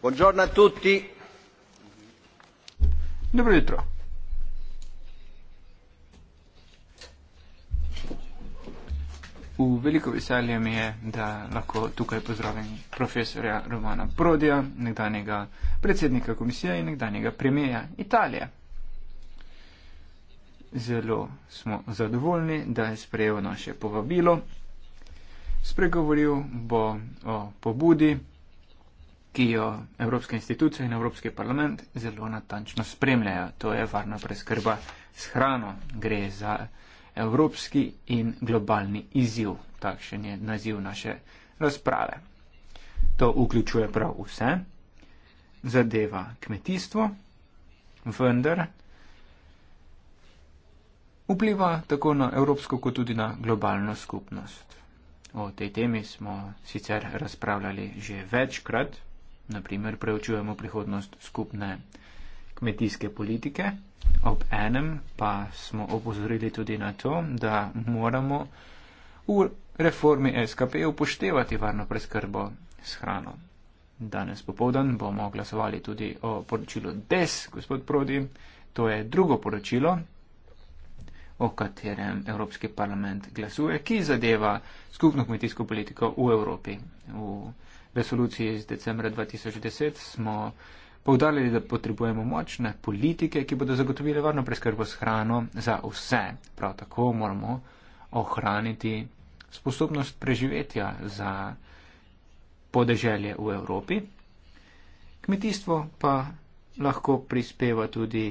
Buongiorno a tutti. Dobro jutro. V veliko veselje mi je, da lahko tukaj pozdravim profesorja Romana Prodija, nekdanjega predsednika komisije in nekdanjega premijeja Italije. Zelo smo zadovoljni, da je sprejel naše povabilo spregovoril bo o pobudi, ki jo Evropske institucije in Evropski parlament zelo natančno spremljajo. To je varna preskrba s hrano. Gre za evropski in globalni izziv. Takšen je naziv naše razprave. To vključuje prav vse. Zadeva kmetijstvo, vendar vpliva tako na evropsko kot tudi na globalno skupnost. O tej temi smo sicer razpravljali že večkrat, naprimer preučujemo prihodnost skupne kmetijske politike, ob enem pa smo opozorili tudi na to, da moramo v reformi SKP upoštevati varno preskrbo s hrano. Danes popovdan bomo glasovali tudi o poročilu DES, gospod Prodi, to je drugo poročilo, o katerem Evropski parlament glasuje, ki zadeva skupno kmetijsko politiko v Evropi. V resoluciji iz decembra 2010 smo povdarjali, da potrebujemo močne politike, ki bodo zagotovile varno preskrbo s hrano za vse. Prav tako moramo ohraniti sposobnost preživetja za podeželje v Evropi. Kmetijstvo pa lahko prispeva tudi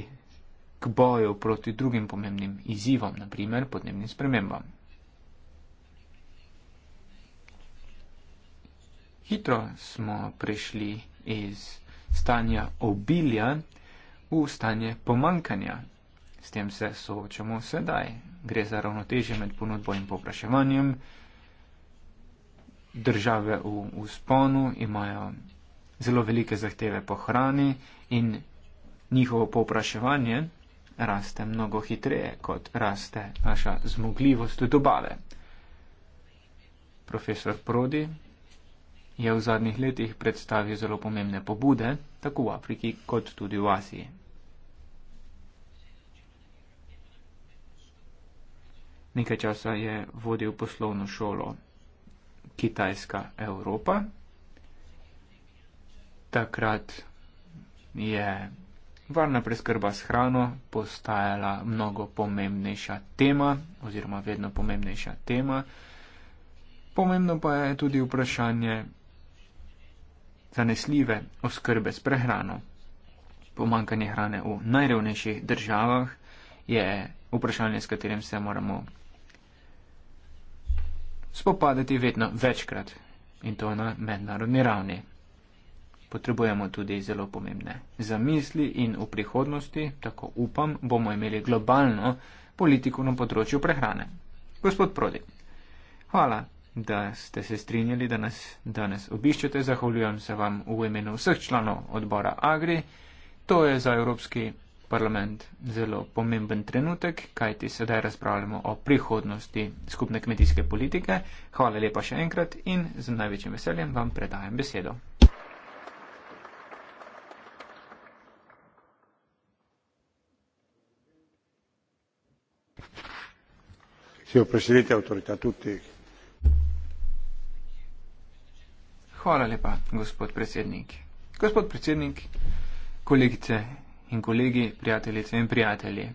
k boju proti drugim pomembnim izzivom, naprimer podnebnim spremembam. Hitro smo prišli iz stanja obilja v stanje pomankanja. S tem se soočamo sedaj. Gre za ravnotežje med ponudbo in povpraševanjem. Države v usponu imajo zelo velike zahteve po hrani in njihovo povpraševanje raste mnogo hitreje, kot raste naša zmogljivost dobave. Profesor Prodi je v zadnjih letih predstavil zelo pomembne pobude, tako v Afriki kot tudi v Aziji. Nekaj časa je vodil poslovno šolo Kitajska Evropa. Takrat je varna preskrba s hrano postajala mnogo pomembnejša tema oziroma vedno pomembnejša tema. Pomembno pa je tudi vprašanje zanesljive oskrbe s prehrano. Pomankanje hrane v najrevnejših državah je vprašanje, s katerim se moramo spopadati vedno večkrat in to na mednarodni ravni potrebujemo tudi zelo pomembne zamisli in v prihodnosti, tako upam, bomo imeli globalno politiko na področju prehrane. Gospod Prodi, hvala, da ste se strinjali, da nas danes obiščete. Zahvaljujem se vam v imenu vseh članov odbora Agri. To je za Evropski parlament zelo pomemben trenutek, kajti sedaj razpravljamo o prihodnosti skupne kmetijske politike. Hvala lepa še enkrat in z največjim veseljem vam predajem besedo. gospod predsednik avtorita tutti. Hvala lepa, gospod predsednik. Gospod predsednik, kolegice in kolegi, prijateljice in prijatelji.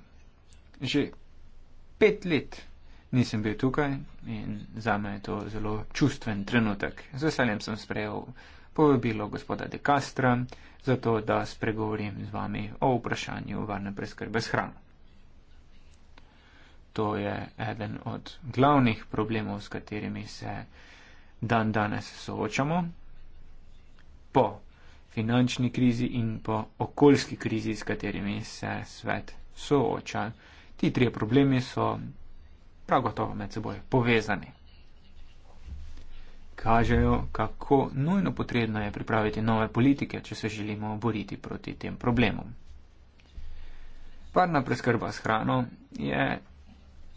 Že pet let nisem bil tukaj in za me je to zelo čustven trenutek. Z veseljem sem sprejel povabilo gospoda De Castra, zato da spregovorim z vami o vprašanju varne preskrbe s hrano to je eden od glavnih problemov, s katerimi se dan danes soočamo. Po finančni krizi in po okoljski krizi, s katerimi se svet sooča, ti trije problemi so prav gotovo med seboj povezani. Kažejo, kako nujno potrebno je pripraviti nove politike, če se želimo boriti proti tem problemom. Varna preskrba s hrano je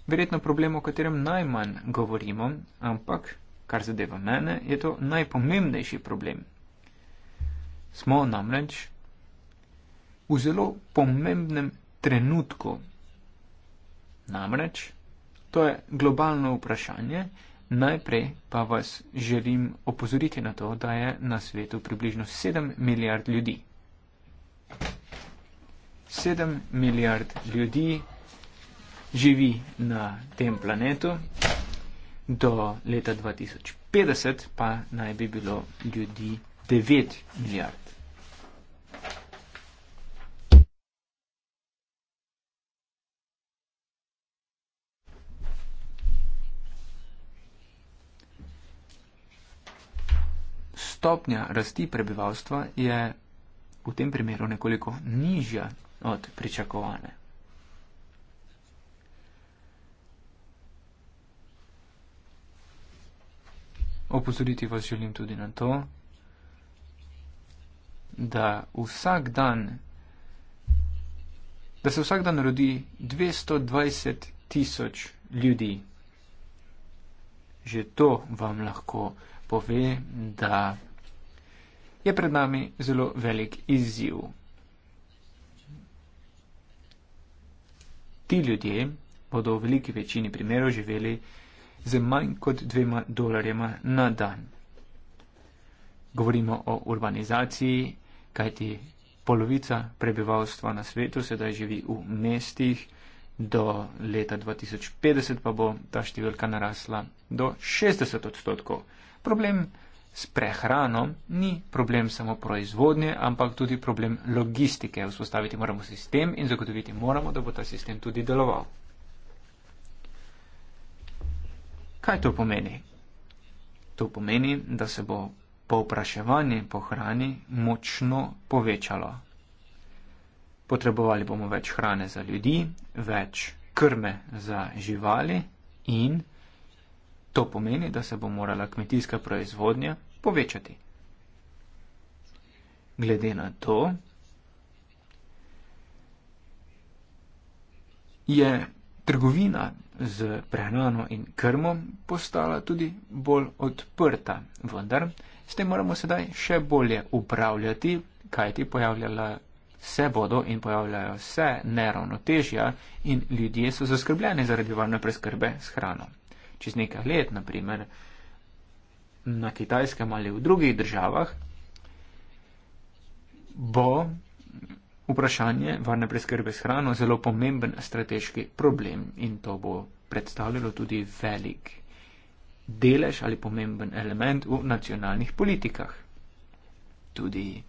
Verjetno problem, o katerem najmanj govorimo, ampak kar zadeva mene, je to najpomembnejši problem. Smo namreč v zelo pomembnem trenutku. Namreč to je globalno vprašanje, najprej pa vas želim opozoriti na to, da je na svetu približno 7 milijard ljudi. 7 milijard ljudi živi na tem planetu, do leta 2050 pa naj bi bilo ljudi 9 milijard. Stopnja rasti prebivalstva je v tem primeru nekoliko nižja od pričakovane. Opozoriti vas želim tudi na to, da vsak dan, da se vsak dan rodi 220 tisoč ljudi. Že to vam lahko pove, da je pred nami zelo velik izziv. Ti ljudje bodo v veliki večini primerov živeli z manj kot dvema dolarjema na dan. Govorimo o urbanizaciji, kajti polovica prebivalstva na svetu sedaj živi v mestih, do leta 2050 pa bo ta številka narasla do 60 odstotkov. Problem s prehrano ni problem samo proizvodnje, ampak tudi problem logistike. Vzpostaviti moramo sistem in zagotoviti moramo, da bo ta sistem tudi deloval. Kaj to pomeni? To pomeni, da se bo povpraševanje po hrani močno povečalo. Potrebovali bomo več hrane za ljudi, več krme za živali in to pomeni, da se bo morala kmetijska proizvodnja povečati. Glede na to je trgovina z prehrano in krmom postala tudi bolj odprta. Vendar s tem moramo sedaj še bolje upravljati, kajti pojavljala se bodo in pojavljajo se neravnotežja in ljudje so zaskrbljeni zaradi varne preskrbe s hrano. Čez nekaj let, naprimer, na kitajskem ali v drugih državah, bo Vprašanje varne preskrbe s hrano je zelo pomemben strateški problem in to bo predstavljalo tudi velik delež ali pomemben element v nacionalnih politikah. Tudi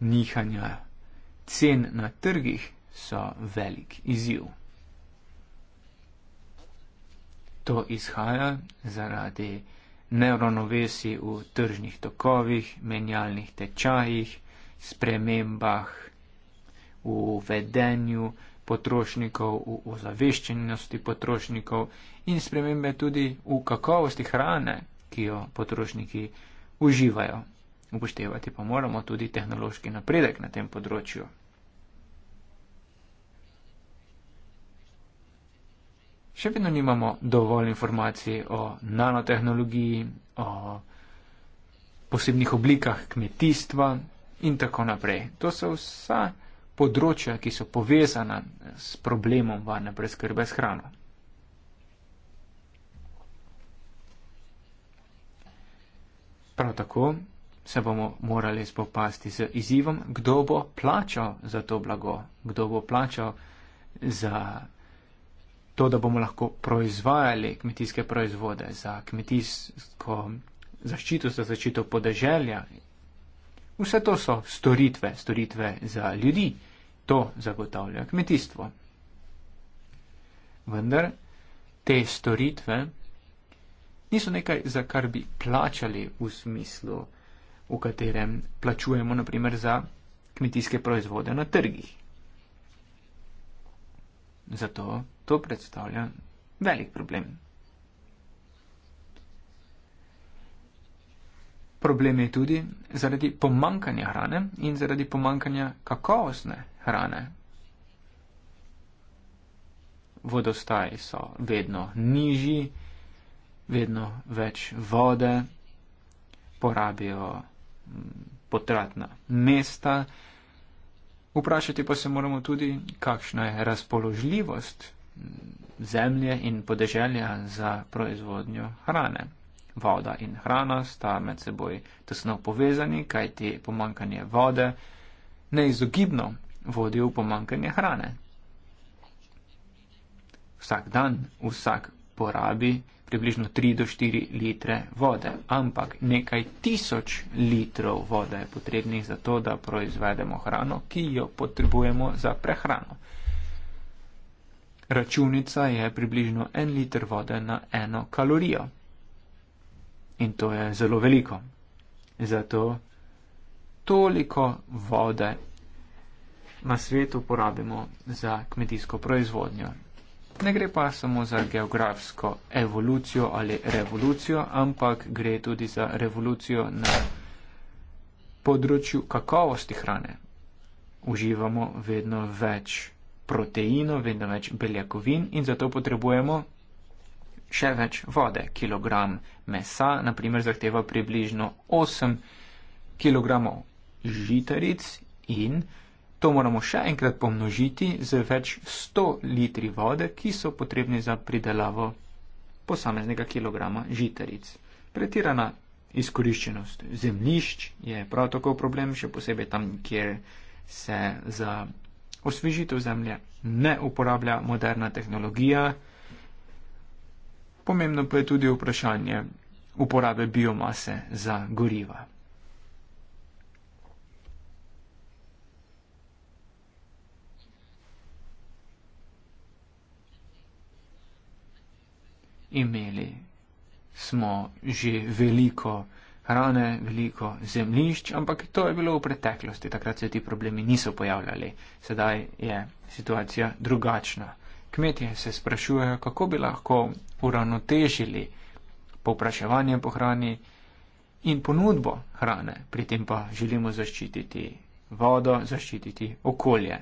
nihanja cen na trgih so velik izjiv. To izhaja zaradi neuronovesi v tržnih tokovih, menjalnih tečajih, spremembah, v vedenju potrošnikov, v ozaveščenosti potrošnikov in spremembe tudi v kakovosti hrane, ki jo potrošniki uživajo. Upoštevati pa moramo tudi tehnološki napredek na tem področju. Še vedno nimamo dovolj informacij o nanotehnologiji, o posebnih oblikah kmetijstva in tako naprej. To so vsa informacija področja, ki so povezana s problemom varne preskrbe s hrano. Prav tako se bomo morali spopasti z izzivom, kdo bo plačal za to blago, kdo bo plačal za to, da bomo lahko proizvajali kmetijske proizvode, za kmetijsko zaščito, za zaščito podeželja Vse to so storitve, storitve za ljudi, to zagotavlja kmetijstvo. Vendar te storitve niso nekaj, za kar bi plačali v smislu, v katerem plačujemo naprimer za kmetijske proizvode na trgih. Zato to predstavlja velik problem. Problem je tudi zaradi pomankanja hrane in zaradi pomankanja kakovostne hrane. Vodostaji so vedno nižji, vedno več vode, porabijo mm, potratna mesta. Vprašati pa se moramo tudi, kakšna je razpoložljivost mm, zemlje in podeželja za proizvodnjo hrane. Voda in hrana sta med seboj tesno povezani, kajti pomankanje vode neizogibno vodi v pomankanje hrane. Vsak dan vsak porabi približno 3 do 4 litre vode, ampak nekaj tisoč litrov vode je potrebnih za to, da proizvedemo hrano, ki jo potrebujemo za prehrano. Računica je približno 1 liter vode na eno kalorijo in to je zelo veliko. Zato toliko vode na svetu porabimo za kmetijsko proizvodnjo. Ne gre pa samo za geografsko evolucijo ali revolucijo, ampak gre tudi za revolucijo na področju kakovosti hrane. Uživamo vedno več proteinov, vedno več beljakovin in zato potrebujemo še več vode. Kilogram mesa, na primer, zahteva približno 8 kg žitaric in to moramo še enkrat pomnožiti z več 100 litri vode, ki so potrebni za pridelavo posameznega kilograma žitaric. Pretirana izkoriščenost zemlišč je prav tako problem, še posebej tam, kjer se za osvežitev zemlje ne uporablja moderna tehnologija. Pomembno pa je tudi vprašanje uporabe biomase za goriva. Imeli smo že veliko hrane, veliko zemljišč, ampak to je bilo v preteklosti, takrat se ti problemi niso pojavljali. Sedaj je situacija drugačna. Kmetje se sprašujejo, kako bi lahko uravnotežili povpraševanje po hrani in ponudbo hrane, pri tem pa želimo zaščititi vodo, zaščititi okolje.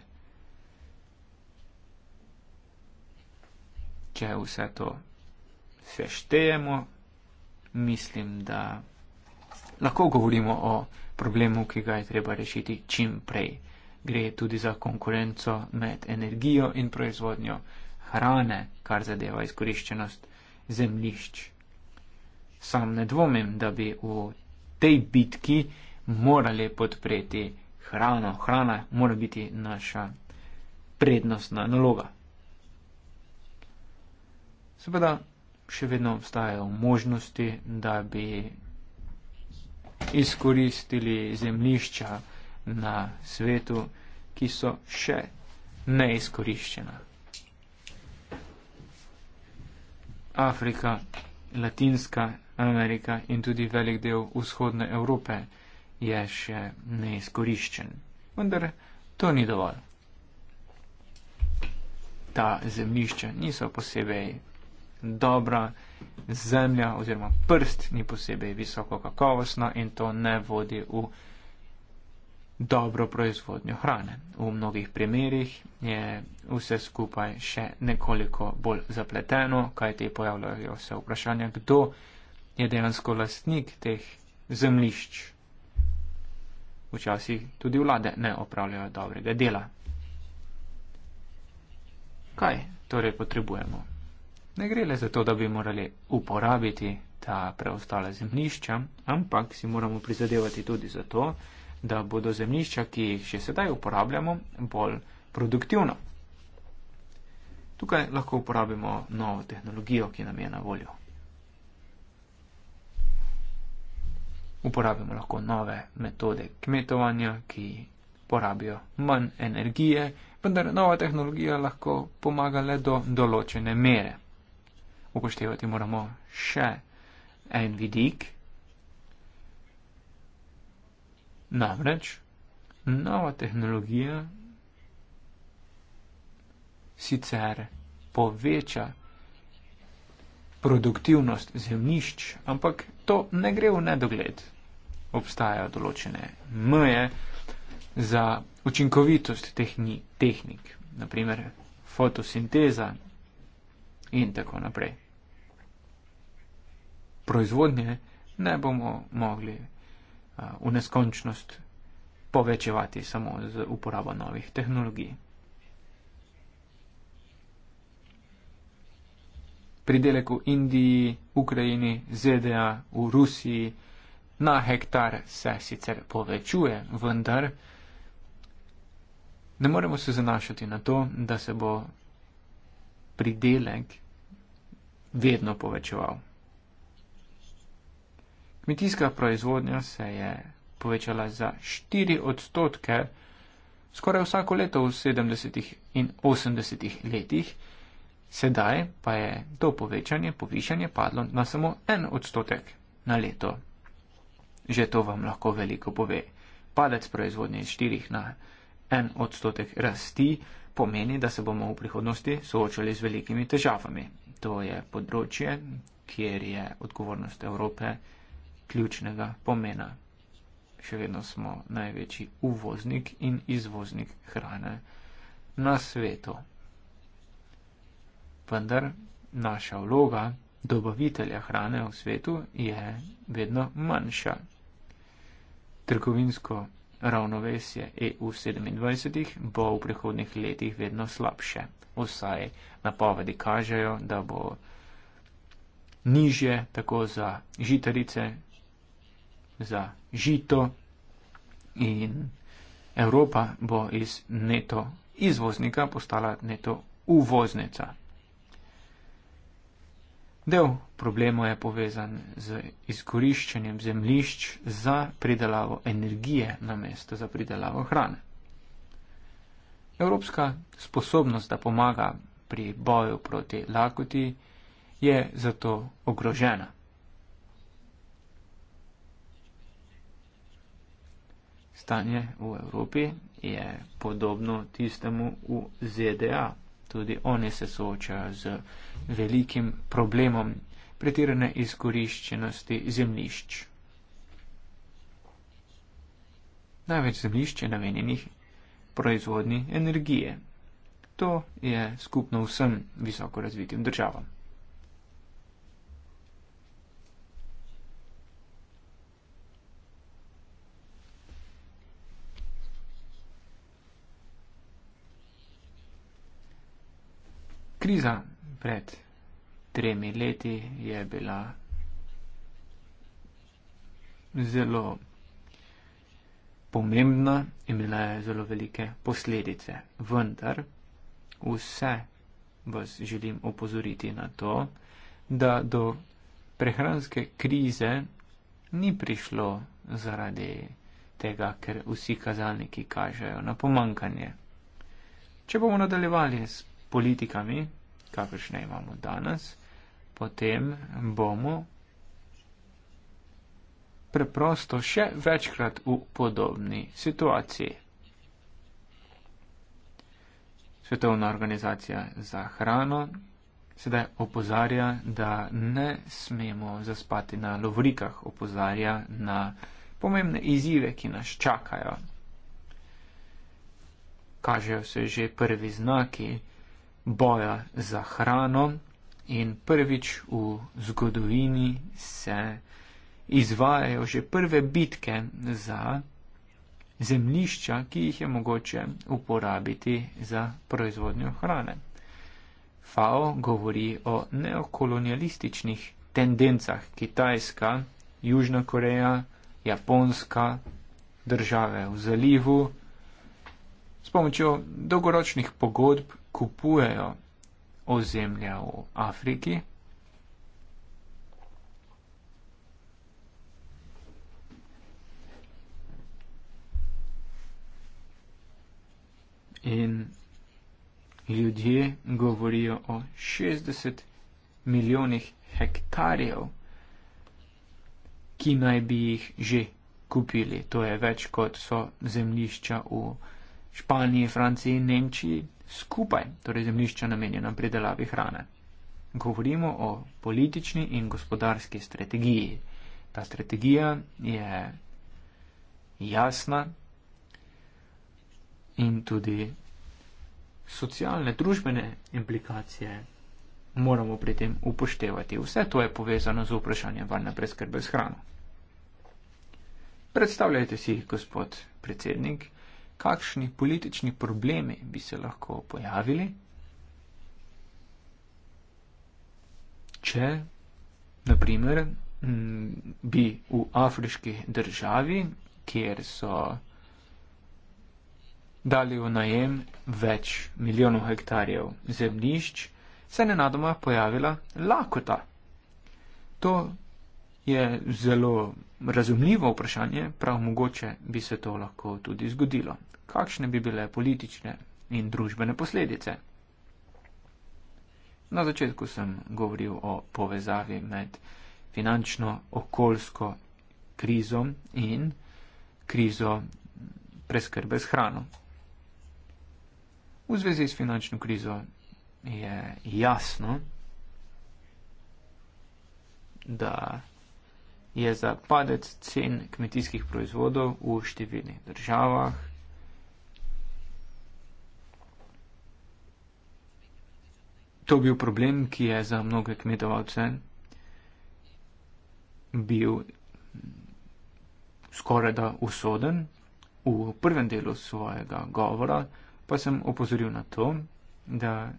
Če vse to seštejemo, mislim, da lahko govorimo o problemu, ki ga je treba rešiti čim prej. Gre tudi za konkurenco med energijo in proizvodnjo hrane, kar zadeva izkoriščenost zemlišč. Sam ne dvomim, da bi v tej bitki morali podpreti hrano. Hrana mora biti naša prednostna naloga. Seveda, še vedno obstajajo možnosti, da bi izkoristili zemlišča na svetu, ki so še neizkoriščena. Afrika, Latinska Amerika in tudi velik del vzhodne Evrope je še neizkoriščen. Vendar to ni dovolj. Ta zemljišča niso posebej dobra, zemlja oziroma prst ni posebej visoko kakovostna in to ne vodi v dobro proizvodnjo hrane. V mnogih primerjih je vse skupaj še nekoliko bolj zapleteno, kaj te pojavljajo vse vprašanja, kdo je dejansko lastnik teh zemlišč. Včasih tudi vlade ne opravljajo dobrega dela. Kaj torej potrebujemo? Ne gre le za to, da bi morali uporabiti ta preostala zemlišča, ampak si moramo prizadevati tudi za to, da bodo zemljišča, ki jih še sedaj uporabljamo, bolj produktivna. Tukaj lahko uporabimo novo tehnologijo, ki nam je na voljo. Uporabimo lahko nove metode kmetovanja, ki porabijo manj energije, vendar nova tehnologija lahko pomaga le do določene mere. Upoštevati moramo še en vidik, Namreč nova tehnologija sicer poveča produktivnost zemljišč, ampak to ne gre v nedogled. Obstajajo določene meje za učinkovitost tehni, tehnik, naprimer fotosinteza in tako naprej. Proizvodnje ne bomo mogli v neskončnost povečevati samo z uporabo novih tehnologij. Pridelek v Indiji, Ukrajini, ZDA, v Rusiji na hektar se sicer povečuje, vendar ne moremo se zanašati na to, da se bo pridelek vedno povečeval. Kmetijska proizvodnja se je povečala za 4 odstotke skoraj vsako leto v 70 in 80 letih, sedaj pa je to povečanje, povišanje padlo na samo en odstotek na leto. Že to vam lahko veliko pove. Padec proizvodnje iz 4 na en odstotek rasti pomeni, da se bomo v prihodnosti soočali z velikimi težavami. To je področje, kjer je odgovornost Evrope ključnega pomena. Še vedno smo največji uvoznik in izvoznik hrane na svetu. Vendar naša vloga dobavitelja hrane v svetu je vedno manjša. Trgovinsko ravnovesje EU27 bo v prihodnih letih vedno slabše. Vsaj napovedi kažejo, da bo nižje tako za žitarice, za žito in Evropa bo iz neto izvoznika postala neto uvoznica. Del problema je povezan z izkoriščenjem zemlišč za pridelavo energije na mesto za pridelavo hrane. Evropska sposobnost, da pomaga pri boju proti lakoti, je zato ogrožena. Stanje v Evropi je podobno tistemu v ZDA. Tudi oni se soočajo z velikim problemom pretirane izkoriščenosti zemlišč. Največ zemlišč je namenjenih proizvodni energije. To je skupno vsem visoko razvitim državam. kriza pred tremi leti je bila zelo pomembna in imela je zelo velike posledice. Vendar vse vas želim opozoriti na to, da do prehranske krize ni prišlo zaradi tega, ker vsi kazalniki kažejo na pomankanje. Če bomo nadaljevali s politikami, kakršne imamo danes, potem bomo preprosto še večkrat v podobni situaciji. Svetovna organizacija za hrano sedaj opozarja, da ne smemo zaspati na lovrikah, opozarja na pomembne izzive, ki nas čakajo. Kažejo se že prvi znaki, boja za hrano in prvič v zgodovini se izvajajo že prve bitke za zemlišča, ki jih je mogoče uporabiti za proizvodnjo hrane. FAO govori o neokolonialističnih tendencah Kitajska, Južna Koreja, Japonska, države v zalivu, s pomočjo dolgoročnih pogodb kupujejo ozemlja v Afriki. In ljudje govorijo o 60 milijonih hektarjev, ki naj bi jih že kupili. To je več kot so zemlišča v Afriki. Španiji, Franciji in Nemčiji skupaj, torej zemljišča namenjena pridelavi hrane. Govorimo o politični in gospodarski strategiji. Ta strategija je jasna in tudi socialne, družbene implikacije moramo pri tem upoštevati. Vse to je povezano z vprašanjem varne preskrbe s hrano. Predstavljajte si, gospod predsednik, kakšni politični problemi bi se lahko pojavili, če naprimer bi v afriški državi, kjer so dali v najem več milijonov hektarjev zemljišč, se nenadoma pojavila lakota. To je zelo razumljivo vprašanje, prav mogoče bi se to lahko tudi zgodilo kakšne bi bile politične in družbene posledice. Na začetku sem govoril o povezavi med finančno-okoljsko krizo in krizo preskrbe s hrano. V zvezi s finančno krizo je jasno, da je za padec cen kmetijskih proizvodov v številnih državah to bil problem, ki je za mnoge kmetovalce bil skoraj da usoden. V prvem delu svojega govora pa sem opozoril na to, da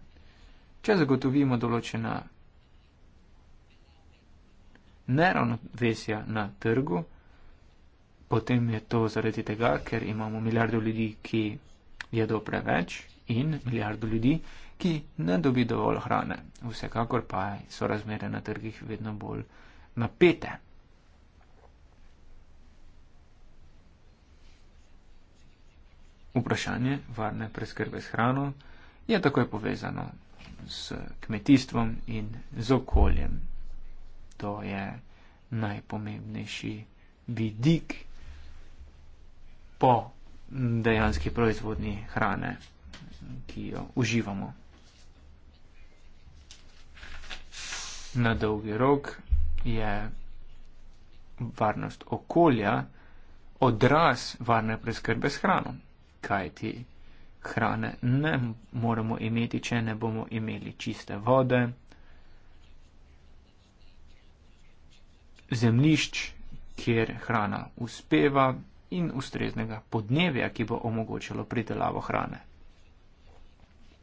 če zagotovimo določena neravnovesja na trgu, potem je to zaradi tega, ker imamo milijardo ljudi, ki jedo preveč in milijardo ljudi, ki ne dobi dovolj hrane. Vsekakor pa so razmere na trgih vedno bolj napete. Vprašanje varne preskrbe s hrano je takoj povezano s kmetijstvom in z okoljem. To je najpomembnejši vidik po dejanski proizvodni hrane ki jo uživamo. Na dolgi rok je varnost okolja odraz varne preskrbe s hrano, kajti hrane ne moramo imeti, če ne bomo imeli čiste vode, zemlišč, kjer hrana uspeva in ustreznega podnevja, ki bo omogočalo pridelavo hrane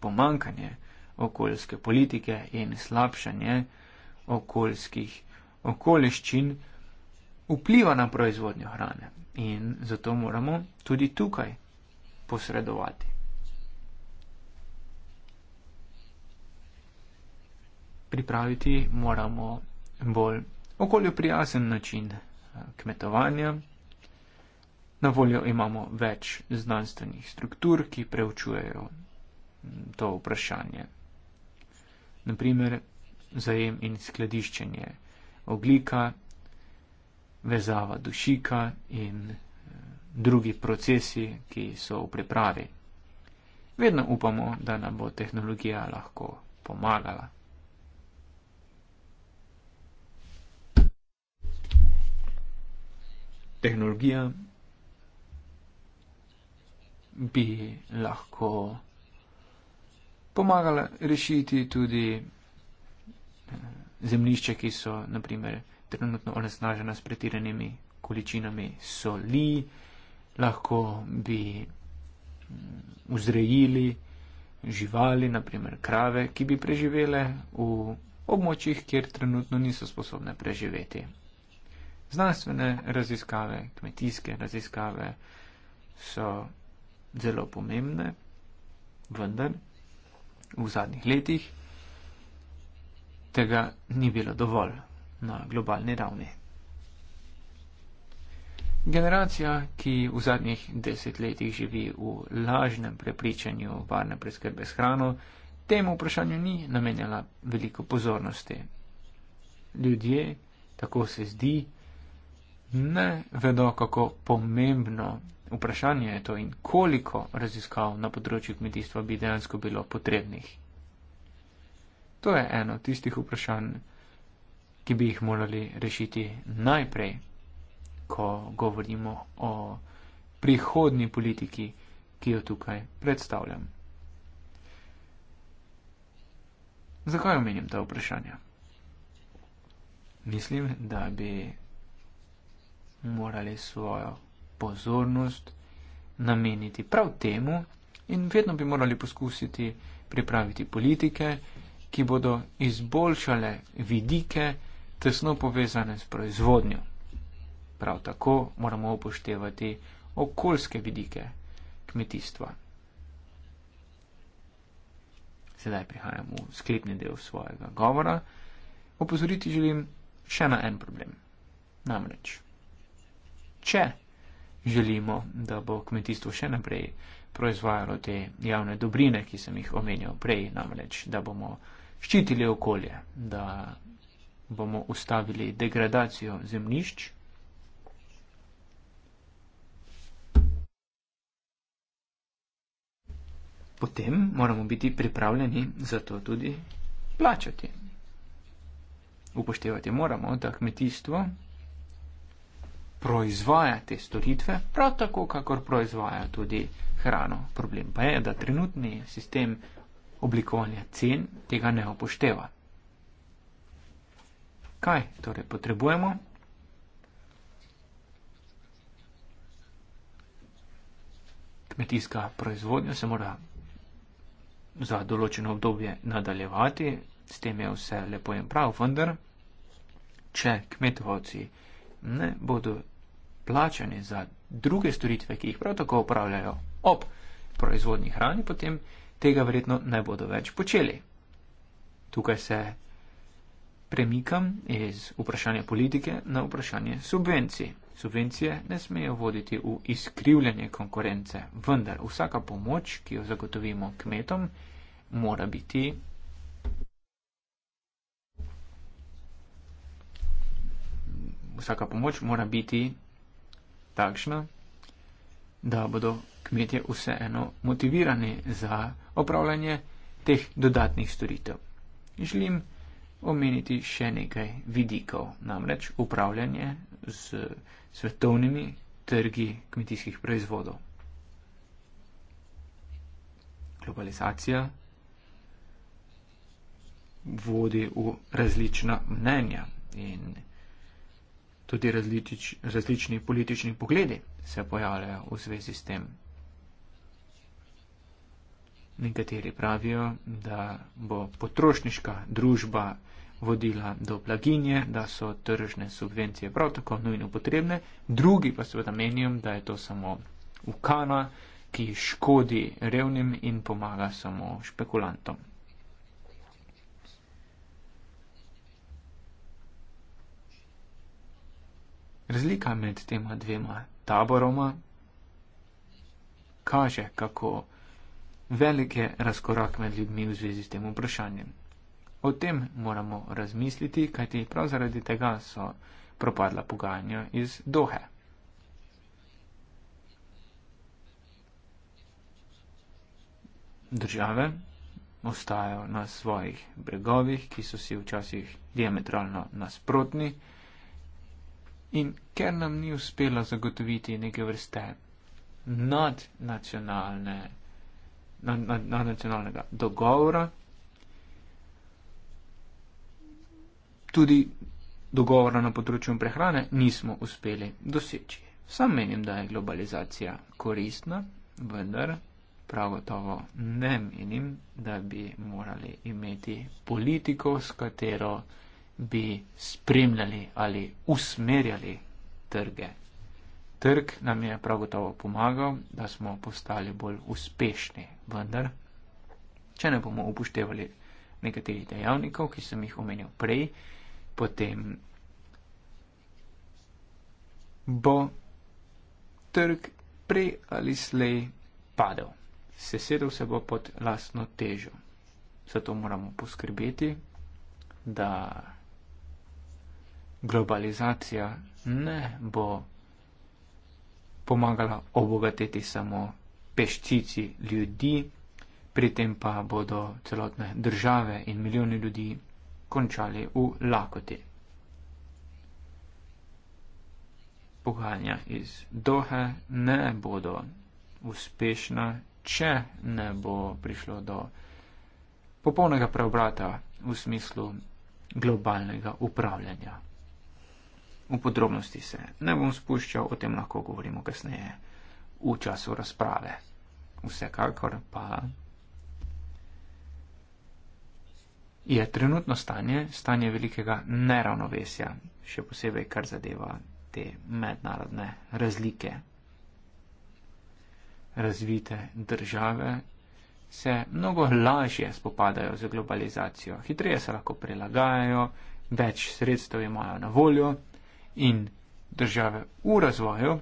pomankanje okoljske politike in slabšanje okoljskih okoliščin vpliva na proizvodnjo hrane. In zato moramo tudi tukaj posredovati. Pripraviti moramo bolj okolju prijazen način eh, kmetovanja. Na voljo imamo več znanstvenih struktur, ki preučujejo to vprašanje. Naprimer, zajem in skladiščenje oglika, vezava dušika in eh, drugi procesi, ki so v pripravi. Vedno upamo, da nam bo tehnologija lahko pomagala. Tehnologija bi lahko pomagala rešiti tudi eh, zemlišče, ki so naprimer trenutno onesnažena s pretiranimi količinami soli, lahko bi mm, vzrejili živali, naprimer krave, ki bi preživele v območjih, kjer trenutno niso sposobne preživeti. Znanstvene raziskave, kmetijske raziskave so zelo pomembne, vendar v zadnjih letih, tega ni bilo dovolj na globalni ravni. Generacija, ki v zadnjih desetletjih živi v lažnem prepričanju varne preskrbe s hrano, temu vprašanju ni namenjala veliko pozornosti. Ljudje, tako se zdi, ne vedo, kako pomembno Vprašanje je to in koliko raziskav na področju kmetijstva bi dejansko bilo potrebnih. To je eno tistih vprašanj, ki bi jih morali rešiti najprej, ko govorimo o prihodni politiki, ki jo tukaj predstavljam. Zakaj omenjam ta vprašanja? Mislim, da bi morali svojo pozornost nameniti prav temu in vedno bi morali poskusiti pripraviti politike, ki bodo izboljšale vidike tesno povezane s proizvodnjo. Prav tako moramo upoštevati okoljske vidike kmetijstva. Sedaj prihajamo v sklepni del svojega govora. Opozoriti želim še na en problem. Namreč, če želimo, da bo kmetijstvo še naprej proizvajalo te javne dobrine, ki sem jih omenjal prej, namreč, da bomo ščitili okolje, da bomo ustavili degradacijo zemlišč. Potem moramo biti pripravljeni za to tudi plačati. Upoštevati moramo, da kmetijstvo proizvaja te storitve, prav tako, kakor proizvaja tudi hrano. Problem pa je, da trenutni sistem oblikovanja cen tega ne upošteva. Kaj torej potrebujemo? Kmetijska proizvodnja se mora za določeno obdobje nadaljevati, s tem je vse lepo in prav, vendar, če kmetovci ne bodo plačani za druge storitve, ki jih prav tako upravljajo ob proizvodni hrani, potem tega verjetno ne bodo več počeli. Tukaj se premikam iz vprašanja politike na vprašanje subvencij. Subvencije ne smejo voditi v izkrivljanje konkurence, vendar vsaka pomoč, ki jo zagotovimo kmetom, mora biti. Vsaka pomoč mora biti takšna, da bodo kmetje vseeno motivirani za opravljanje teh dodatnih storitev. Želim omeniti še nekaj vidikov, namreč upravljanje z svetovnimi trgi kmetijskih proizvodov. Globalizacija vodi v različna mnenja in tudi različ, različni politični pogledi se pojavljajo v zvezi s tem. Nekateri pravijo, da bo potrošniška družba vodila do blaginje, da so tržne subvencije prav tako nujno potrebne, drugi pa seveda menijo, da je to samo ukana, ki škodi revnim in pomaga samo špekulantom. Razlika med tema dvema taboroma kaže, kako velik je razkorak med ljudmi v zvezi s tem vprašanjem. O tem moramo razmisliti, kajti prav zaradi tega so propadla pogajanja iz Dohe. Države ostajajo na svojih bregovih, ki so si včasih diametralno nasprotni. In ker nam ni uspelo zagotoviti neke vrste nadnacionalne, nad, nad, nadnacionalnega dogovora, tudi dogovora na področju prehrane nismo uspeli doseči. Sam menim, da je globalizacija koristna, vendar prav gotovo ne menim, da bi morali imeti politiko, s katero bi spremljali ali usmerjali trge. Trg nam je prav gotovo pomagal, da smo postali bolj uspešni, vendar, če ne bomo upoštevali nekaterih dejavnikov, ki sem jih omenil prej, potem bo trg prej ali slej padel. Sesedel se bo pod lastno težo. Zato moramo poskrbeti, da globalizacija ne bo pomagala obogatiti samo peščici ljudi, pri tem pa bodo celotne države in milijoni ljudi končali v lakoti. Pogajanja iz Dohe ne bodo uspešna, če ne bo prišlo do popolnega preobrata v smislu globalnega upravljanja. V podrobnosti se ne bom spuščal, o tem lahko govorimo kasneje v času razprave. Vsekakor pa je trenutno stanje stanje velikega neravnovesja, še posebej kar zadeva te mednarodne razlike. Razvite države se mnogo lažje spopadajo z globalizacijo, hitreje se lahko prilagajajo, več sredstev imajo na voljo in države v razvoju,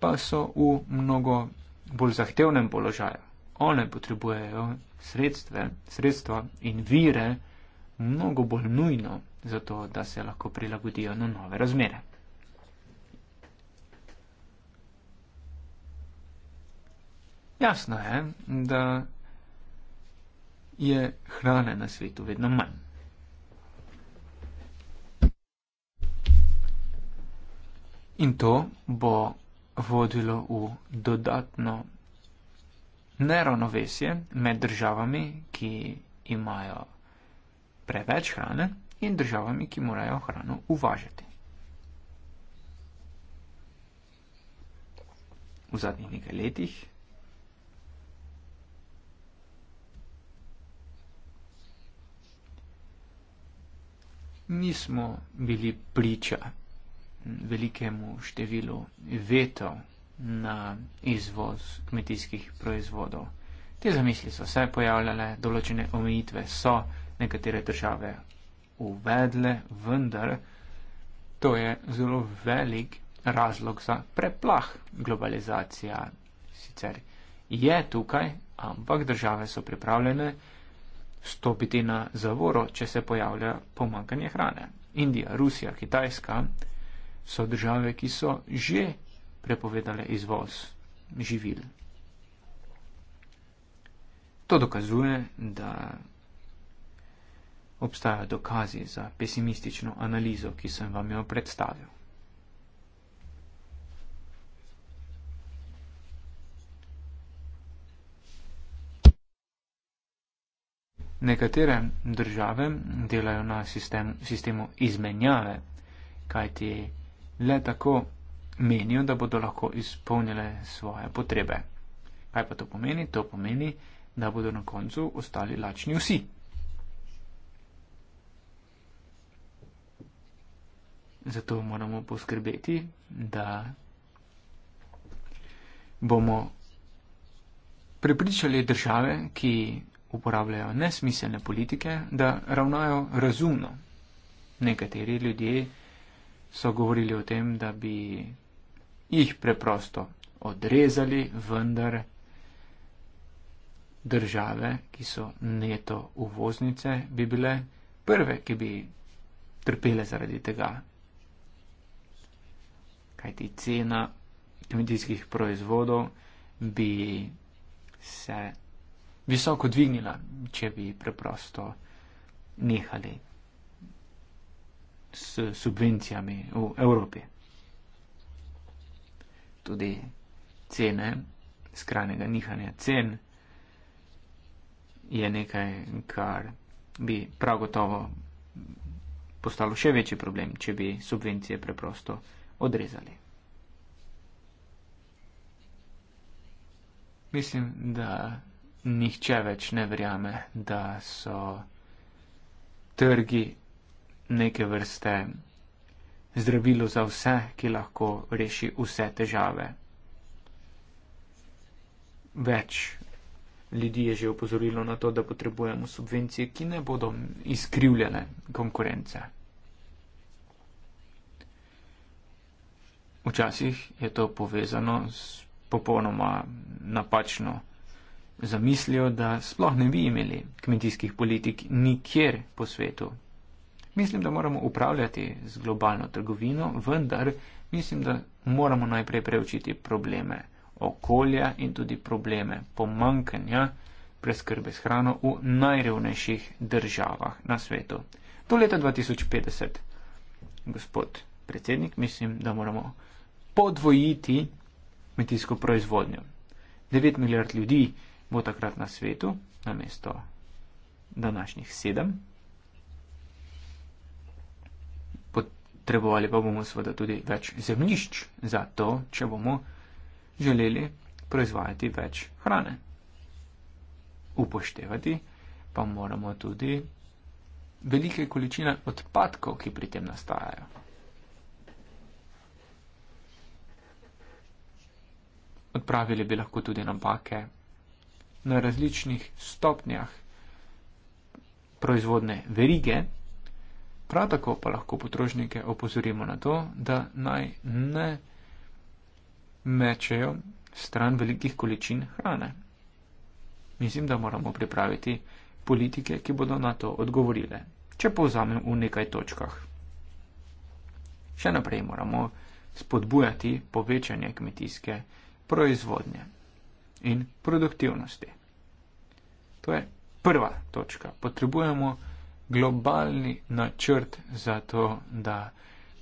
pa so v mnogo bolj zahtevnem položaju. One potrebujejo sredstve, sredstva in vire mnogo bolj nujno, zato da se lahko prilagodijo na nove razmere. Jasno je, da je hrane na svetu vedno manj. In to bo vodilo v dodatno neravnovesje med državami, ki imajo preveč hrane in državami, ki morajo hrano uvažati. V zadnjih nekaj letih nismo bili priča velikemu številu veto na izvoz kmetijskih proizvodov. Te zamisli so se pojavljale, določene omejitve so nekatere države uvedle, vendar to je zelo velik razlog za preplah. Globalizacija sicer je tukaj, ampak države so pripravljene stopiti na zavoro, če se pojavlja pomankanje hrane. Indija, Rusija, Kitajska so države, ki so že prepovedale izvoz živil. To dokazuje, da obstajajo dokazi za pesimistično analizo, ki sem vam jo predstavil. Nekatere države delajo na sistem, sistemu izmenjave, kajti le tako menijo, da bodo lahko izpolnile svoje potrebe. Kaj pa to pomeni? To pomeni, da bodo na koncu ostali lačni vsi. Zato moramo poskrbeti, da bomo prepričali države, ki uporabljajo nesmiselne politike, da ravnajo razumno. Nekateri ljudje so govorili o tem, da bi jih preprosto odrezali, vendar države, ki so neto uvoznice, bi bile prve, ki bi trpele zaradi tega. Kajti cena kmetijskih proizvodov bi se visoko dvignila, če bi preprosto nehali s subvencijami v Evropi. Tudi cene, skrajnega nihanja cen je nekaj, kar bi prav gotovo postalo še večji problem, če bi subvencije preprosto odrezali. Mislim, da nihče več ne verjame, da so trgi neke vrste zdravilo za vse, ki lahko reši vse težave. Več ljudi je že upozorilo na to, da potrebujemo subvencije, ki ne bodo izkrivljene konkurence. Včasih je to povezano s popolnoma napačno zamislijo, da sploh ne bi imeli kmetijskih politik nikjer po svetu, Mislim, da moramo upravljati z globalno trgovino, vendar mislim, da moramo najprej preučiti probleme okolja in tudi probleme pomankanja preskrbe s hrano v najrevnejših državah na svetu. Do leta 2050, gospod predsednik, mislim, da moramo podvojiti kmetijsko proizvodnjo. 9 milijard ljudi bo takrat na svetu, namesto današnjih 7, potrebovali pa bomo seveda tudi več zemljišč za to, če bomo želeli proizvajati več hrane. Upoštevati pa moramo tudi velike količine odpadkov, ki pri tem nastajajo. Odpravili bi lahko tudi napake na različnih stopnjah proizvodne verige. Prav tako pa lahko potrošnike opozorimo na to, da naj ne mečejo stran velikih količin hrane. Mislim, da moramo pripraviti politike, ki bodo na to odgovorile. Če povzamem v nekaj točkah. Še naprej moramo spodbujati povečanje kmetijske proizvodnje in produktivnosti. To je prva točka. Potrebujemo globalni načrt za to, da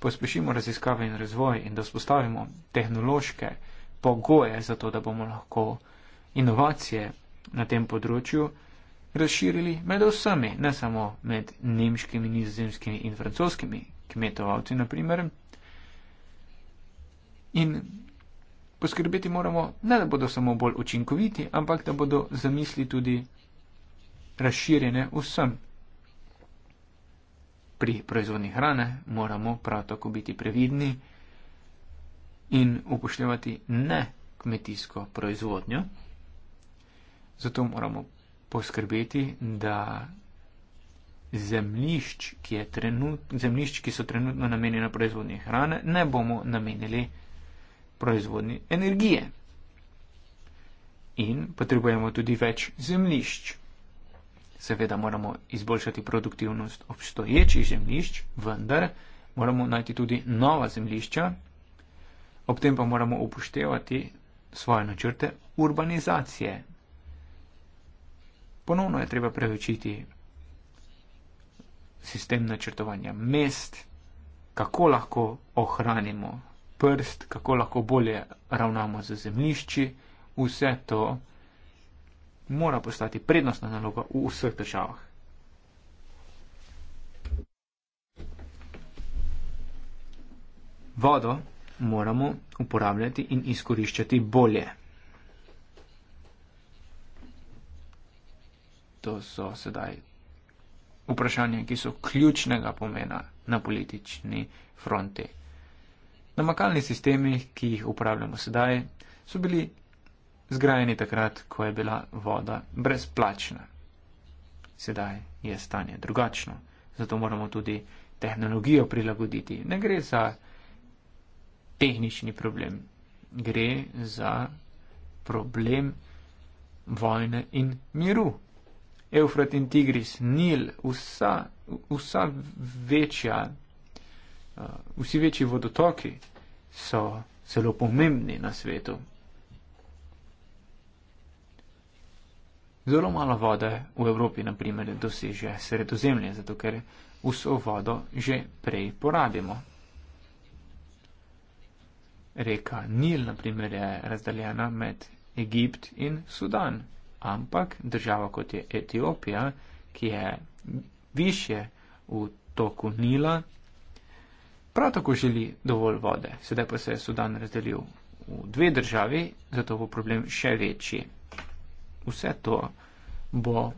pospešimo raziskave in razvoj in da spostavimo tehnološke pogoje za to, da bomo lahko inovacije na tem področju razširili med vsemi, ne samo med nemškimi, nizozemskimi in francoskimi kmetovalci, naprimer. In poskrbeti moramo, ne da bodo samo bolj učinkoviti, ampak da bodo zamisli tudi razširjene vsem pri proizvodni hrane moramo prav tako biti previdni in upoštevati ne kmetijsko proizvodnjo. Zato moramo poskrbeti, da zemljišč, ki, trenut, zemljišč, ki so trenutno namenjena proizvodnji hrane, ne bomo namenili proizvodnji energije. In potrebujemo tudi več zemljišč seveda moramo izboljšati produktivnost obstoječih zemlišč, vendar moramo najti tudi nova zemlišča, ob tem pa moramo upoštevati svoje načrte urbanizacije. Ponovno je treba preučiti sistem načrtovanja mest, kako lahko ohranimo prst, kako lahko bolje ravnamo z zemlišči, vse to mora postati prednostna naloga v vseh državah. Vodo moramo uporabljati in izkoriščati bolje. To so sedaj vprašanja, ki so ključnega pomena na politični fronti. Namakalni sistemi, ki jih uporabljamo sedaj, so bili zgrajeni takrat, ko je bila voda brezplačna. Sedaj je stanje drugačno, zato moramo tudi tehnologijo prilagoditi. Ne gre za tehnični problem, gre za problem vojne in miru. Eufrat in Tigris, Nil, vsa, vsa večja, uh, vsi večji vodotoki so zelo pomembni na svetu. zelo malo vode v Evropi, na primer, doseže sredozemlje, zato ker vso vodo že prej porabimo. Reka Nil, na primer, je razdaljena med Egipt in Sudan, ampak država kot je Etiopija, ki je više v toku Nila, prav tako želi dovolj vode. Sedaj pa se je Sudan razdelil v dve državi, zato bo problem še večji vse to bo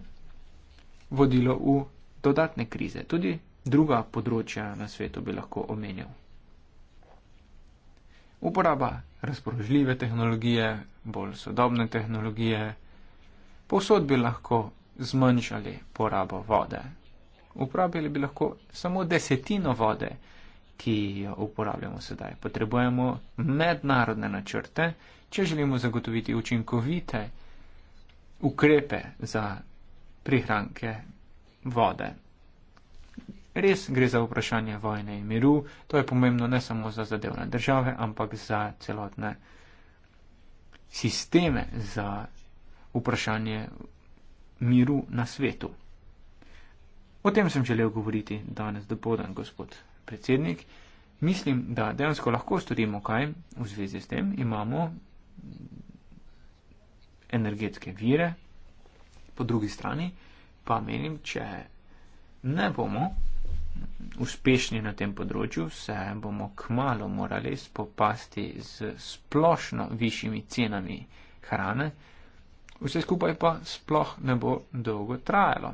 vodilo v dodatne krize. Tudi druga področja na svetu bi lahko omenil. Uporaba razpoložljive tehnologije, bolj sodobne tehnologije, povsod bi lahko zmanjšali porabo vode. Uporabili bi lahko samo desetino vode, ki jo uporabljamo sedaj. Potrebujemo mednarodne načrte, če želimo zagotoviti učinkovite ukrepe za prihranke vode. Res gre za vprašanje vojne in miru, to je pomembno ne samo za zadevne države, ampak za celotne sisteme za vprašanje miru na svetu. O tem sem želel govoriti danes dopoldan, gospod predsednik. Mislim, da dejansko lahko storimo kaj v zvezi s tem. Imamo energetske vire, po drugi strani pa menim, če ne bomo uspešni na tem področju, se bomo kmalo morali spopasti z splošno višjimi cenami hrane, vse skupaj pa sploh ne bo dolgo trajalo.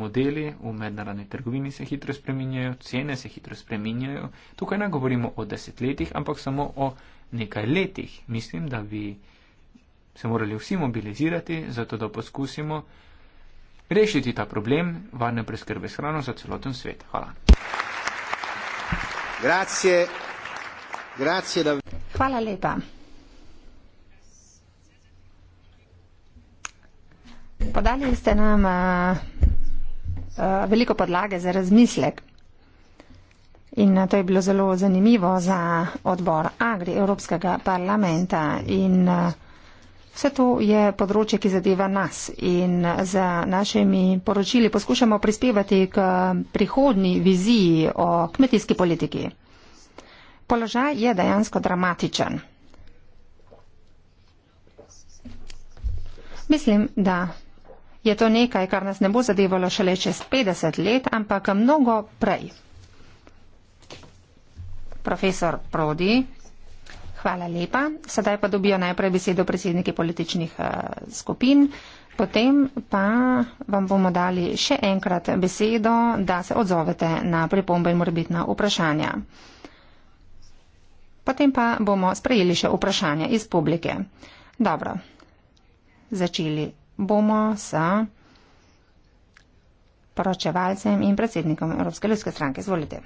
Modeli v mednarodni trgovini se hitro spreminjajo, cene se hitro spreminjajo. Tukaj ne govorimo o desetletjih, ampak samo o nekaj letih. Mislim, da bi se morali vsi mobilizirati, zato da poskusimo rešiti ta problem varne preskrbe s hrano za celoten svet. Hvala. Grazie. Grazie da... Hvala lepa. Podali ste nam a, eh, a, eh, veliko podlage za razmislek in a, eh, to je bilo zelo zanimivo za odbor Agri Evropskega parlamenta. In, a, Vse to je področje, ki zadeva nas in z našimi poročili poskušamo prispevati k prihodni viziji o kmetijski politiki. Položaj je dejansko dramatičen. Mislim, da je to nekaj, kar nas ne bo zadevalo šele čez 50 let, ampak mnogo prej. Profesor Prodi. Hvala lepa. Sedaj pa dobijo najprej besedo predsedniki političnih eh, skupin. Potem pa vam bomo dali še enkrat besedo, da se odzovete na pripombe in morbitna vprašanja. Potem pa bomo sprejeli še vprašanja iz publike. Dobro, začeli bomo s poročevalcem in predsednikom Evropske ljudske stranke. Zvolite.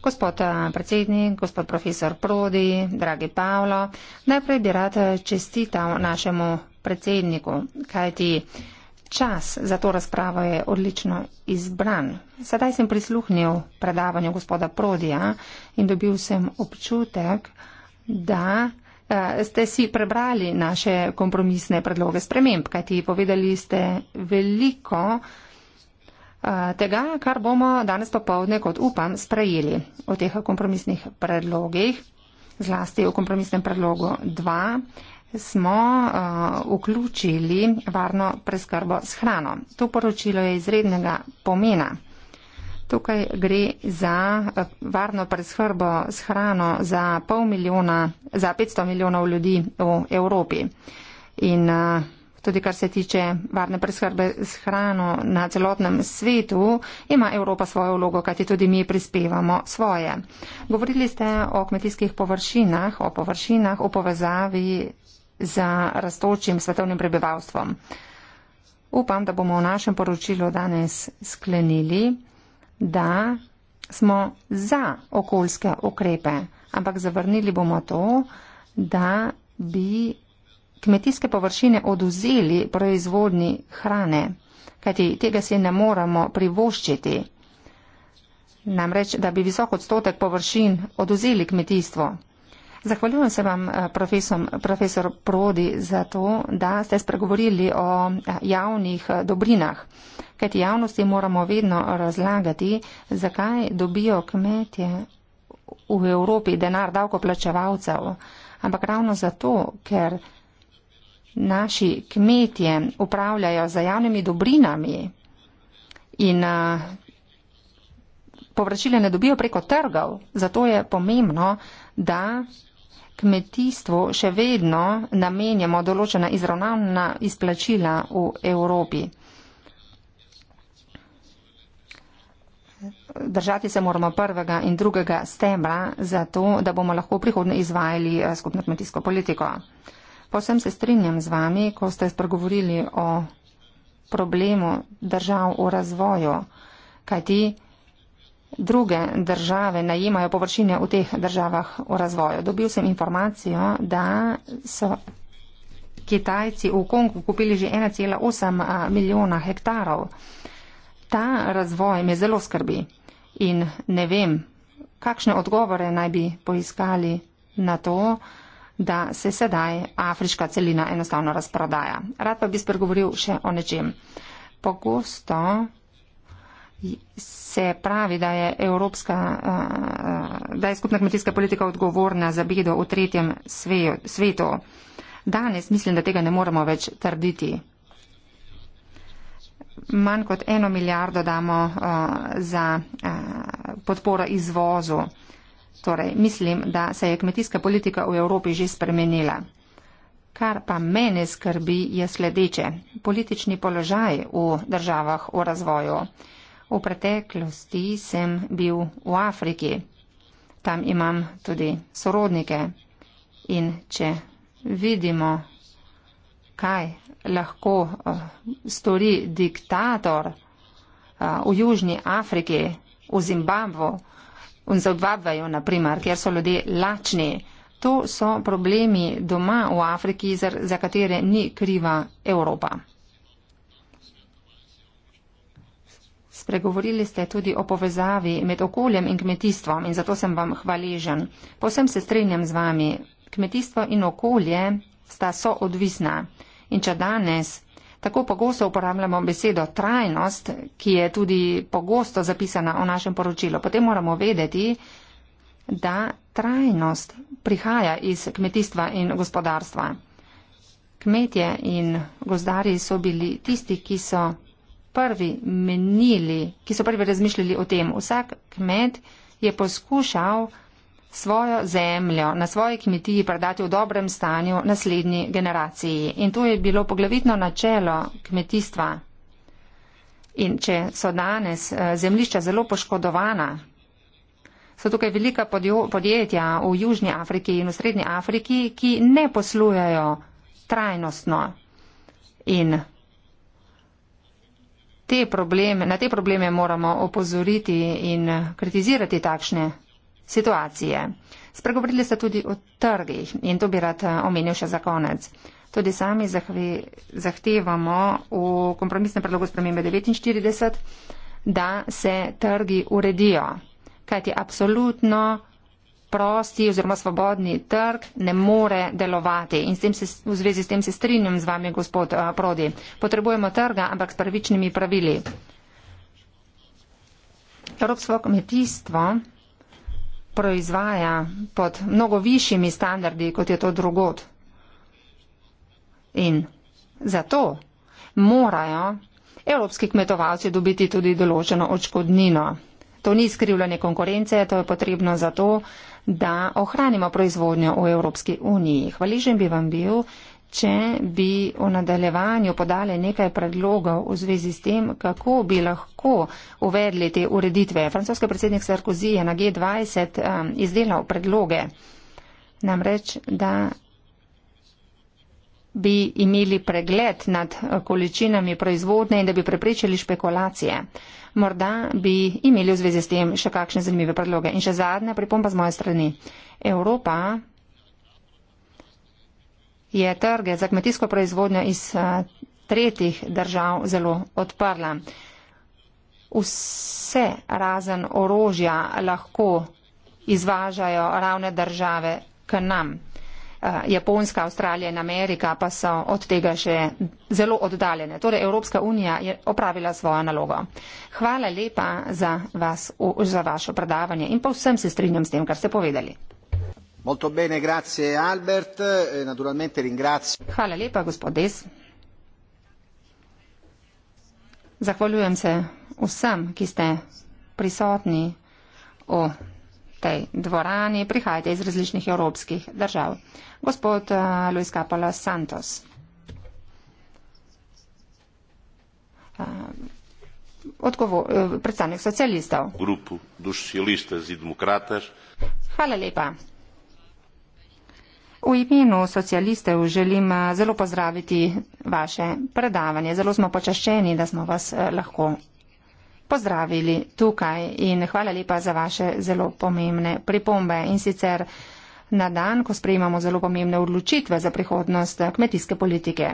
Gospod eh, predsednik, gospod profesor Prodi, dragi Paolo, najprej bi rad eh, čestital našemu predsedniku, kajti čas za to razpravo je odlično izbran. Sedaj sem prisluhnil predavanju gospoda Prodija in dobil sem občutek, da eh, ste si prebrali naše kompromisne predloge sprememb, kajti povedali ste veliko Eh, tega, kar bomo danes popovdne, kot upam, sprejeli o teh kompromisnih predlogih, zlasti o kompromisnem predlogu 2 smo uh, vključili varno preskrbo s hrano. To poročilo je izrednega pomena. Tukaj gre za uh, varno preskrbo s hrano za, milijona, za 500 milijonov ljudi v Evropi. In uh, Tudi kar se tiče varne preskrbe s hrano na celotnem svetu, ima Evropa svojo vlogo, kajti tudi mi prispevamo svoje. Govorili ste o kmetijskih površinah, o površinah v povezavi z raztočim svetovnim prebivalstvom. Upam, da bomo v našem poročilu danes sklenili, da smo za okoljske ukrepe, ampak zavrnili bomo to, da bi kmetijske površine oduzeli proizvodni hrane, kajti tega si ne moramo privoščiti. Namreč, da bi visok odstotek površin oduzeli kmetijstvo. Zahvaljujem se vam, eh, profesor, profesor Prodi, za to, da ste spregovorili o eh, javnih eh, dobrinah. Kajti javnosti moramo vedno razlagati, zakaj dobijo kmetje v Evropi denar davkoplačevalcev. Ampak ravno zato, ker naši kmetje upravljajo z javnimi dobrinami in eh, povračile ne dobijo preko trgov, zato je pomembno, da kmetijstvu še vedno namenjamo določena izravnavna izplačila v Evropi. Držati se moramo prvega in drugega stebra, zato da bomo lahko prihodno izvajali eh, skupno kmetijsko politiko. Posem se strinjam z vami, ko ste spregovorili o problemu držav v razvoju, kajti druge države najemajo površine v teh državah v razvoju. Dobil sem informacijo, da so Kitajci v Kongu kupili že 1,8 milijona hektarov. Ta razvoj me zelo skrbi in ne vem, kakšne odgovore naj bi poiskali na to, da se sedaj afriška celina enostavno razprodaja. Rad pa bi spregovoril še o nečem. Pogosto se pravi, da je, Evropska, eh, da je skupna kmetijska politika odgovorna za bedo v tretjem svetu. Danes mislim, da tega ne moremo več trditi. Manj kot eno milijardo damo eh, za eh, podporo izvozu. Torej, mislim, da se je kmetijska politika v Evropi že spremenila. Kar pa mene skrbi je sledeče. Politični položaj v državah v razvoju. V preteklosti sem bil v Afriki. Tam imam tudi sorodnike. In če vidimo, kaj lahko eh, stori diktator eh, v Južni Afriki, v Zimbabvu, v Zimbabveju, naprimer, kjer so ljudje lačni. To so problemi doma v Afriki, za katere ni kriva Evropa. Spregovorili ste tudi o povezavi med okoljem in kmetijstvom in zato sem vam hvaležen. Povsem se strinjam z vami. Kmetijstvo in okolje sta soodvisna. In če danes Tako pogosto uporabljamo besedo trajnost, ki je tudi pogosto zapisana v našem poročilu. Potem moramo vedeti, da trajnost prihaja iz kmetijstva in gospodarstva. Kmetje in gozdari so bili tisti, ki so prvi menili, ki so prvi razmišljali o tem. Vsak kmet je poskušal svojo zemljo na svoji kmetiji predati v dobrem stanju naslednji generaciji. In to je bilo poglavitno načelo kmetijstva. In če so danes eh, zemlišča zelo poškodovana, so tukaj velika podjetja v Južni Afriki in v Srednji Afriki, ki ne poslujajo trajnostno. In te probleme, na te probleme moramo opozoriti in kritizirati takšne situacije. Spregovorili ste tudi o trgih in to bi rad eh, omenil še za konec. Tudi sami zahtevamo v kompromisnem predlogu spremembe 49, da se trgi uredijo, kajti absolutno prosti oziroma svobodni trg ne more delovati. In s tem se, v zvezi s tem se strinjam z vami, gospod eh, Prodi. Potrebujemo trga, ampak s pravičnimi pravili. Evropsko kmetijstvo proizvaja pod mnogo višjimi standardi, kot je to drugod. In zato morajo evropski kmetovalci dobiti tudi določeno očkodnino. To ni skrivljanje konkurence, to je potrebno zato, da ohranimo proizvodnjo v Evropski uniji. Hvaližen bi vam bil če bi v nadaljevanju podali nekaj predlogov v zvezi s tem, kako bi lahko uvedli te ureditve. Francoski predsednik Sarkozy je na G20 um, izdelal predloge, namreč, da bi imeli pregled nad uh, količinami proizvodne in da bi preprečili špekulacije. Morda bi imeli v zvezi s tem še kakšne zanimive predloge. In še zadnja pripomba z moje strani. Evropa je trge za kmetijsko proizvodnjo iz eh, tretjih držav zelo odprla. Vse razen orožja lahko izvažajo ravne države k nam. Eh, Japonska, Avstralija in Amerika pa so od tega še zelo oddaljene. Torej Evropska unija je opravila svojo nalogo. Hvala lepa za, vas, za vašo predavanje in pa vsem se strinjam s tem, kar ste povedali. E, hvala lepa gospod dess zahvaljujem se vsem ki ste prisotni v tej dvorani prihajate iz različnih evropskih držav gospod eh, luis capola santos eh, odgovor, eh, predstavnik socialistov hvala lepa V imenu socialistev želim eh, zelo pozdraviti vaše predavanje. Zelo smo počaščeni, da smo vas eh, lahko pozdravili tukaj in hvala lepa za vaše zelo pomembne pripombe. In sicer na dan, ko sprejemamo zelo pomembne odločitve za prihodnost eh, kmetijske politike.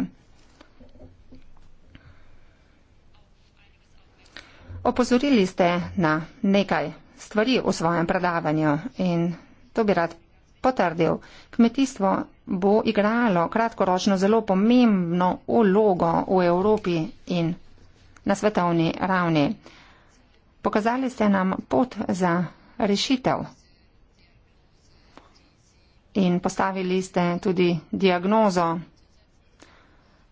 Opozorili ste na nekaj stvari v svojem predavanju in to bi rad potrdil. Kmetijstvo bo igralo kratkoročno zelo pomembno ulogo v Evropi in na svetovni ravni. Pokazali ste nam pot za rešitev in postavili ste tudi diagnozo.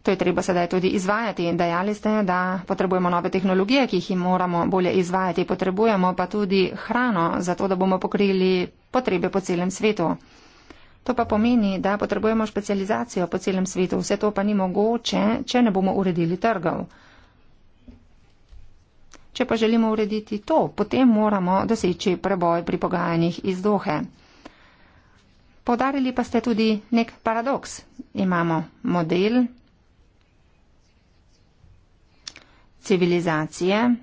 To je treba sedaj tudi izvajati. Dejali ste, da potrebujemo nove tehnologije, ki jih moramo bolje izvajati. Potrebujemo pa tudi hrano, zato da bomo pokrili potrebe po celem svetu. To pa pomeni, da potrebujemo specializacijo po celem svetu. Vse to pa ni mogoče, če ne bomo uredili trgov. Če pa želimo urediti to, potem moramo doseči preboj pri pogajanjih iz dohe. Podarili pa ste tudi nek paradoks. Imamo model, civilizacije,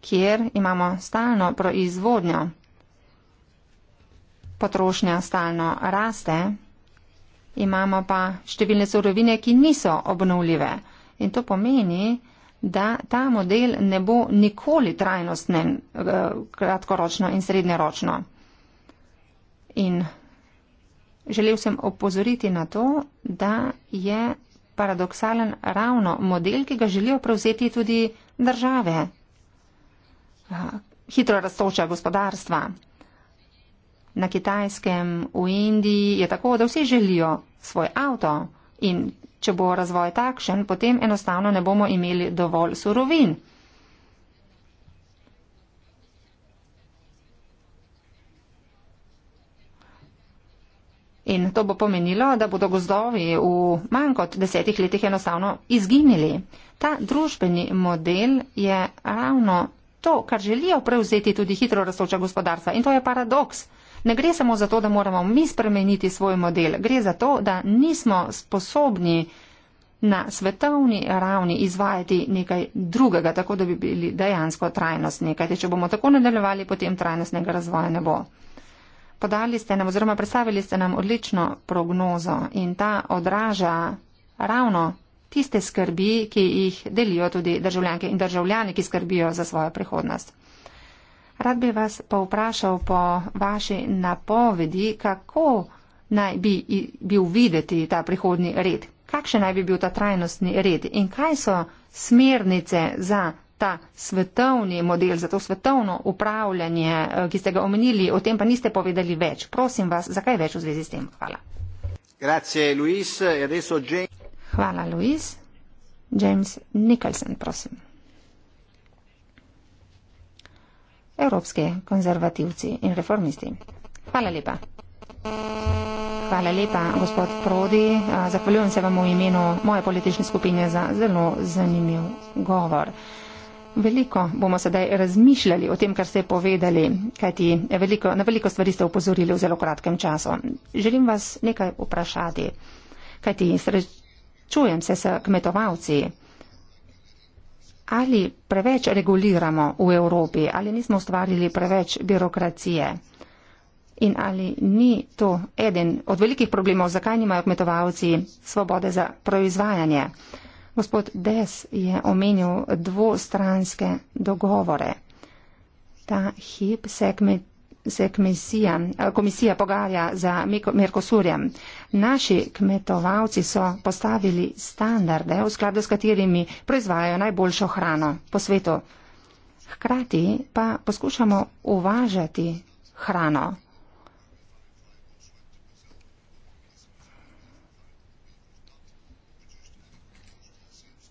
kjer imamo stalno proizvodnjo, potrošnja stalno raste, imamo pa številne surovine, ki niso obnovljive. In to pomeni, da ta model ne bo nikoli trajnostnen eh, kratkoročno in srednjeročno. In želel sem opozoriti na to, da je paradoksalen ravno model, ki ga želijo prevzeti tudi države, hitro raztoča gospodarstva. Na Kitajskem, v Indiji je tako, da vsi želijo svoj avto in če bo razvoj takšen, potem enostavno ne bomo imeli dovolj surovin. In to bo pomenilo, da bodo gozdovi v manj kot desetih letih enostavno izginili. Ta družbeni model je ravno to, kar želijo prevzeti tudi hitro rastoča gospodarstva. In to je paradoks. Ne gre samo za to, da moramo mi spremeniti svoj model. Gre za to, da nismo sposobni na svetovni ravni izvajati nekaj drugega, tako da bi bili dejansko trajnostni. Kajte, če bomo tako nadaljevali, potem trajnostnega razvoja ne bo podali ste nam oziroma predstavili ste nam odlično prognozo in ta odraža ravno tiste skrbi, ki jih delijo tudi državljanke in državljani, ki skrbijo za svojo prihodnost. Rad bi vas pa vprašal po vaši napovedi, kako naj bi bil videti ta prihodni red, kakšen naj bi bil ta trajnostni red in kaj so smernice za ta svetovni model, za to svetovno upravljanje, eh, ki ste ga omenili, o tem pa niste povedali več. Prosim vas, zakaj več v zvezi s tem? Hvala. Grazie, Luis. E Hvala, Luis. James Nicholson, prosim. Evropske konzervativci in reformisti. Hvala lepa. Hvala lepa, gospod Prodi. Eh, zahvaljujem se vam v imenu moje politične skupine za zelo zanimiv govor. Veliko bomo sedaj razmišljali o tem, kar ste povedali, kajti veliko, na veliko stvari ste upozorili v zelo kratkem času. Želim vas nekaj vprašati, kajti srečujem se s kmetovalci. Ali preveč reguliramo v Evropi, ali nismo ustvarili preveč birokracije in ali ni to eden od velikih problemov, zakaj nimajo kmetovalci svobode za proizvajanje. Gospod Des je omenil dvostranske dogovore. Ta hip se, kme, se kmesija, komisija pogaja za Merkosurjem. Naši kmetovalci so postavili standarde, v skladu s katerimi proizvajajo najboljšo hrano po svetu. Hkrati pa poskušamo uvažati hrano,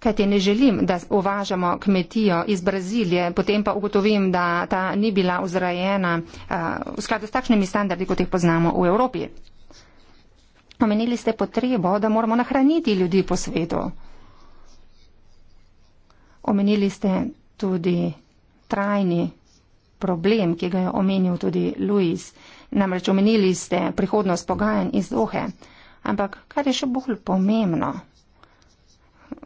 kajti ne želim, da uvažamo kmetijo iz Brazilije, potem pa ugotovim, da ta ni bila vzrajena eh, v skladu s takšnimi standardi, kot jih poznamo v Evropi. Omenili ste potrebo, da moramo nahraniti ljudi po svetu. Omenili ste tudi trajni problem, ki ga je omenil tudi Luis. Namreč omenili ste prihodnost pogajanj iz Dohe. Ampak kar je še bolj pomembno,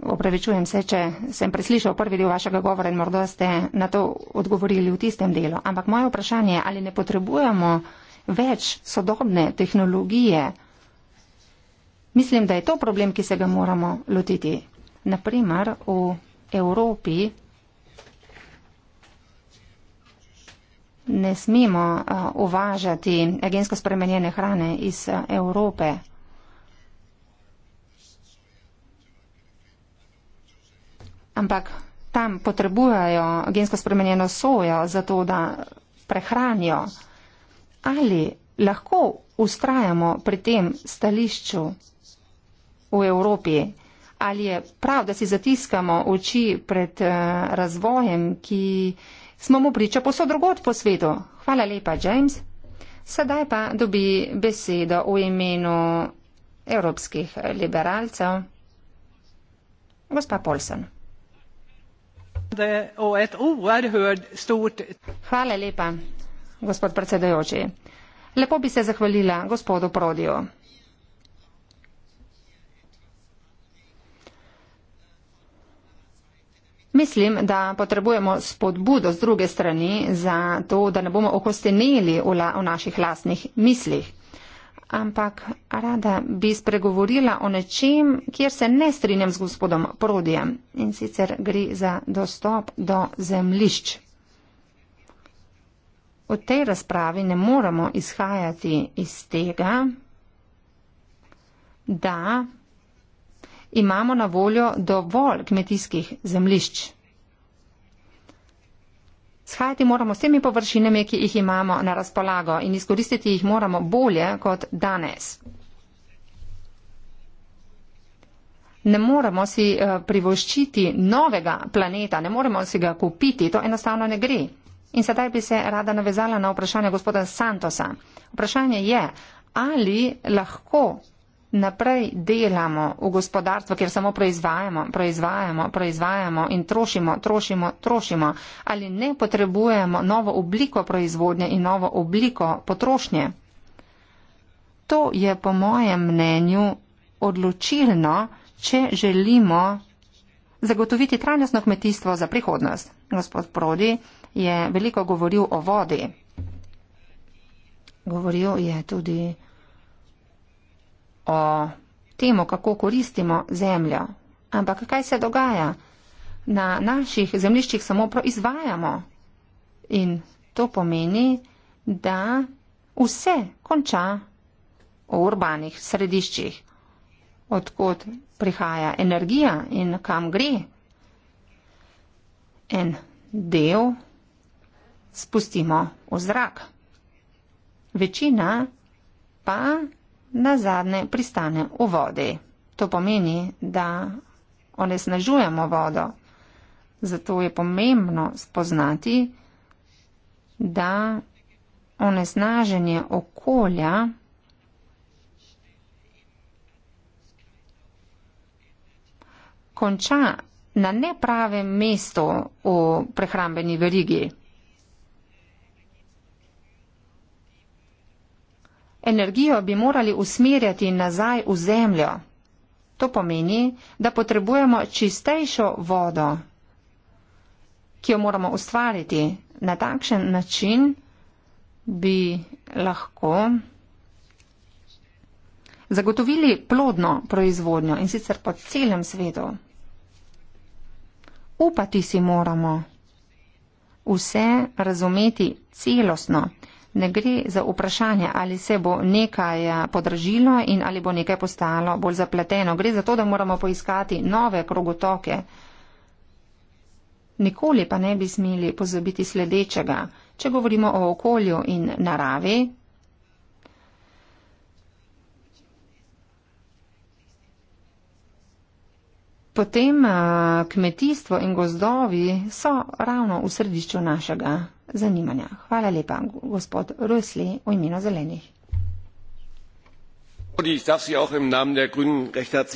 opravičujem se, če sem preslišal prvi del vašega govora in morda ste na to odgovorili v tistem delu. Ampak moje vprašanje je, ali ne potrebujemo več sodobne tehnologije? Mislim, da je to problem, ki se ga moramo lotiti. Naprimer, v Evropi ne smemo eh, uvažati gensko spremenjene hrane iz eh, Evrope. ampak tam potrebujejo gensko spremenjeno sojo za to, da prehranijo. Ali lahko ustrajamo pri tem stališču v Evropi? Ali je prav, da si zatiskamo oči pred eh, razvojem, ki smo mu priča posod drugot po svetu? Hvala lepa, James. Sedaj pa dobi besedo v imenu evropskih liberalcev. Gospa Polson. Hvala lepa, gospod predsedajoči. Lepo bi se zahvalila gospodu Prodiju. Mislim, da potrebujemo spodbudo z druge strani za to, da ne bomo okosteneli v, la, v naših lastnih mislih ampak rada bi spregovorila o nečem, kjer se ne strinjam z gospodom Prodijem in sicer gre za dostop do zemlišč. V tej razpravi ne moramo izhajati iz tega, da imamo na voljo dovolj kmetijskih zemlišč. Shajati moramo s temi površinami, ki jih imamo na razpolago in izkoristiti jih moramo bolje kot danes. Ne moremo si eh, privoščiti novega planeta, ne moremo si ga kupiti, to enostavno ne gre. In sedaj bi se rada navezala na vprašanje gospoda Santosa. Vprašanje je, ali lahko naprej delamo v gospodarstvo, kjer samo proizvajamo, proizvajamo, proizvajamo in trošimo, trošimo, trošimo, ali ne potrebujemo novo obliko proizvodnje in novo obliko potrošnje. To je po mojem mnenju odločilno, če želimo zagotoviti trajnostno kmetijstvo za prihodnost. Gospod Prodi je veliko govoril o vodi. Govoril je tudi o o temu, kako koristimo zemljo. Ampak kaj se dogaja? Na naših zemljiščih samo proizvajamo. In to pomeni, da vse konča v urbanih središčih, odkot prihaja energija in kam gre. En del spustimo v zrak. Večina pa na zadnje pristane v vodi. To pomeni, da onesnažujemo vodo. Zato je pomembno spoznati, da onesnaženje okolja konča na nepravem mestu v prehrambeni verigi. Energijo bi morali usmerjati nazaj v zemljo. To pomeni, da potrebujemo čistejšo vodo, ki jo moramo ustvariti. Na takšen način bi lahko zagotovili plodno proizvodnjo in sicer po celem svetu. Upati si moramo vse razumeti celostno ne gre za vprašanje, ali se bo nekaj eh, podražilo in ali bo nekaj postalo bolj zapleteno. Gre za to, da moramo poiskati nove krogotoke. Nikoli pa ne bi smeli pozabiti sledečega. Če govorimo o okolju in naravi, potem eh, kmetijstvo in gozdovi so ravno v središču našega zanimanja. Hvala lepa, gospod Rusli, v imenu zelenih.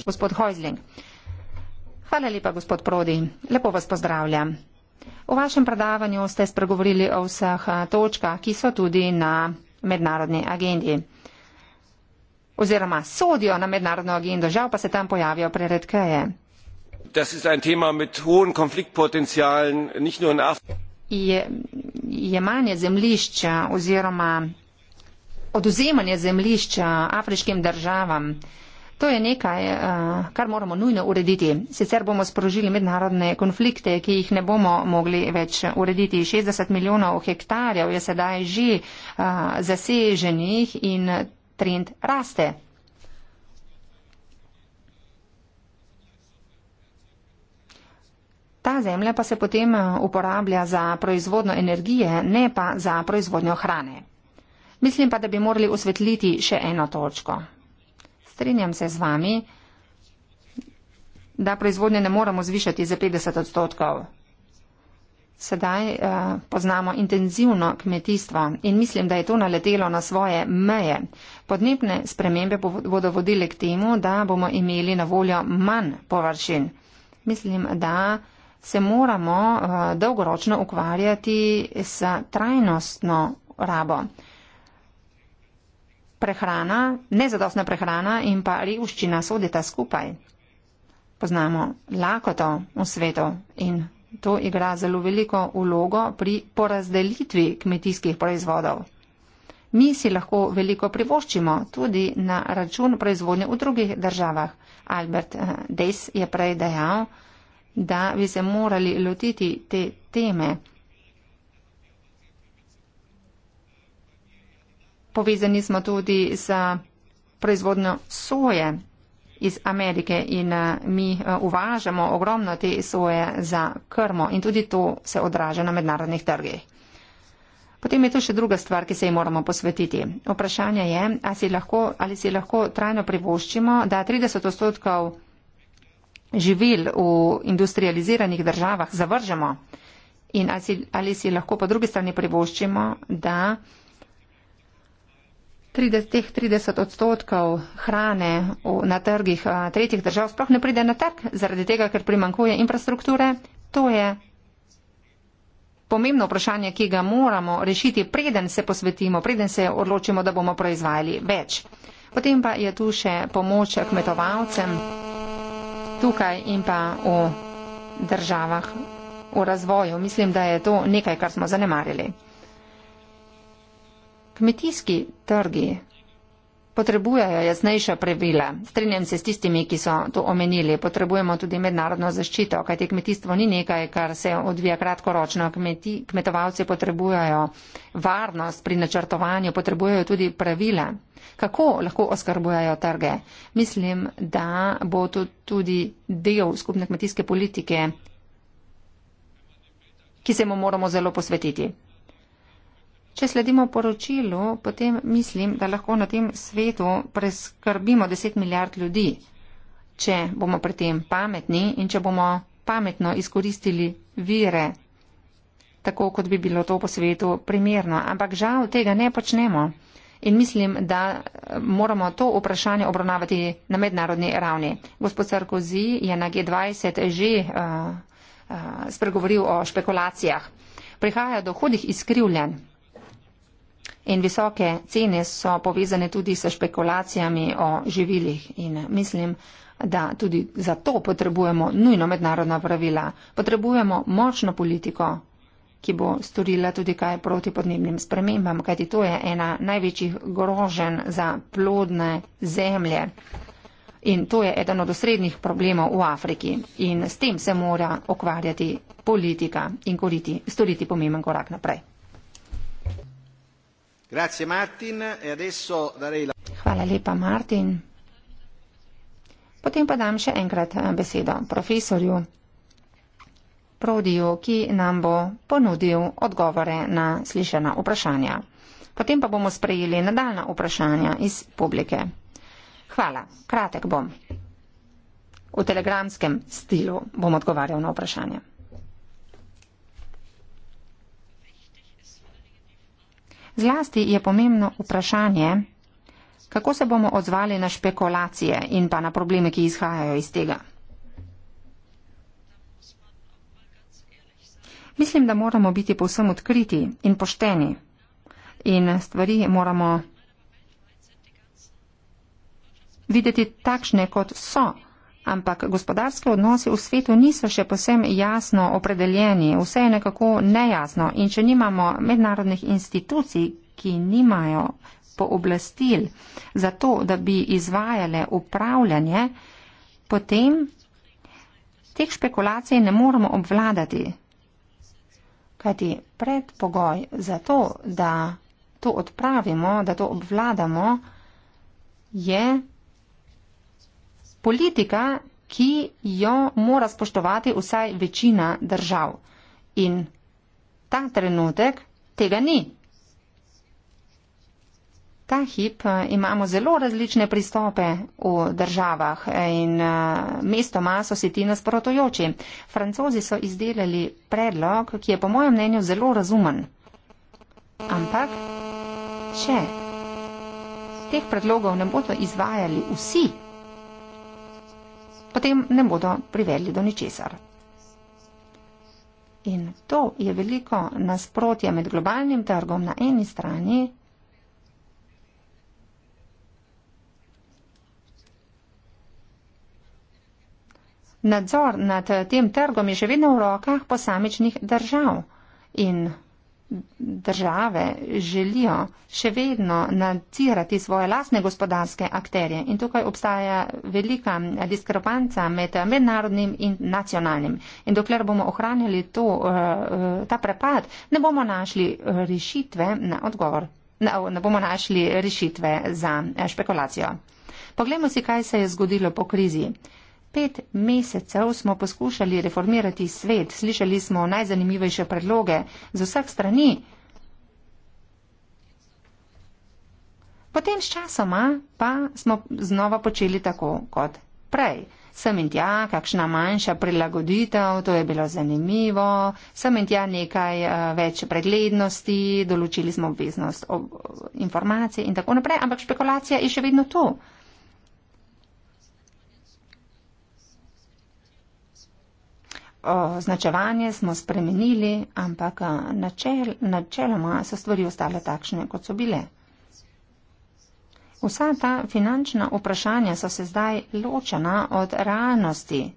Gospod Hojzling. Hvala lepa, gospod Prodi. Lepo vas pozdravljam. V vašem predavanju ste spregovorili o vseh eh, točkah, ki so tudi na mednarodni agendi oziroma sodijo na mednarodno agendo, žal pa se tam pojavijo preredkeje. To je tema s hohim konfliktnim potencialom, ne samo v Afriki je jemanje zemlišča oziroma oduzemanje zemlišča afriškim državam. To je nekaj, eh, kar moramo nujno urediti. Sicer bomo sprožili mednarodne konflikte, ki jih ne bomo mogli več urediti. 60 milijonov hektarjev je sedaj že eh, zaseženih in trend raste. Ta zemlja pa se potem eh, uporablja za proizvodno energije, ne pa za proizvodnjo hrane. Mislim pa, da bi morali osvetliti še eno točko. Strenjam se z vami, da proizvodnje ne moramo zvišati za 50 odstotkov. Sedaj eh, poznamo intenzivno kmetijstvo in mislim, da je to naletelo na svoje meje. Podnebne spremembe bodo vodile k temu, da bomo imeli na voljo manj površin. Mislim, da se moramo eh, dolgoročno ukvarjati s trajnostno rabo. Prehrana, nezadostna prehrana in pa revščina sodita skupaj. Poznamo lakoto v svetu in to igra zelo veliko ulogo pri porazdelitvi kmetijskih proizvodov. Mi si lahko veliko privoščimo tudi na račun proizvodnje v drugih državah. Albert eh, Dejs je prej dejal, da da bi se morali lotiti te teme. Povezani smo tudi z proizvodnjo soje iz Amerike in eh, mi eh, uvažamo ogromno te soje za krmo in tudi to se odraža na mednarodnih trgih. Potem je to še druga stvar, ki se ji moramo posvetiti. Vprašanje je, ali si lahko, ali si lahko trajno privoščimo, da 30 odstotkov živil v industrializiranih državah zavržemo in ali si, ali si lahko po drugi strani privoščimo, da 30, teh 30 odstotkov hrane v, na trgih a, tretjih držav sploh ne pride na trg zaradi tega, ker primankuje infrastrukture. To je pomembno vprašanje, ki ga moramo rešiti, preden se posvetimo, preden se odločimo, da bomo proizvajali več. Potem pa je tu še pomoč kmetovalcem tukaj in pa v državah v razvoju. Mislim, da je to nekaj, kar smo zanemarili. Kmetijski trgi potrebujejo jasnejša pravila. Strenjam se s tistimi, ki so to omenili. Potrebujemo tudi mednarodno zaščito, kajti kmetijstvo ni nekaj, kar se odvija kratkoročno. Kmeti, kmetovalci potrebujejo varnost pri načrtovanju, potrebujejo tudi pravila. Kako lahko oskrbujajo trge? Mislim, da bo to tudi del skupne kmetijske politike, ki se mu moramo zelo posvetiti. Če sledimo poročilu, potem mislim, da lahko na tem svetu preskrbimo 10 milijard ljudi, če bomo pri tem pametni in če bomo pametno izkoristili vire, tako kot bi bilo to po svetu primerno. Ampak žal tega ne počnemo. In mislim, da moramo to vprašanje obravnavati na mednarodni ravni. Gospod Sarkozy je na G20 že uh, uh, spregovoril o špekulacijah. Prihaja do hudih izkrivljanj. In visoke cene so povezane tudi s špekulacijami o živilih in mislim, da tudi za to potrebujemo nujno mednarodna pravila. Potrebujemo močno politiko, ki bo storila tudi kaj proti podnebnim spremembam, kajti to je ena največjih grožen za plodne zemlje. In to je eden od osrednjih problemov v Afriki. In s tem se mora okvarjati politika in koriti, storiti pomemben korak naprej. Grazie Martin e adesso darei la... Hvala lepa Martin. Potem pa dam še enkrat eh, besedo profesorju Prodiju, ki nam bo ponudil odgovore na slišena vprašanja. Potem pa bomo sprejeli nadaljna vprašanja iz publike. Hvala, kratek bom. V telegramskem stilu bom odgovarjal na vprašanje. Zlasti je pomembno vprašanje, kako se bomo odzvali na špekulacije in pa na probleme, ki izhajajo iz tega. Mislim, da moramo biti povsem odkriti in pošteni in stvari moramo videti takšne, kot so. Ampak gospodarske odnose v svetu niso še posebej jasno opredeljeni, vse je nekako nejasno in če nimamo mednarodnih institucij, ki nimajo pooblastil za to, da bi izvajale upravljanje, potem teh špekulacij ne moremo obvladati. Kajti predpogoj za to, da to odpravimo, da to obvladamo, je politika, ki jo mora spoštovati vsaj večina držav. In ta trenutek tega ni. Ta hip eh, imamo zelo različne pristope v državah in eh, mestoma so si ti nasprotujoči. Francozi so izdelali predlog, ki je po mojem mnenju zelo razumen. Ampak, če teh predlogov ne bodo izvajali vsi, potem ne bodo privedli do ničesar. In to je veliko nasprotje med globalnim trgom na eni strani Nadzor nad tem trgom je še vedno v rokah posamičnih držav in države želijo še vedno nadzirati svoje lasne gospodarske akterje. In tukaj obstaja velika diskrepanca med mednarodnim in nacionalnim. In dokler bomo ohranjali to, eh, eh, ta prepad, ne bomo našli eh, rešitve na odgovor. Ne, ne bomo našli rešitve za špekulacijo. Poglejmo si, kaj se je zgodilo po krizi. Pet mesecev smo poskušali reformirati svet, slišali smo najzanimivejše predloge z vseh strani. Potem s časoma pa smo znova počeli tako kot prej. Sem in tja, kakšna manjša prilagoditev, to je bilo zanimivo, sem in tja nekaj uh, več preglednosti, določili smo obveznost ob, ob, informacije in tako naprej, ampak špekulacija je še vedno tu. označevanje smo spremenili, ampak načel, načeloma so stvari ostale takšne, kot so bile. Vsa ta finančna vprašanja so se zdaj ločena od realnosti,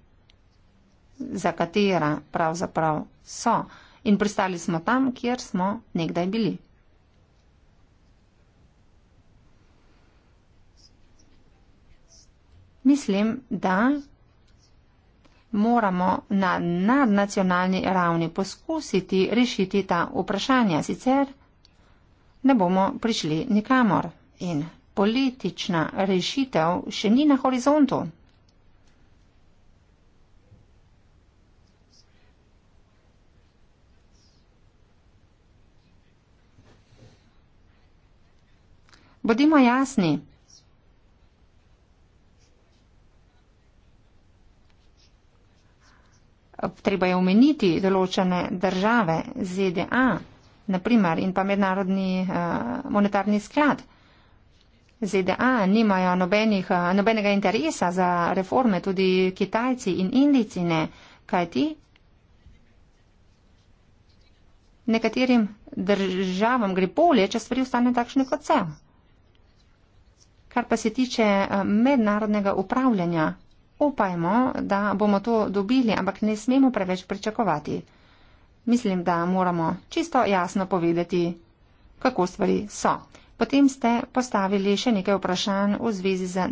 za katera pravzaprav so in pristali smo tam, kjer smo nekdaj bili. Mislim, da moramo na nadnacionalni ravni poskusiti rešiti ta vprašanja, sicer ne bomo prišli nikamor in politična rešitev še ni na horizontu. Bodimo jasni, treba je omeniti določene države, ZDA, naprimer, in pa mednarodni eh, monetarni sklad. ZDA nimajo nobenih, eh, nobenega interesa za reforme, tudi Kitajci in Indici ne, kajti nekaterim državam gre bolje, če stvari ostane takšne kot se. Kar pa se tiče eh, mednarodnega upravljanja, upajmo, da bomo to dobili, ampak ne smemo preveč pričakovati. Mislim, da moramo čisto jasno povedati, kako stvari so. Potem ste postavili še nekaj vprašanj v zvezi z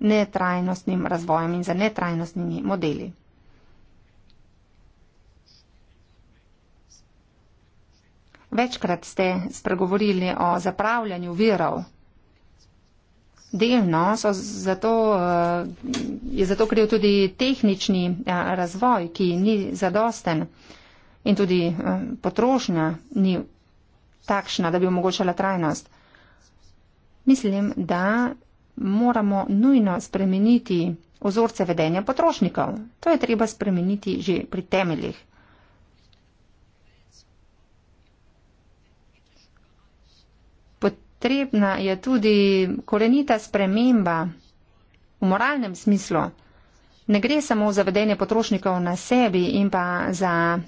netrajnostnim razvojem in z netrajnostnimi modeli. Večkrat ste spregovorili o zapravljanju virov. Delno so zato, eh, je zato kriv tudi tehnični eh, razvoj, ki ni zadosten in tudi eh, potrošnja ni takšna, da bi omogočala trajnost. Mislim, da moramo nujno spremeniti ozorce vedenja potrošnikov. To je treba spremeniti že pri temeljih. potrebna je tudi korenita sprememba v moralnem smislu. Ne gre samo za vedenje potrošnikov na sebi in pa za a,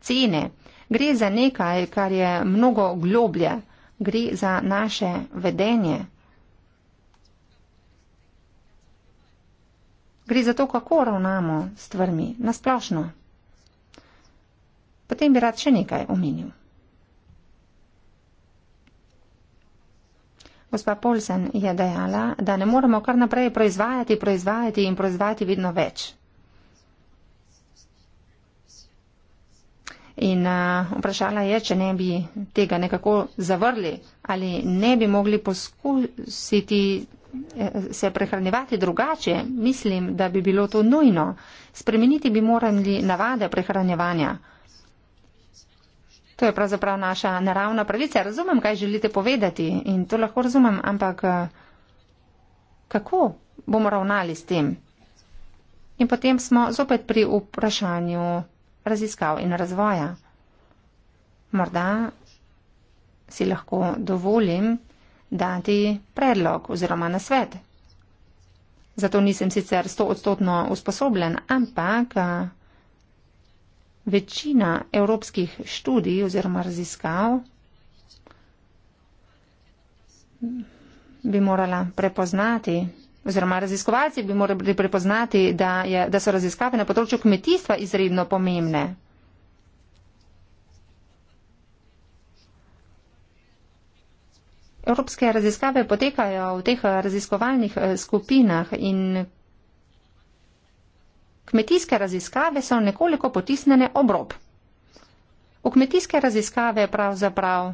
cene. Gre za nekaj, kar je mnogo globlje. Gre za naše vedenje. Gre za to, kako ravnamo s stvarmi, nasplošno. Potem bi rad še nekaj omenil. Gospa Polsen je dejala, da ne moremo kar naprej proizvajati, proizvajati in proizvajati vedno več. In uh, vprašala je, če ne bi tega nekako zavrli ali ne bi mogli poskusiti eh, se prehranjevati drugače, mislim, da bi bilo to nujno. Spremeniti bi morali navade prehranjevanja. Uh, To je pravzaprav naša naravna pravica. Razumem, kaj želite povedati in to lahko razumem, ampak eh, kako bomo ravnali s tem? In potem smo zopet pri vprašanju raziskav in razvoja. Morda si lahko dovolim dati predlog oziroma nasvet. Zato nisem sicer stoodstotno usposobljen, ampak eh, večina evropskih študij oziroma raziskav bi morala prepoznati oziroma raziskovalci bi morali prepoznati, da, je, da so raziskave na področju kmetijstva izredno pomembne. Evropske raziskave potekajo v teh raziskovalnih eh, skupinah in kmetijske raziskave so nekoliko potisnjene obrob. V kmetijske raziskave pravzaprav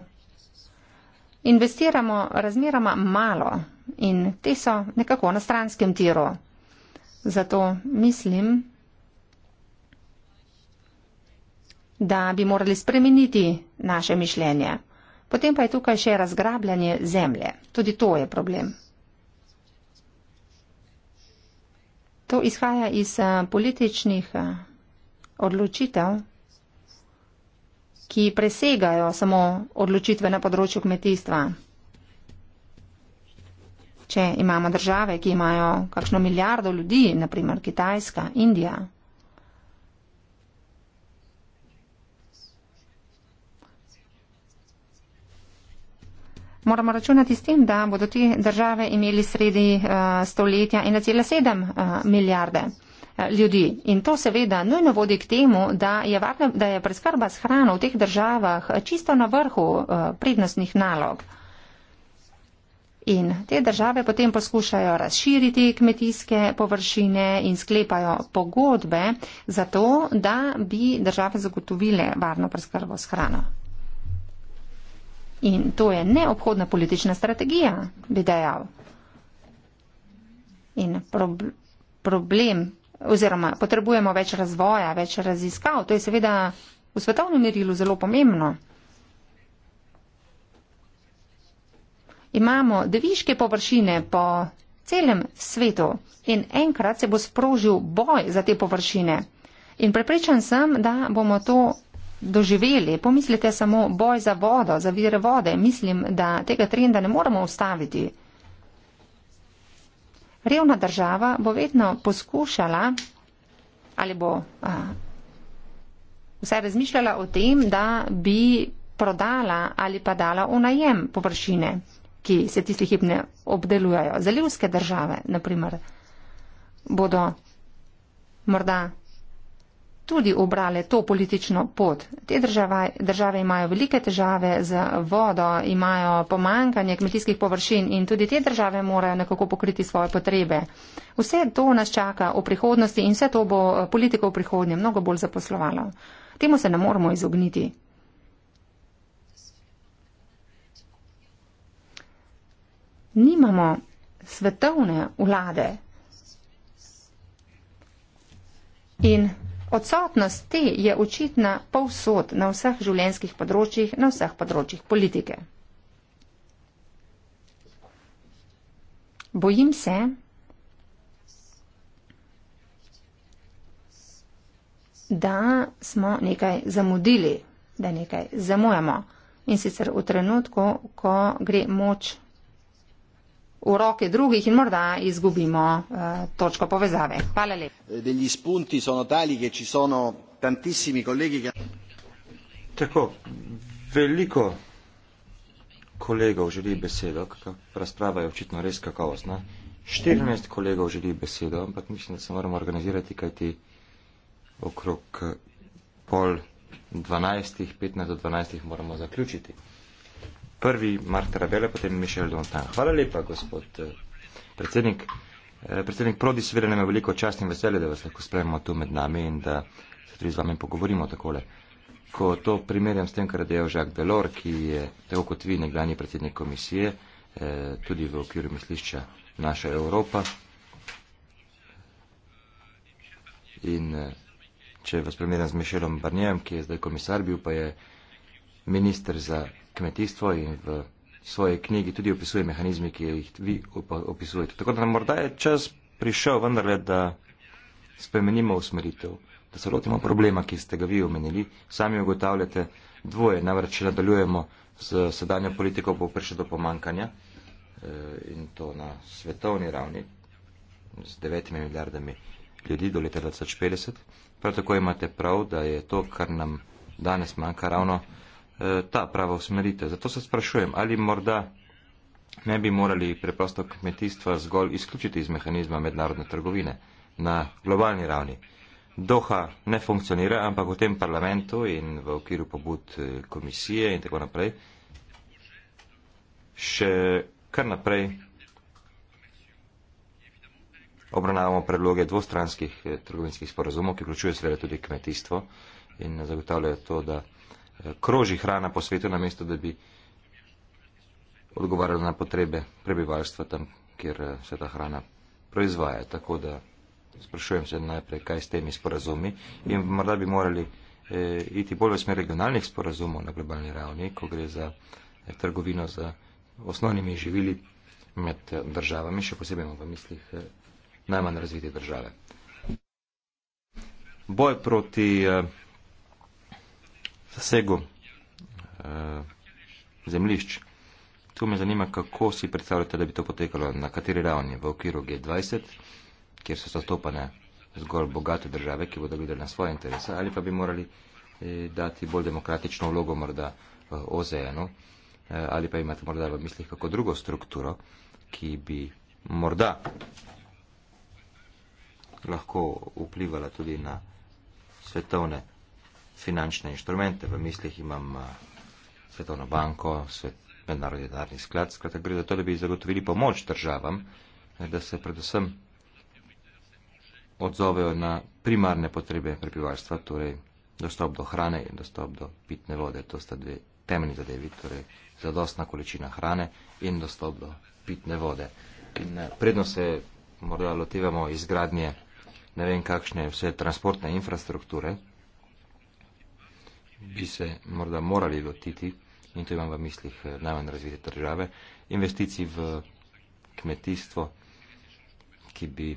investiramo razmeroma malo in te so nekako na stranskem tiro. Zato mislim, da bi morali spremeniti naše mišljenje. Potem pa je tukaj še razgrabljanje zemlje. Tudi to je problem. To izhaja iz eh, političnih eh, odločitev, ki presegajo samo odločitve na področju kmetijstva. Če imamo države, ki imajo kakšno milijardo ljudi, naprimer Kitajska, Indija, moramo računati s tem, da bodo te države imeli sredi uh, stoletja 1,7 uh, eh, milijarde uh, ljudi. In to seveda nujno vodi k temu, da je, varne, da je preskrba s hrano v teh državah čisto na vrhu uh, prednostnih nalog. In te države potem poskušajo razširiti kmetijske površine in sklepajo pogodbe za to, da bi države zagotovile varno preskrbo s hrano. In to je neobhodna politična strategija, bi dejal. In prob problem oziroma potrebujemo več razvoja, več raziskav. To je seveda v svetovnem merilu zelo pomembno. Imamo deviške površine po celem svetu in enkrat se bo sprožil boj za te površine. In prepričan sem, da bomo to doživeli. Pomislite samo boj za vodo, za vire vode. Mislim, da tega trenda ne moremo ustaviti. Revna država bo vedno poskušala ali bo a, vse razmišljala o tem, da bi prodala ali pa dala v najem površine, ki se tisti hipne obdelujajo. Zalivske države, naprimer, bodo morda tudi obrale to politično pot. Te države, države imajo velike težave z vodo, imajo pomankanje kmetijskih površin in tudi te države morajo nekako pokriti svoje potrebe. Vse to nas čaka v prihodnosti in vse to bo eh, politiko v prihodnje mnogo bolj zaposlovalo. Temu se ne moramo izogniti. Nimamo svetovne vlade. In Odsotnost te je očitna povsod na vseh življenjskih področjih, na vseh področjih politike. Bojim se, da smo nekaj zamudili, da nekaj zamujamo. In sicer v trenutku, ko gre moč v roke drugih in morda izgubimo eh, točko povezave. Hvala lepa. Eh, Tako, veliko kolegov želi besedo, razprava je očitno res kakovostna. 14 kolegov želi besedo, ampak mislim, da se moramo organizirati, kajti okrog pol 12, 15 do 12 moramo zaključiti prvi Mark Tarabele, potem Mišel Dontan. Hvala lepa, gospod eh, predsednik. Eh, predsednik Prodi, seveda nam je veliko čast in veselje, da vas lahko spremimo tu med nami in da se tudi z vami pogovorimo takole. Ko to primerjam s tem, kar je dejal Jacques Delors, ki je, tako kot vi, nekdani predsednik komisije, eh, tudi v okviru mislišča Naša Evropa. In če vas primerjam z Mišelom Barnjem, ki je zdaj komisar bil, pa je minister za kmetijstvo in v svoji knjigi tudi opisuje mehanizme, ki jih vi opisujete. Tako da nam morda je čas prišel vendarle, da spremenimo usmeritev, da se lotimo problema, ki ste ga vi omenili. Sami ugotavljate dvoje, namreč nadaljujemo z sedanjo politiko poprešnje do pomankanja eh, in to na svetovni ravni z 9 milijardami ljudi do leta 2050. Prav tako imate prav, da je to, kar nam danes manjka ravno. Eh, ta pravo usmeritev. Zato se sprašujem, ali morda ne bi morali preprosto kmetijstva zgolj izključiti iz mehanizma mednarodne trgovine na globalni ravni. Doha ne funkcionira, ampak v tem parlamentu in v okviru pobud eh, komisije in tako naprej še kar naprej obravnavamo predloge dvostranskih eh, trgovinskih sporazumov, ki vključuje seveda tudi kmetijstvo in zagotavljajo to, da kroži hrana po svetu, namesto da bi odgovarjala na potrebe prebivalstva tam, kjer eh, se ta hrana proizvaja. Tako da sprašujem se najprej, kaj s temi sporazumi in morda bi morali eh, iti bolj v smer regionalnih sporazumov na globalni ravni, ko gre za eh, trgovino z osnovnimi živili med eh, državami, še posebej v mislih eh, najmanj razvite države. Boj proti. Eh, zasegu eh, zemlišč. Tu me zanima, kako si predstavljate, da bi to potekalo, na kateri ravni, v okviru G20, kjer so zastopane zgolj bogate države, ki bodo videli na svoje interese, ali pa bi morali eh, dati bolj demokratično vlogo morda eh, OZN-u, eh, ali pa imate morda v mislih kako drugo strukturo, ki bi morda lahko vplivala tudi na svetovne finančne inštrumente. V mislih imam eh, Svetovno banko, svet, Mednarodni darni sklad, skratka gre za to, da bi zagotovili pomoč državam, eh, da se predvsem odzovejo na primarne potrebe prebivalstva, torej dostop do hrane in dostop do pitne vode. To sta dve temeljni zadevi, torej zadostna količina hrane in dostop do pitne vode. In eh, predno se morda lotevamo izgradnje ne vem kakšne vse transportne infrastrukture, bi se morda morali lotiti, in to imam v mislih eh, najmanj razvite države, investicij v kmetijstvo, ki bi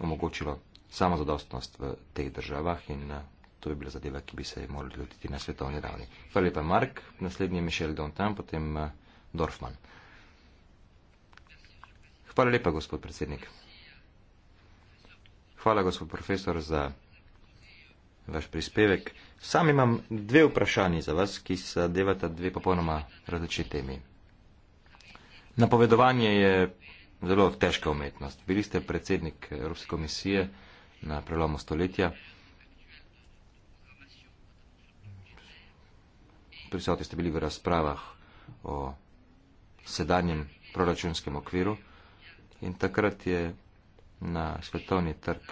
omogočilo samozadostnost v teh državah in eh, to bi bila zadeva, ki bi se morali lotiti na svetovni ravni. Hvala lepa, Mark. Naslednji je Michel Dontan, potem eh, Dorfman. Hvala lepa, gospod predsednik. Hvala, gospod profesor, za vaš prispevek. Sam imam dve vprašanji za vas, ki se devata dve popolnoma različni temi. Napovedovanje je zelo težka umetnost. Bili ste predsednik Evropske komisije na prelomu stoletja. Prisotni ste bili v razpravah o sedanjem proračunskem okviru in takrat je na svetovni trg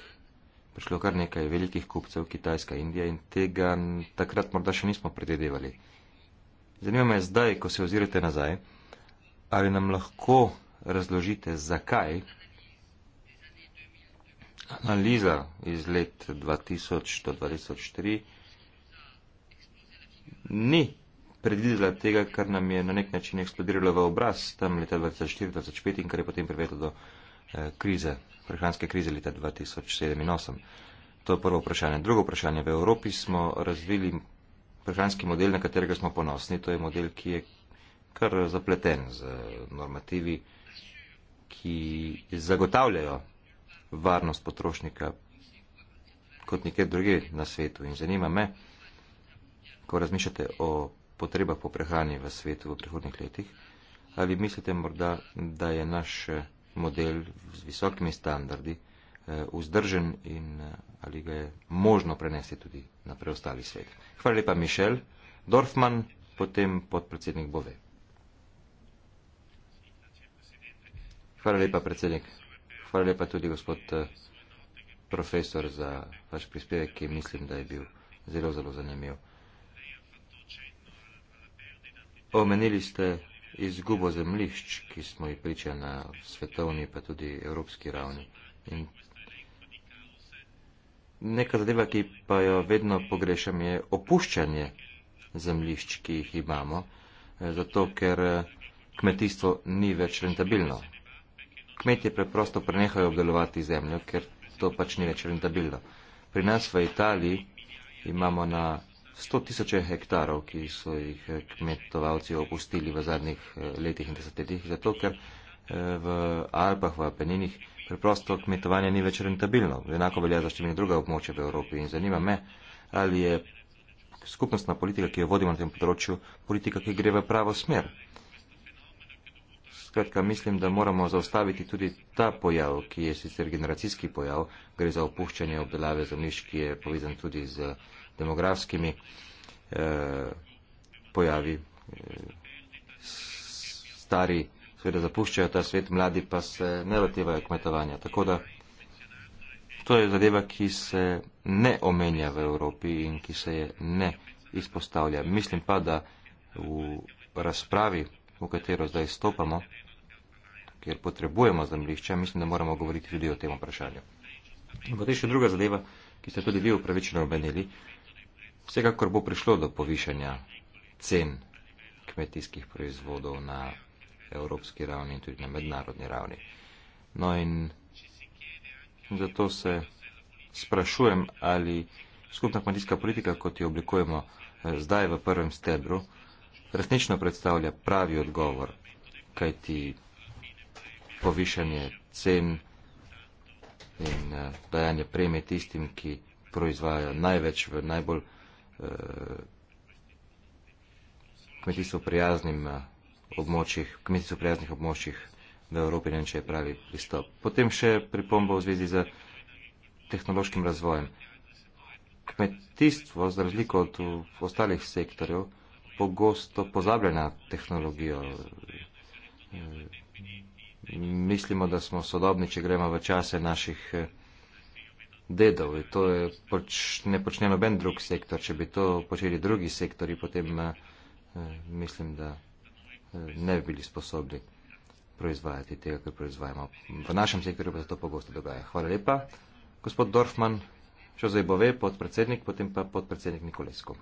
prišlo kar nekaj velikih kupcev, Kitajska, Indija in tega takrat morda še nismo predvidevali. Zanima me zdaj, ko se ozirate nazaj, ali nam lahko razložite, zakaj analiza iz let 2000 do 2004 ni predvidela tega, kar nam je na nek način eksplodiralo v obraz tam leta 2004-2005 in kar je potem privedlo do eh, krize prehranske krize leta 2007 in 2008. To je prvo vprašanje. Drugo vprašanje. V Evropi smo razvili prehranski model, na katerega smo ponosni. To je model, ki je kar zapleten z eh, normativi, ki zagotavljajo varnost potrošnika kot nekje druge na svetu. In zanima me, ko razmišljate o potrebah po prehrani v svetu v prihodnih letih, ali mislite morda, da je naš eh, model z visokimi standardi eh, vzdržen in eh, ali ga je možno prenesti tudi na preostali svet. Hvala lepa, Mišel. Dorfman, potem podpredsednik Bove. Hvala lepa, predsednik. Hvala lepa tudi, gospod eh, profesor, za vaš prispevek, ki mislim, da je bil zelo, zelo zanimiv. Omenili ste izgubo zemlišč, ki smo jih priča na svetovni pa tudi evropski ravni. In neka zadeva, ki pa jo vedno pogrešam, je opuščanje zemlišč, ki jih imamo, eh, zato ker eh, kmetijstvo ni več rentabilno. Kmetje preprosto prenehajo obdelovati zemljo, ker to pač ni več rentabilno. Pri nas v Italiji imamo na 100 tisoče hektarov, ki so jih eh, kmetovalci opustili v zadnjih eh, letih in desetletjih, zato ker eh, v Alpah, v Apeninih preprosto kmetovanje ni več rentabilno. Enako velja za številne druge območje v Evropi in zanima me, ali je skupnostna politika, ki jo vodimo na tem področju, politika, ki gre v pravo smer. Skratka, mislim, da moramo zaustaviti tudi ta pojav, ki je sicer generacijski pojav, gre za opuščanje obdelave zemljišč, ki je povezan tudi z demografskimi eh, pojavi. Eh, stari seveda zapuščajo ta svet, mladi pa se ne lotevajo kmetovanja. Tako da to je zadeva, ki se ne omenja v Evropi in ki se je ne izpostavlja. Mislim pa, da v razpravi, v katero zdaj stopamo, kjer potrebujemo zemljišča, mislim, da moramo govoriti tudi o tem vprašanju. In potem še druga zadeva, ki ste tudi vi upravičeno obenili, Vsekakor bo prišlo do povišanja cen kmetijskih proizvodov na evropski ravni in tudi na mednarodni ravni. No in zato se sprašujem, ali skupna kmetijska politika, kot jo oblikujemo eh, zdaj v prvem stebru, resnično predstavlja pravi odgovor, kajti povišanje cen in eh, dajanje premije tistim, ki proizvajajo največ v najbolj Eh, kmetijstvo prijaznim eh, območjih, kmetijstvo prijaznih območjih v Evropi, ne vem, če je pravi pristop. Potem še pripomba v zvezi z tehnološkim razvojem. Kmetijstvo, za razliko od ostalih sektorjev, pogosto pozablja na tehnologijo. Eh, mislimo, da smo sodobni, če gremo v čase naših dedov. To je, poč, ne počne noben drug sektor. Če bi to počeli drugi sektori, potem eh, mislim, da eh, ne bi bili sposobni proizvajati tega, kar proizvajamo. V našem sektorju pa se to pogosto dogaja. Hvala lepa. Gospod Dorfman, še zdaj bo ve, podpredsednik, potem pa podpredsednik Nikolesko.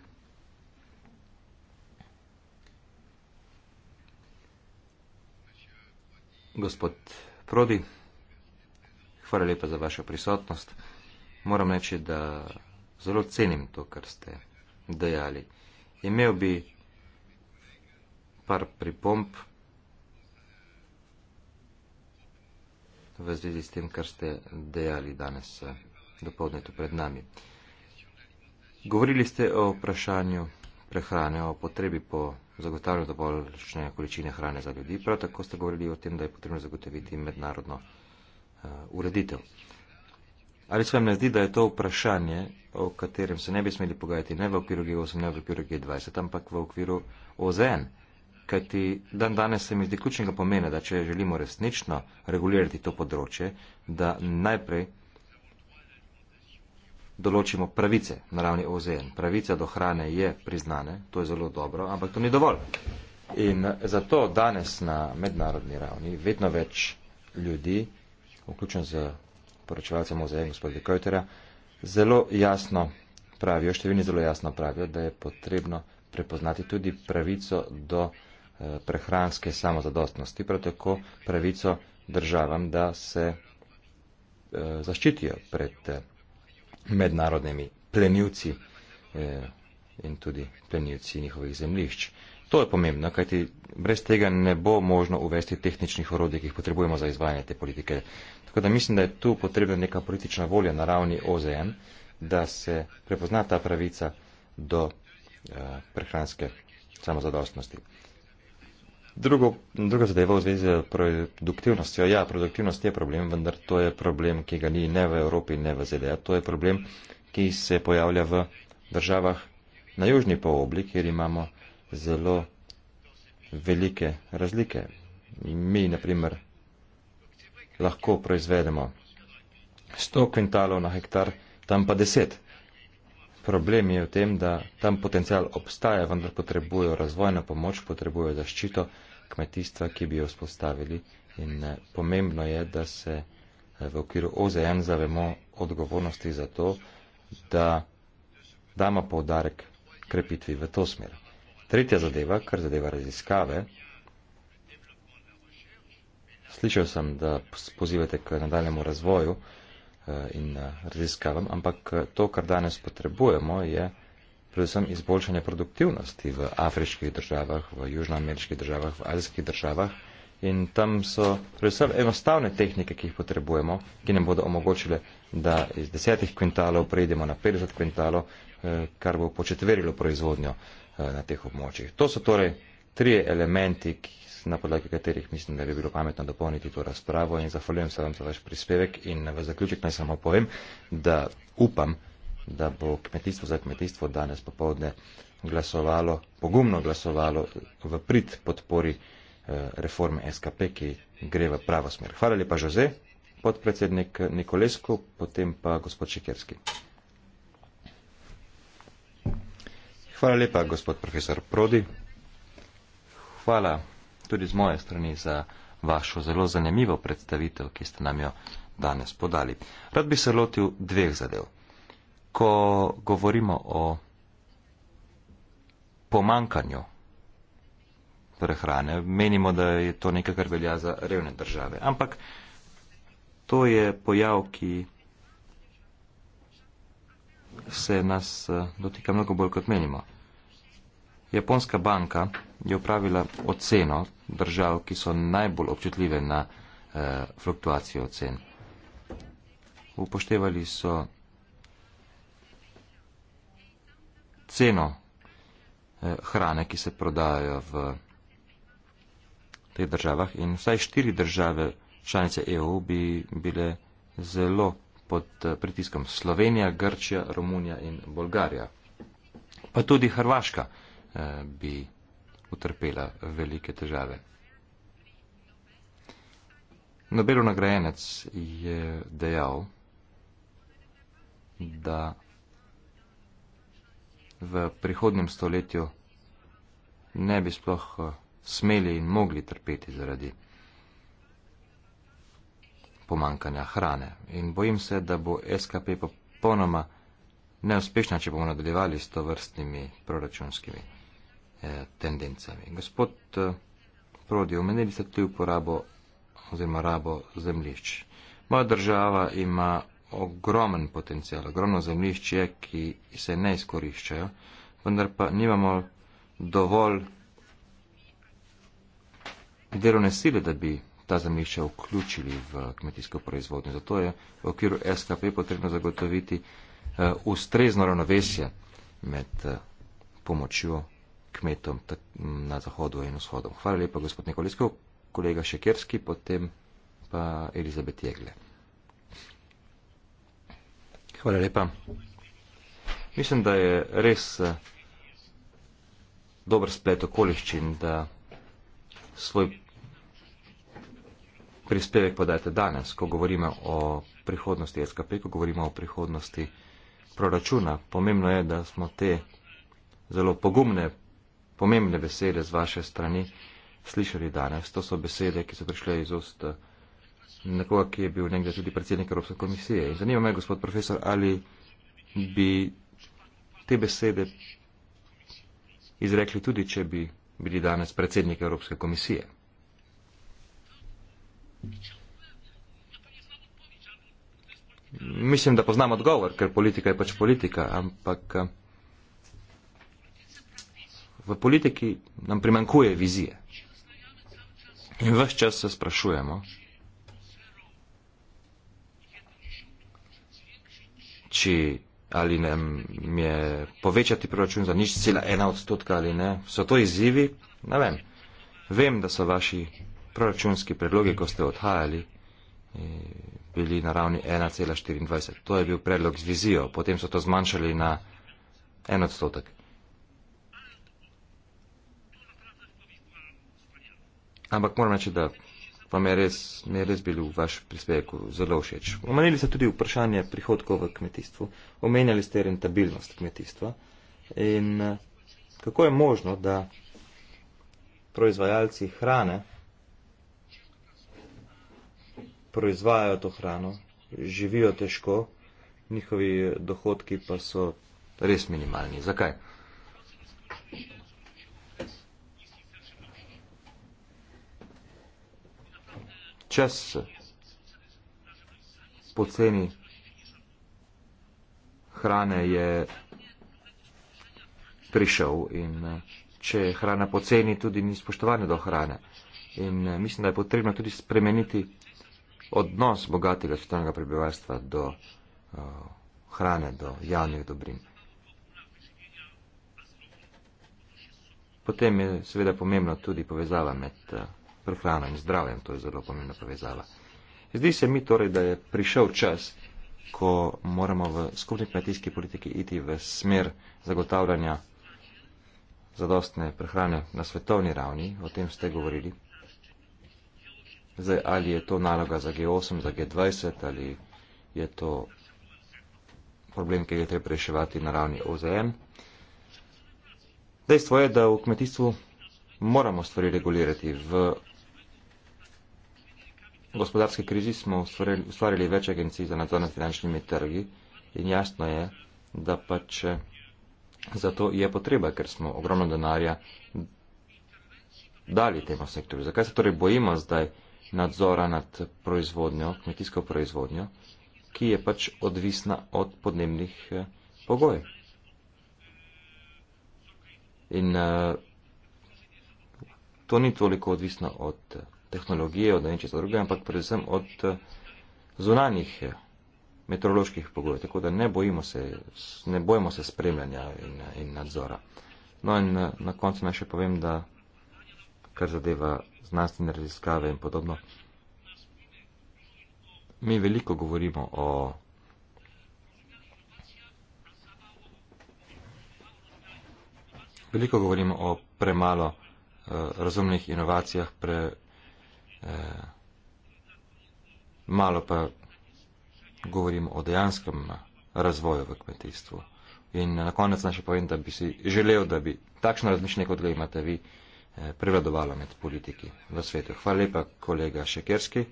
Gospod Prodi, hvala lepa za vašo prisotnost. Moram reči, da zelo cenim to, kar ste dejali. Imel bi par pripomp v zvezi s tem, kar ste dejali danes eh, dopolne tu pred nami. Govorili ste o vprašanju prehrane, o potrebi po zagotavljanju dovoljšne količine hrane za ljudi. Prav tako ste govorili o tem, da je potrebno zagotoviti mednarodno uh, ureditev. Uh, Ali se vam ne zdi, da je to vprašanje, o katerem se ne bi smeli pogajati, ne v okviru G8, ne v okviru G20, ampak v okviru OZN? Kajti dan danes se mi zdi ključnega pomena, da če želimo resnično regulirati to področje, da najprej določimo pravice na ravni OZN. Pravica do hrane je priznane, to je zelo dobro, ampak to ni dovolj. In zato danes na mednarodni ravni vedno več ljudi, vključno z poročevalca muzeja, gospod Dekojtera, zelo jasno pravijo, številni zelo jasno pravijo, da je potrebno prepoznati tudi pravico do eh, prehranske samozadostnosti, prav tako pravico državam, da se eh, zaščitijo pred eh, mednarodnimi plenilci in tudi plenilci njihovih zemljišč. To je pomembno, kajti brez tega ne bo možno uvesti tehničnih orodij, ki jih potrebujemo za izvajanje te politike Tako da mislim, da je tu potrebna neka politična volja na ravni OZN, da se prepozna ta pravica do eh, prehranske samozadostnosti. Drugo, druga zadeva v zvezi z produktivnostjo. Ja, produktivnost je problem, vendar to je problem, ki ga ni ne v Evropi, ne v ZDA. To je problem, ki se pojavlja v državah na južni polobli, kjer imamo zelo velike razlike. Mi, na primer, lahko proizvedemo. 100 kvintalov na hektar, tam pa 10. Problem je v tem, da tam potencial obstaja, vendar potrebujo razvojno pomoč, potrebujo zaščito kmetijstva, ki bi jo vzpostavili. In eh, pomembno je, da se eh, v okviru OZN zavemo odgovornosti za to, da damo povdarek krepitvi v to smer. Tretja zadeva, kar zadeva raziskave, Slišal sem, da pozivate k nadaljemu razvoju eh, in eh, raziskavam, ampak eh, to, kar danes potrebujemo, je predvsem izboljšanje produktivnosti v afriških državah, v južnoameriških državah, v azijskih državah. In tam so predvsem enostavne tehnike, ki jih potrebujemo, ki nam bodo omogočile, da iz desetih kvintalov prejdemo na 50 kvintalov, kar bo početverilo proizvodnjo na teh območjih. To so torej tri elementi, na podlagi katerih mislim, da bi bilo pametno dopolniti to razpravo in zahvaljujem se vam za vaš prispevek in v zaključek naj samo povem, da upam, da bo kmetijstvo za kmetijstvo danes popovdne glasovalo, pogumno glasovalo v prid podpori eh, reforme SKP, ki gre v pravo smer. Hvala lepa, Jose, podpredsednik Nikolesko, potem pa gospod Šikerski. Hvala lepa, gospod profesor Prodi. Hvala tudi z moje strani za vašo zelo zanimivo predstavitev, ki ste nam jo danes podali. Rad bi se lotil dveh zadev. Ko govorimo o pomankanju prehrane, menimo, da je to nekaj, kar velja za revne države. Ampak to je pojav, ki se nas eh, dotika mnogo bolj kot menimo. Japonska banka je upravila oceno držav, ki so najbolj občutljive na eh, fluktuacijo cen. Upoštevali so ceno eh, hrane, ki se prodajajo v teh državah in vsaj štiri države članice EU bi bile zelo pod eh, pritiskom. Slovenija, Grčija, Romunija in Bolgarija. Pa tudi Hrvaška. Eh, bi utrpela velike težave. Nobelov nagrajenec je dejal, da v prihodnjem stoletju ne bi sploh eh, smeli in mogli trpeti zaradi pomankanja hrane. In bojim se, da bo SKP popolnoma neuspešna, če bomo nadaljevali s to vrstnimi proračunskimi Eh, tendencami. Gospod eh, Prodi, omenili ste tudi uporabo oziroma rabo zemljišč. Moja država ima ogromen potencial, ogromno zemljišče, ki se ne izkoriščajo, vendar pa nimamo dovolj delovne sile, da bi ta zemljišča vključili v kmetijsko proizvodnjo. Zato je v okviru SKP potrebno zagotoviti eh, ustrezno ravnovesje med pomočjo kmetom na zahodu in vzhodu. Hvala lepa, gospod Nikoliskov, kolega Šekerski, potem pa Elizabet Jegle. Hvala lepa. Mislim, da je res eh, dober splet okoliščin, da svoj prispevek podajate danes, ko govorimo o prihodnosti SKP, ko govorimo o prihodnosti proračuna. Pomembno je, da smo te zelo pogumne pomembne besede z vaše strani slišali danes. To so besede, ki so prišle iz ust eh, nekoga, ki je bil nekdaj tudi predsednik Evropske komisije. In zanima me, gospod profesor, ali bi te besede izrekli tudi, če bi bili danes predsednik Evropske komisije. Mislim, da poznam odgovor, ker politika je pač politika, ampak. Eh, V politiki nam primankuje vizije. In vse čas se sprašujemo, či ali nam je povečati proračun za nič cela ena odstotka ali ne. So to izzivi? Ne vem. Vem, da so vaši proračunski predlogi, ko ste odhajali, bili na ravni 1,24. To je bil predlog z vizijo. Potem so to zmanjšali na en odstotek. ampak moram reči, da pa mi je res, res bil v vaš prispevku zelo všeč. Omenili ste tudi vprašanje prihodkov v kmetijstvu, omenjali ste rentabilnost kmetijstva in eh, kako je možno, da proizvajalci hrane proizvajajo to hrano, živijo težko, njihovi dohodki pa so res minimalni. Zakaj? čas poceni hrane je prišel in eh, če je hrana poceni, tudi ni spoštovanje do hrane. In eh, mislim, da je potrebno tudi spremeniti odnos bogatega svetovnega prebivalstva do uh, hrane, do javnih dobrin. Potem je seveda pomembno tudi povezava med uh, prehrano in zdravjem, to je zelo pomembna povezava. Zdi se mi torej, da je prišel čas, ko moramo v skupni kmetijski politiki iti v smer zagotavljanja zadostne prehrane na svetovni ravni, o tem ste govorili. Zdaj, ali je to naloga za G8, za G20, ali je to problem, ki ga treba reševati na ravni OZN. Dejstvo je, da v kmetijstvu moramo stvari regulirati. V gospodarski krizi smo ustvarili, ustvarili več agencij za nadzor nad finančnimi trgi in jasno je, da pač eh, zato je potreba, ker smo ogromno denarja dali temu sektorju. Zakaj se torej bojimo zdaj nadzora nad proizvodnjo, kmetijsko proizvodnjo, ki je pač odvisna od podnebnih eh, pogojev? In uh, to ni toliko odvisno od tehnologije, od nečesa drugega, ampak predvsem od eh, zunanjih eh, meteoroloških pogojev. Tako da ne bojimo se, ne bojimo se spremljanja in, eh, in nadzora. No in na, na koncu naj še povem, da kar zadeva znanstvene raziskave in podobno, mi veliko govorimo o. Veliko govorimo o premalo uh, razumnih inovacijah, pre, Eh, malo pa govorimo o dejanskem razvoju v kmetijstvu. In na konec naše povem, da bi si želel, da bi takšno razmišljanje, kot ga imate vi, eh, prevladovalo med politiki v svetu. Hvala lepa, kolega Šekerski.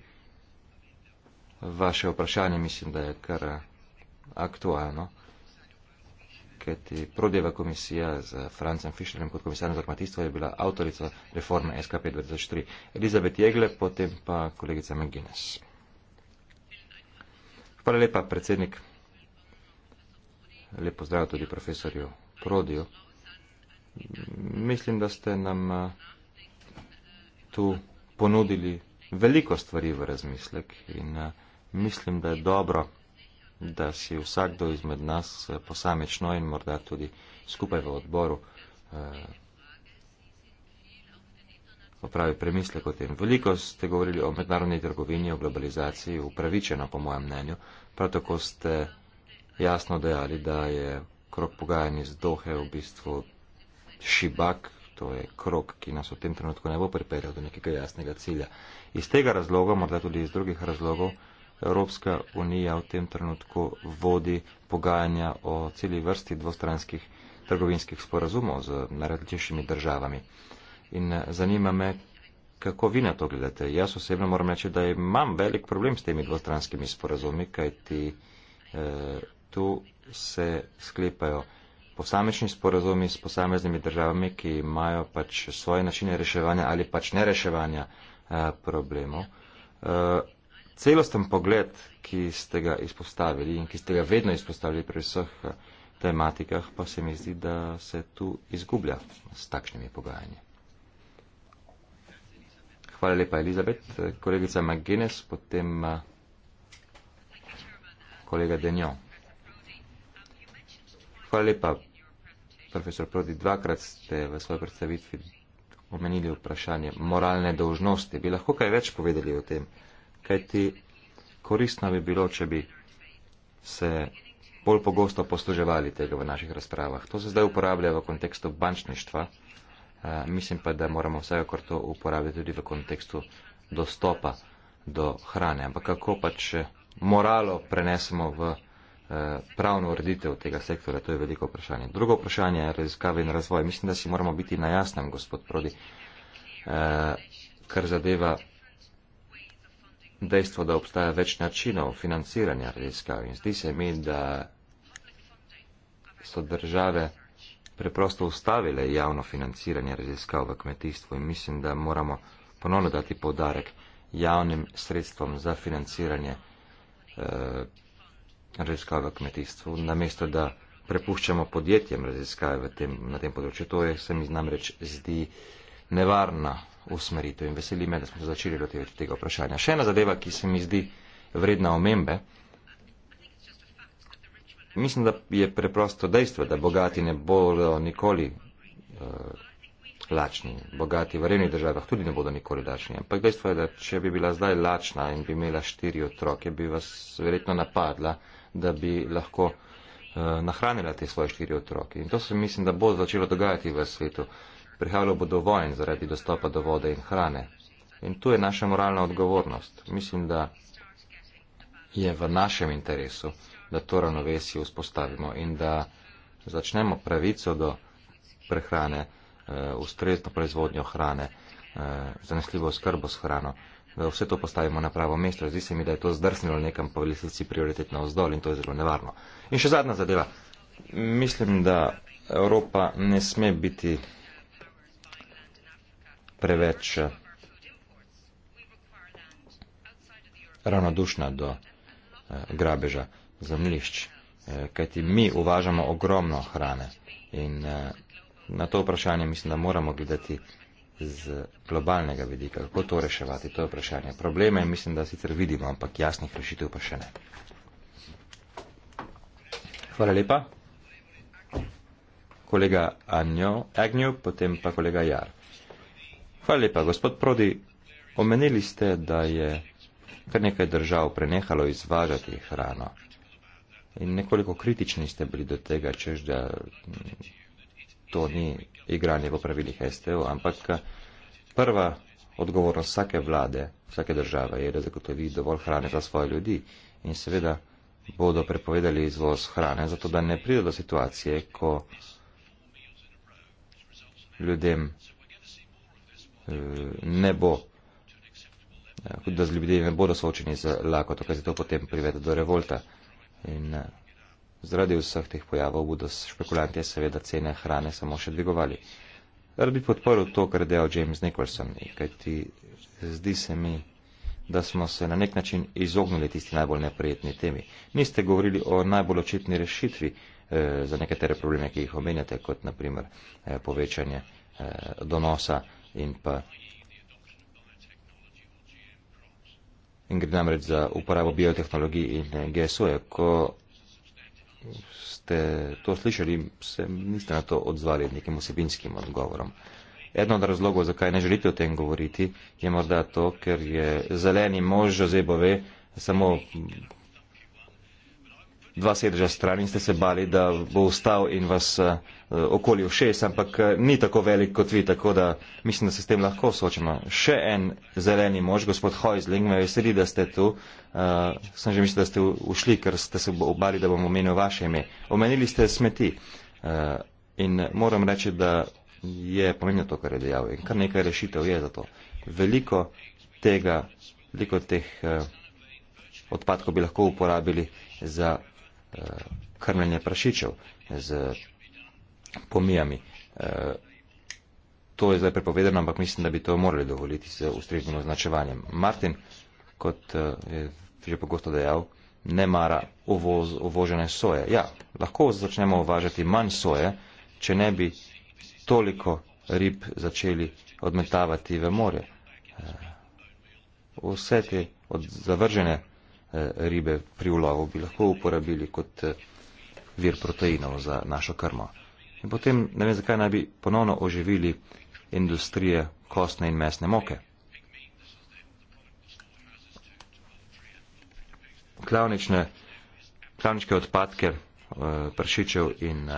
Vaše vprašanje mislim, da je kar eh, aktualno kajti Prodjeva komisija z Francem Fišerjem kot komisarjem za kmetijstvo je bila avtorica reforme SKP 2003. Elizabet Jegle, potem pa kolegica McGuinness. Hvala lepa, predsednik. Lep pozdrav tudi profesorju Prodiju. Mislim, da ste nam eh, tu ponudili veliko stvari v razmislek in eh, mislim, da je dobro, da si vsakdo izmed nas eh, posamečno in morda tudi skupaj v odboru eh, opravi premislek o tem. Veliko ste govorili o mednarodni trgovini, o globalizaciji, upravičeno po mojem mnenju. Prav tako ste jasno dejali, da je krok pogajanj iz Dohe v bistvu šibak, to je krok, ki nas v tem trenutku ne bo pripeljal do nekega jasnega cilja. Iz tega razloga, morda tudi iz drugih razlogov, Evropska unija v tem trenutku vodi pogajanja o celi vrsti dvostranskih trgovinskih sporazumov z najrazličnejšimi državami. In eh, zanima me, kako vi na to gledate. Jaz osebno moram reči, da imam velik problem s temi dvostranskimi sporazumi, kajti eh, tu se sklepajo posamični sporazumi s posameznimi državami, ki imajo pač svoje načine reševanja ali pač nereševanja eh, problemov. Eh, celosten pogled, ki ste ga izpostavili in ki ste ga vedno izpostavili pri vseh eh, tematikah, pa se mi zdi, da se tu izgublja s takšnimi pogajanji. Hvala lepa, Elizabet. Kolegica McGuinness, potem eh, kolega Denjo. Hvala lepa, profesor Prodi. Dvakrat ste v svoji predstavitvi omenili vprašanje moralne dožnosti. Bi lahko kaj več povedali o tem? kajti koristno bi bilo, če bi se bolj pogosto posluževali tega v naših razpravah. To se zdaj uporablja v kontekstu bančništva, eh, mislim pa, da moramo vsekakor to uporabljati tudi v kontekstu dostopa do hrane. Ampak kako pač moralo prenesemo v eh, pravno ureditev tega sektora, to je veliko vprašanje. Drugo vprašanje je raziskave in razvoj. Mislim, da si moramo biti na jasnem, gospod Prodi, eh, kar zadeva dejstvo, da obstaja več načinov financiranja raziskav in zdi se mi, da so države preprosto ustavile javno financiranje raziskav v kmetijstvu in mislim, da moramo ponovno dati podarek javnim sredstvom za financiranje eh, raziskav v kmetijstvu, namesto da prepuščamo podjetjem raziskave tem, na tem področju. To je, se mi namreč zdi nevarna usmeritev in veseli me, da smo začeli lotevati tega vprašanja. Še ena zadeva, ki se mi zdi vredna omembe, mislim, da je preprosto dejstvo, da bogati ne bodo nikoli uh, lačni, bogati v revnih državah tudi ne bodo nikoli lačni, ampak dejstvo je, da če bi bila zdaj lačna in bi imela štiri otroke, bi vas verjetno napadla, da bi lahko uh, nahranila te svoje štiri otroke. In to se mislim, da bo začelo dogajati v svetu. Uh, prihajalo bo do vojn zaradi dostopa do vode in hrane. In tu je naša moralna odgovornost. Mislim, da je v našem interesu, da to ravnovesje vzpostavimo in da začnemo pravico do prehrane, eh, ustrezno proizvodnjo hrane, eh, zanesljivo skrbo s hrano, da vse to postavimo na pravo mesto. Zdi se mi, da je to zdrsnilo nekam po lisici prioritetno vzdol in to je zelo nevarno. In še zadnja zadeva. Mislim, da Evropa ne sme biti preveč ravnodušna do eh, grabeža zemljišč, eh, kajti mi uvažamo ogromno hrane in eh, na to vprašanje mislim, da moramo gledati z globalnega vidika, kako to reševati, to je vprašanje. Probleme mislim, da sicer vidimo, ampak jasnih rešitev pa še ne. Hvala lepa. Kolega Agnjo, potem pa kolega Jar. Hvala lepa, gospod Prodi. Omenili ste, da je kar nekaj držav prenehalo izvažati hrano. In nekoliko kritični ste bili do tega, čež da to ni igranje v pravilih STO, ampak prva odgovornost vsake vlade, vsake države je, da zagotovi dovolj hrane za svoje ljudi. In seveda bodo prepovedali izvoz hrane, zato da ne pride do situacije, ko ljudem Eh, ne bo, eh, da z ljudmi ne bodo soočeni z lakoto, kaj se to potem privede do revolta. In eh, zaradi vseh teh pojavov bodo špekulanti seveda cene hrane samo še dvigovali. Rad bi podporil to, kar je dejal James Nicholson, kajti zdi se mi, da smo se na nek način izognili tisti najbolj neprijetni temi. Niste govorili o najbolj očitni rešitvi eh, za nekatere probleme, ki jih omenjate, kot naprimer eh, povečanje eh, donosa in pa. In gre namreč za uporabo biotehnologij in eh, GSO. -ja. Ko ste to slišali, se niste na to odzvali nekim osebinskim odgovorom. Eno od razlogov, zakaj ne želite o tem govoriti, je morda to, ker je zeleni mož Jozebove samo dva sedeža stran in ste se bali, da bo vstal in vas eh, okoli všeč, ampak eh, ni tako velik kot vi, tako da mislim, da se s tem lahko soočamo. Še en zeleni mož, gospod Hojzling, me veseli, da ste tu. Uh, sem že mislil, da ste ušli, ker ste se obali, da bom omenil vaše ime. Omenili ste smeti uh, in moram reči, da je pomembno to, kar je dejal in kar nekaj rešitev je za to. Veliko tega, veliko teh uh, odpadkov bi lahko uporabili za krmljenje prašičev z pomijami. E, to je zdaj prepovedano, ampak mislim, da bi to morali dovoliti z ustreznim označevanjem. Martin, kot e, je že pogosto dejal, ne mara uvoz, uvožene soje. Ja, lahko začnemo uvažati manj soje, če ne bi toliko rib začeli odmetavati v morje. E, vse te zavržene Eh, ribe pri ulovu bi lahko uporabili kot eh, vir proteinov za našo krmo. In potem ne vem, zakaj naj bi ponovno oživili industrije kostne in mesne moke. Klavnične, klavničke odpadke eh, pršičev in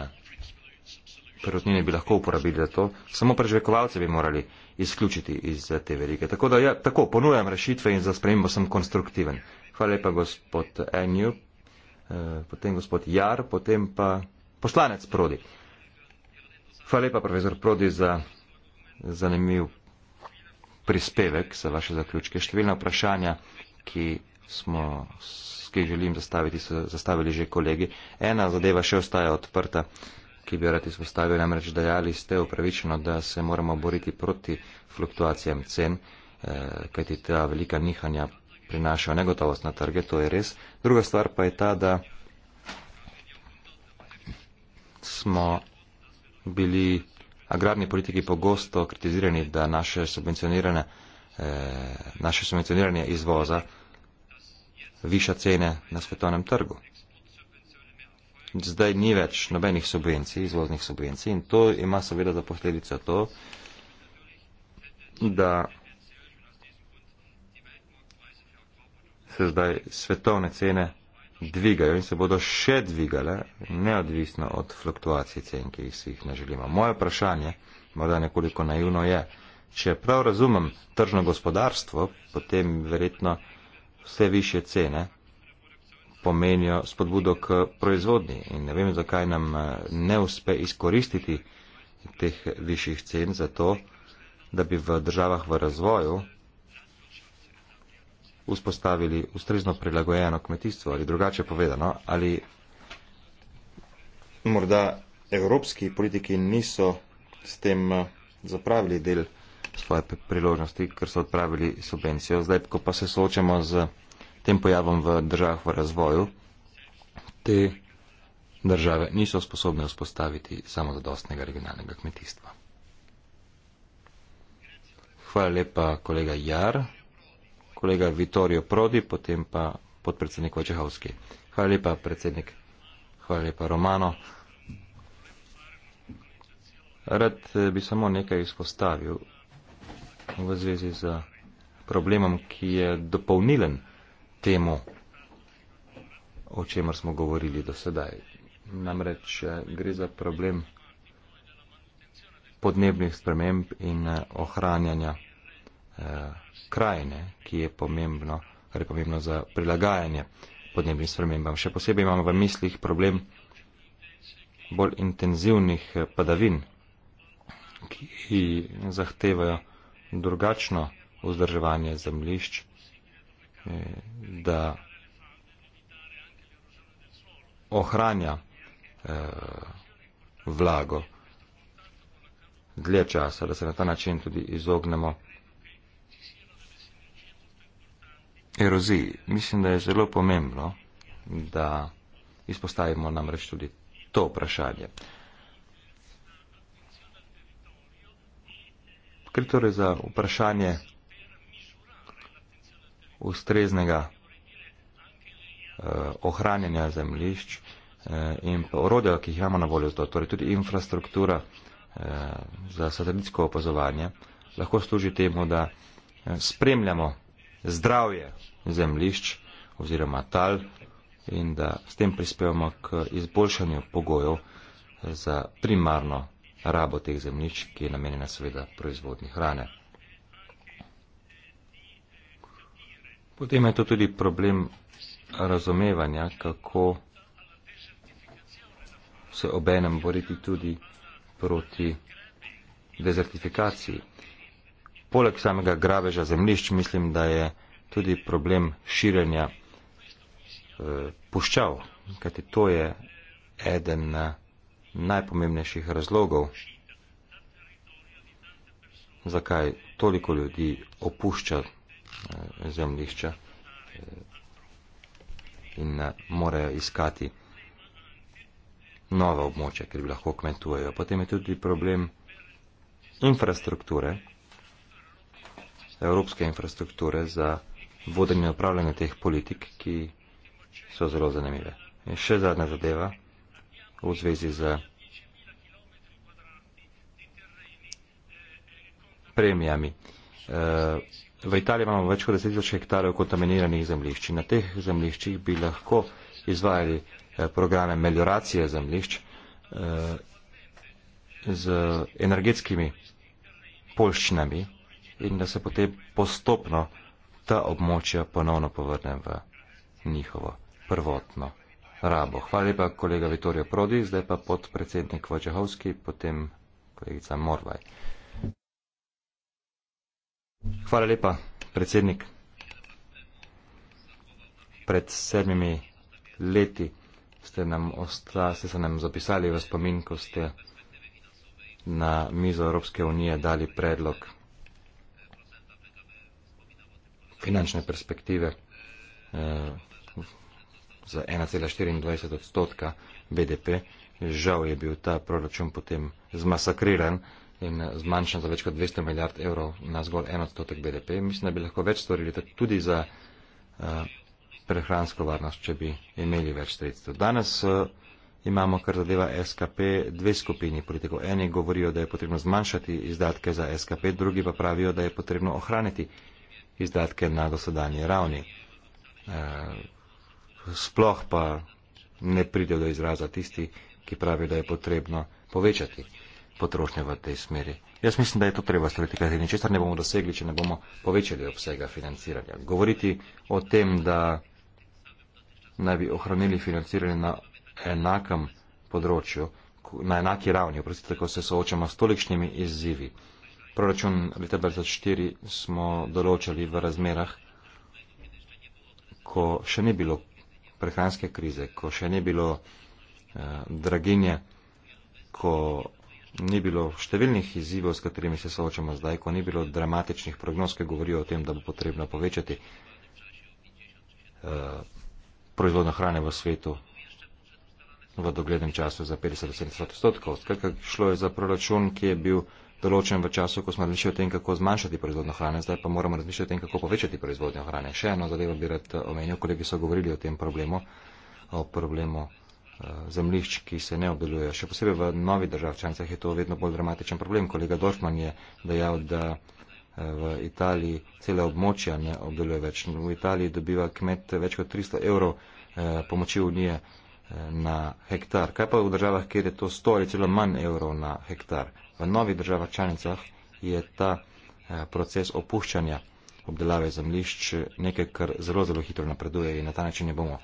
perutnine bi lahko uporabili za to, samo prežvekovalce bi morali izključiti iz te verige. Tako da ja, tako ponujam rešitve in za spremembo sem konstruktiven. Hvala lepa, gospod Enju, eh, potem gospod Jar, potem pa poslanec Prodi. Hvala lepa, profesor Prodi, za zanimiv prispevek, za vaše zaključke. Številna vprašanja, ki smo, ki želim zastaviti, so zastavili že kolegi. Ena zadeva še ostaja odprta, ki bi jo rad izpostavil, namreč dajali ste upravičeno, da se moramo boriti proti fluktuacijam cen, eh, kajti ta velika nihanja prinašajo negotovost na trge, to je res. Druga stvar pa je ta, da smo bili agrarni politiki pogosto kritizirani, da naše subvencionirane, eh, naše subvencioniranje izvoza viša cene na svetovnem trgu. Zdaj ni več nobenih subvencij, izvoznih subvencij in to ima seveda za posledico to, da se zdaj svetovne cene dvigajo in se bodo še dvigale, neodvisno od fluktuacij cen, ki si jih ne želimo. Moje vprašanje, morda nekoliko naivno je, če prav razumem tržno gospodarstvo, potem verjetno vse više cene pomenijo spodbudo k proizvodnji in ne vem, zakaj nam eh, ne uspe izkoristiti teh višjih cen za to, da bi v državah v razvoju vzpostavili ustrezno prilagojeno kmetijstvo ali drugače povedano, ali morda evropski politiki niso s tem eh, zapravili del svoje priložnosti, ker so odpravili subvencijo. Zdaj, ko pa se soočamo z tem pojavom v državah v razvoju, te države niso sposobne vzpostaviti samozadostnega regionalnega kmetijstva. Hvala lepa, kolega Jar kolega Vittorio Prodi, potem pa podpredsednik Vojčehovski. Hvala lepa, predsednik. Hvala lepa, Romano. Rad eh, bi samo nekaj izpostavil v zvezi z problemom, ki je dopolnilen temu, o čemer smo govorili do sedaj. Namreč eh, gre za problem podnebnih sprememb in eh, ohranjanja eh, krajine, ki je pomembno, kar je pomembno za prilagajanje podnebnim spremembam. Še posebej imamo v mislih problem bolj intenzivnih eh, padavin, ki zahtevajo drugačno vzdrževanje zemlišč, eh, da ohranja eh, vlago dlje časa, da se na ta način tudi izognemo eroziji. Mislim, da je zelo pomembno, da izpostavimo namreč tudi to vprašanje. Ker torej za vprašanje ustreznega eh, ohranjanja zemlišč eh, in orodja, ki jih imamo na voljo za to, torej tudi infrastruktura eh, za satelitsko opazovanje, lahko služi temu, da eh, spremljamo zdravje zemlišč oziroma tal in da s tem prispevamo k izboljšanju pogojev za primarno rabo teh zemlišč, ki je namenjena seveda proizvodni hrane. Potem je to tudi problem razumevanja, kako se obenem boriti tudi proti dezertifikaciji poleg samega grabeža zemlišč mislim, da je tudi problem širjenja eh, puščav, kajti to je eden eh, najpomembnejših razlogov, zakaj toliko ljudi opušča eh, zemlišča eh, in eh, morajo iskati nova območja, ker bi lahko kmetujejo. Potem je tudi problem infrastrukture evropske infrastrukture za vodenje in upravljanje teh politik, ki so zelo zanimive. In še zadnja zadeva v zvezi z premijami. Eh, v Italiji imamo več kot 10 tisoč hektarov kontaminiranih zemljišč. Na teh zemljiščih bi lahko izvajali eh, programe melioracije zemljišč eh, z energetskimi polščinami, in da se potem postopno ta območja ponovno povrne v njihovo prvotno rabo. Hvala lepa, kolega Vitorijo Prodi, zdaj pa podpredsednik Vojčehovski, potem kolegica Morvaj. Hvala lepa, predsednik. Pred sedmimi leti ste nam ostali, ste se nam zapisali v spomin, ko ste na mizo Evropske unije dali predlog finančne perspektive eh, za 1,24 odstotka BDP. Žal je bil ta proračun potem zmasakriran in eh, zmanjšan za več kot 200 milijard evrov na zgolj en odstotek BDP. Mislim, da bi lahko več stvorili tudi za eh, prehransko varnost, če bi imeli več sredstev. Danes eh, imamo, kar zadeva SKP, dve skupini politikov. Eni govorijo, da je potrebno zmanjšati izdatke za SKP, drugi pa pravijo, da je potrebno ohraniti izdatke na dosedanje ravni. Eh, sploh pa ne pride do izraza tisti, ki pravi, da je potrebno povečati potrošnje v tej smeri. Jaz mislim, da je to treba storiti, kajti ničesar ne bomo dosegli, če ne bomo povečali obsega financiranja. Govoriti o tem, da naj bi ohranili financiranje na enakem področju, na enaki ravni, oprostite, ko se soočamo s tolikšnimi izzivi. Proračun leta 2004 smo določali v razmerah, ko še ne bilo prehranske krize, ko še ne bilo eh, draginje, ko ni bilo številnih izzivov, s katerimi se soočamo zdaj, ko ni bilo dramatičnih prognoz, ki govorijo o tem, da bo potrebno povečati eh, proizvodno hrane v svetu v doglednem času za 50-70 odstotkov. Skratka, šlo je za proračun, ki je bil eh, določen v času, ko smo razmišljali o tem, kako zmanjšati proizvodno hrane, zdaj pa moramo razmišljati o tem, kako povečati proizvodno hrane. Še eno zadevo bi rad eh, omenil, kolegi so govorili o tem problemu, o problemu eh, zemljišč, ki se ne obdelujejo. Še posebej v novih držav članicah je to vedno bolj dramatičen problem. Kolega Dorfman je dejal, da eh, v Italiji cele območja ne obdeluje več. V Italiji dobiva kmet več kot 300 evrov pomoči Unije na hektar. Kaj pa v državah, kjer je to 100 ali celo manj evrov na hektar? v novih državah članicah je ta eh, proces opuščanja obdelave zemlišč nekaj, kar zelo, zelo hitro napreduje in na ta način ne bomo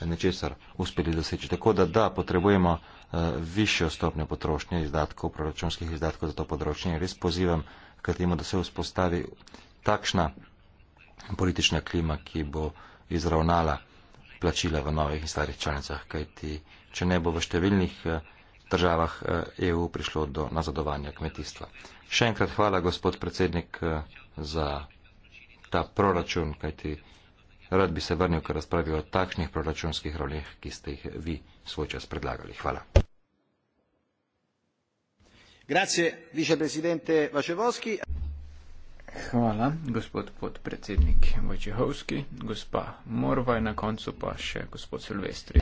eh, nečesar uspeli doseči. Tako da da, potrebujemo eh, višjo stopnjo potrošnje izdatkov, proračunskih izdatkov za to področje. Res pozivam k temu, da se vzpostavi takšna politična klima, ki bo izravnala plačila v novih in starih članicah, kajti če ne bo v številnih državah EU eh, e prišlo do nazadovanja kmetijstva. Še enkrat hvala, gospod predsednik, eh, za ta proračun, kajti rad bi se vrnil k razpravi o takšnih proračunskih roljih, ki ste jih vi svoj čas predlagali. Hvala. Grazie, vice presidente Vacevoski. Hvala, gospod podpredsednik Vojčehovski, gospa Morva in na koncu pa še gospod Silvestri.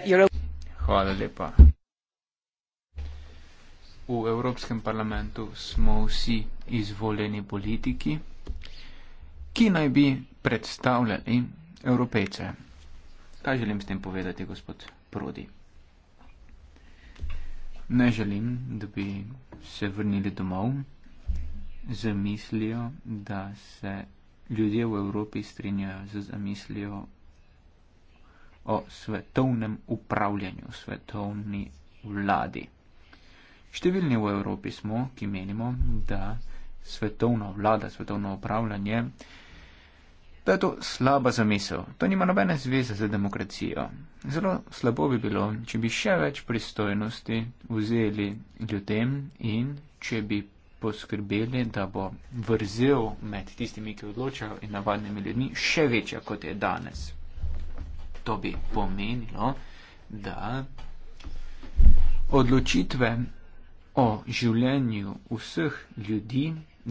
Hvala lepa v Evropskem parlamentu smo vsi izvoljeni politiki, ki naj bi predstavljali Evropejce. Kaj želim s tem povedati, gospod Prodi? Ne želim, da bi se vrnili domov z mislijo, da se ljudje v Evropi strinjajo z zamislijo o svetovnem upravljanju, svetovni vladi. Številni v Evropi smo, ki menimo, da svetovna vlada, svetovno upravljanje, da je to slaba zamisel. To nima nobene zveze z demokracijo. Zelo slabo bi bilo, če bi še več pristojnosti vzeli ljudem in če bi poskrbeli, da bo vrzel med tistimi, ki odločajo in navadnimi ljudmi, še večja, kot je danes. To bi pomenilo, da odločitve o življenju vseh ljudi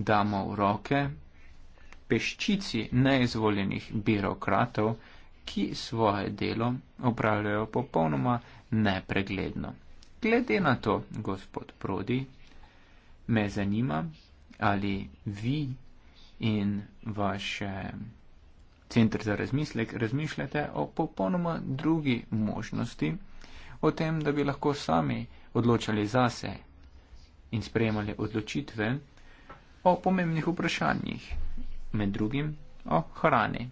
damo v roke peščici neizvoljenih birokratov, ki svoje delo opravljajo popolnoma nepregledno. Glede na to, gospod Prodi, me zanima, ali vi in vaš centr za razmislek razmišljate o popolnoma drugi možnosti, o tem, da bi lahko sami odločali zase, in sprejemali odločitve o pomembnih vprašanjih, med drugim o hrani.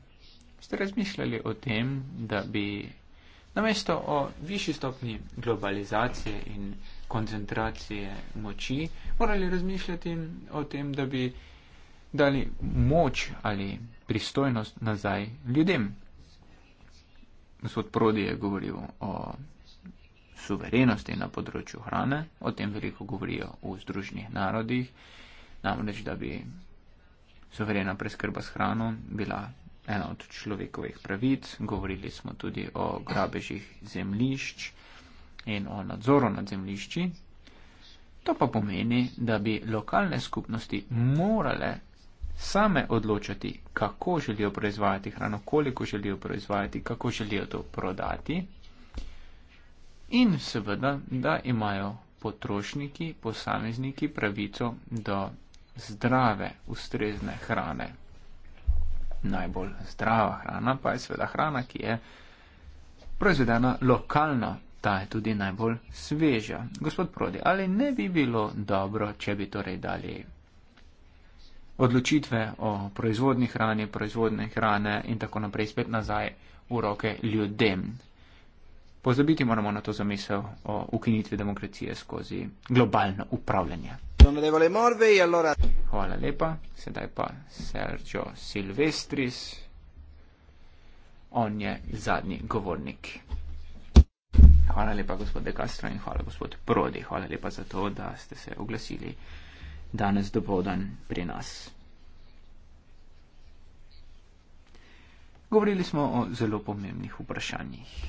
Ste razmišljali o tem, da bi namesto o višji stopni globalizacije in koncentracije moči, morali razmišljati o tem, da bi dali moč ali pristojnost nazaj ljudem. Gospod Prodi je govoril o suverenosti na področju hrane, o tem veliko govorijo v Združenih narodih, namreč da bi suverena preskrba s hrano bila ena od človekovih pravic, govorili smo tudi o grabežih zemlišč in o nadzoru nad zemlišči. To pa pomeni, da bi lokalne skupnosti morale same odločati, kako želijo proizvajati hrano, koliko želijo proizvajati, kako želijo to prodati in seveda, da imajo potrošniki, posamezniki pravico do zdrave, ustrezne hrane. Najbolj zdrava hrana pa je seveda hrana, ki je proizvedena lokalno, ta je tudi najbolj sveža. Gospod Prodi, ali ne bi bilo dobro, če bi torej dali odločitve o proizvodni hrani, proizvodne hrane in tako naprej spet nazaj v roke ljudem? Pozabiti moramo na to zamisel o ukinitvi demokracije skozi globalno upravljanje. Hvala lepa, sedaj pa Sergio Silvestris, on je zadnji govornik. Hvala lepa, gospod De Castro in hvala, gospod Prodi, hvala lepa za to, da ste se oglasili danes dopoldan pri nas. Govorili smo o zelo pomembnih vprašanjih.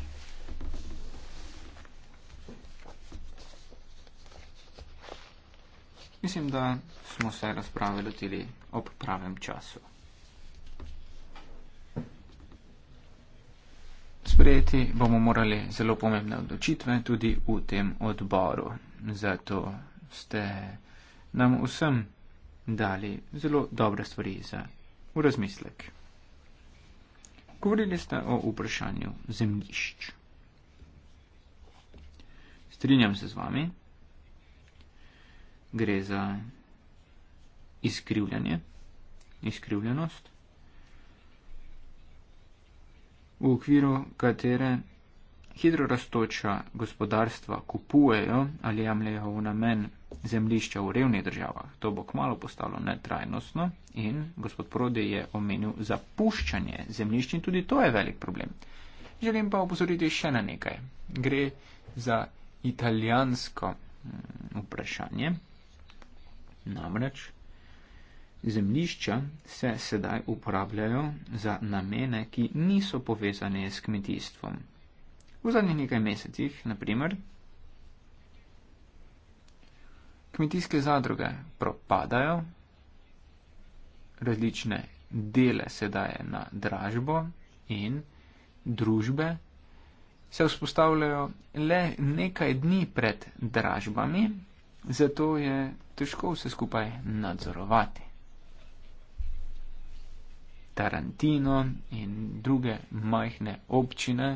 Mislim, da smo se razprave lotili ob pravem času. Sprejeti bomo morali zelo pomembne odločitve tudi v tem odboru. Zato ste nam vsem dali zelo dobre stvari za v razmislek. Govorili ste o vprašanju zemljišč. Strinjam se z vami, gre za izkrivljanje, izkrivljenost, v okviru katere hidro raztoča gospodarstva kupujejo ali jamljajo v namen zemlišča v revnih državah. To bo kmalo postalo netrajnostno in gospod Prodi je omenil zapuščanje zemlišč in tudi to je velik problem. Želim pa opozoriti še na nekaj. Gre za italijansko mm, vprašanje, Namreč zemlišča se sedaj uporabljajo za namene, ki niso povezane s kmetijstvom. V zadnjih nekaj mesecih, naprimer, kmetijske zadruge propadajo, različne dele se daje na dražbo in družbe se vzpostavljajo le nekaj dni pred dražbami zato je težko vse skupaj nadzorovati. Tarantino in druge majhne občine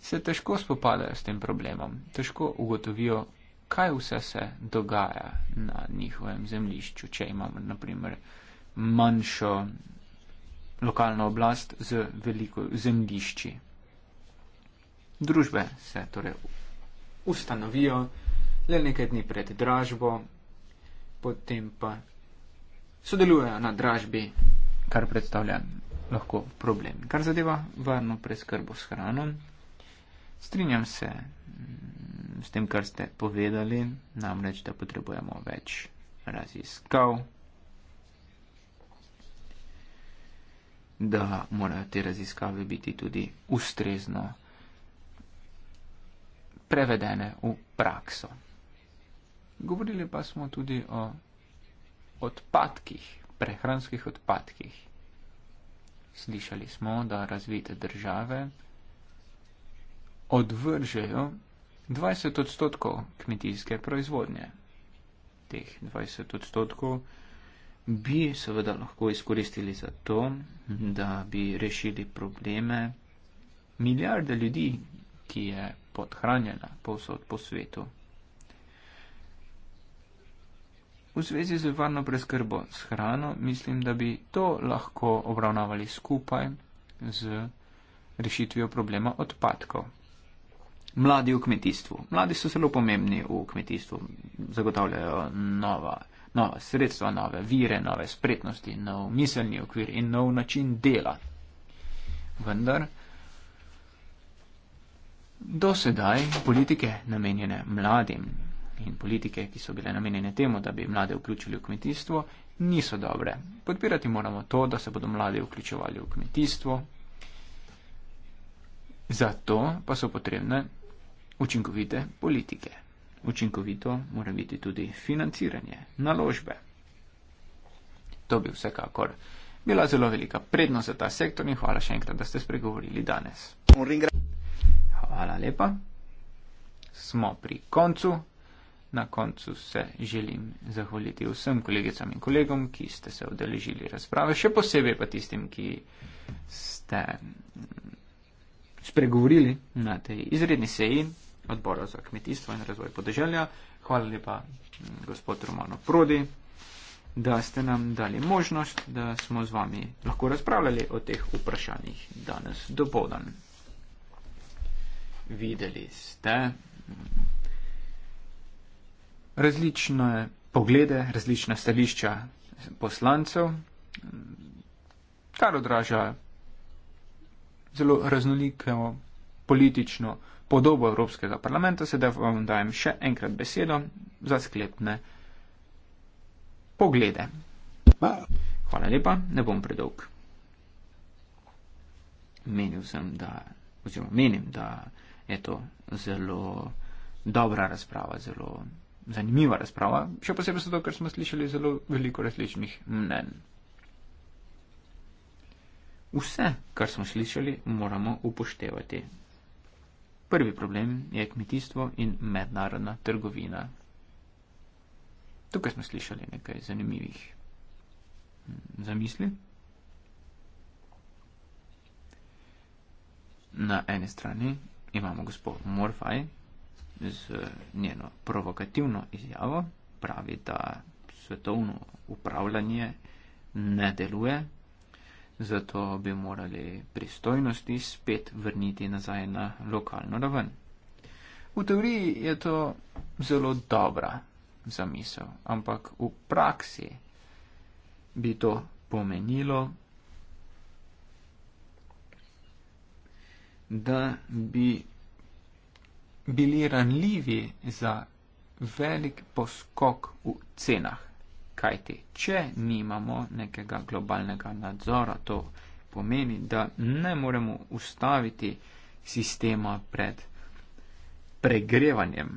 se težko spopadajo s tem problemom, težko ugotovijo, kaj vse se dogaja na njihovem zemljišču, če imamo naprimer manjšo lokalno oblast z veliko zemljišči. Družbe se torej ustanovijo, le nekaj dni pred dražbo, potem pa sodelujejo na dražbi, kar predstavlja lahko problem. Kar zadeva varno preskrbo s hrano, strinjam se mm, s tem, kar ste povedali, namreč, da potrebujemo več raziskav. da morajo te raziskave biti tudi ustrezno prevedene v prakso. Govorili pa smo tudi o odpadkih, prehranskih odpadkih. Slišali smo, da razvite države odvržejo 20 odstotkov kmetijske proizvodnje. Teh 20 odstotkov bi seveda lahko izkoristili za to, da bi rešili probleme milijarde ljudi, ki je podhranjena povsod po svetu. V zvezi z varno preskrbo s hrano mislim, da bi to lahko obravnavali skupaj z rešitvijo problema odpadkov. Mladi v kmetijstvu. Mladi so zelo pomembni v kmetijstvu, zagotavljajo nova, nova sredstva, nove vire, nove spretnosti, nov miselni okvir in nov način dela. Vendar do sedaj politike namenjene mladim in politike, ki so bile namenjene temu, da bi mlade vključili v kmetijstvo, niso dobre. Podpirati moramo to, da se bodo mlade vključevali v kmetijstvo. Zato pa so potrebne učinkovite politike. Učinkovito mora biti tudi financiranje, naložbe. To bi vsekakor bila zelo velika prednost za ta sektor in hvala še enkrat, da ste spregovorili danes. Hvala lepa. Smo pri koncu. Na koncu se želim zahvaliti vsem kolegicam in kolegom, ki ste se odeležili razprave, še posebej pa tistim, ki ste spregovorili na tej izredni seji odbora za kmetijstvo in razvoj podeželja. Hvala lepa, gospod Romano Prodi, da ste nam dali možnost, da smo z vami lahko razpravljali o teh vprašanjih danes do povdan. Videli ste različne poglede, različna stališča poslancev, kar odraža zelo raznoliko politično podobo Evropskega parlamenta, sedaj vam dajem še enkrat besedo za sklepne poglede. Hvala lepa, ne bom predolg. Menil sem, da, oziroma menim, da je to zelo dobra razprava, zelo zanimiva razprava, še posebej zato, ker smo slišali zelo veliko različnih mnen. Vse, kar smo slišali, moramo upoštevati. Prvi problem je kmetijstvo in mednarodna trgovina. Tukaj smo slišali nekaj zanimivih zamisli. Na eni strani imamo gospod Morfaj, z njeno provokativno izjavo, pravi, da svetovno upravljanje ne deluje, zato bi morali pristojnosti spet vrniti nazaj na lokalno raven. V teoriji je to zelo dobra zamisel, ampak v praksi bi to pomenilo, da bi bili ranljivi za velik poskok v cenah. Kajti, če nimamo nekega globalnega nadzora, to pomeni, da ne moremo ustaviti sistema pred pregrevanjem.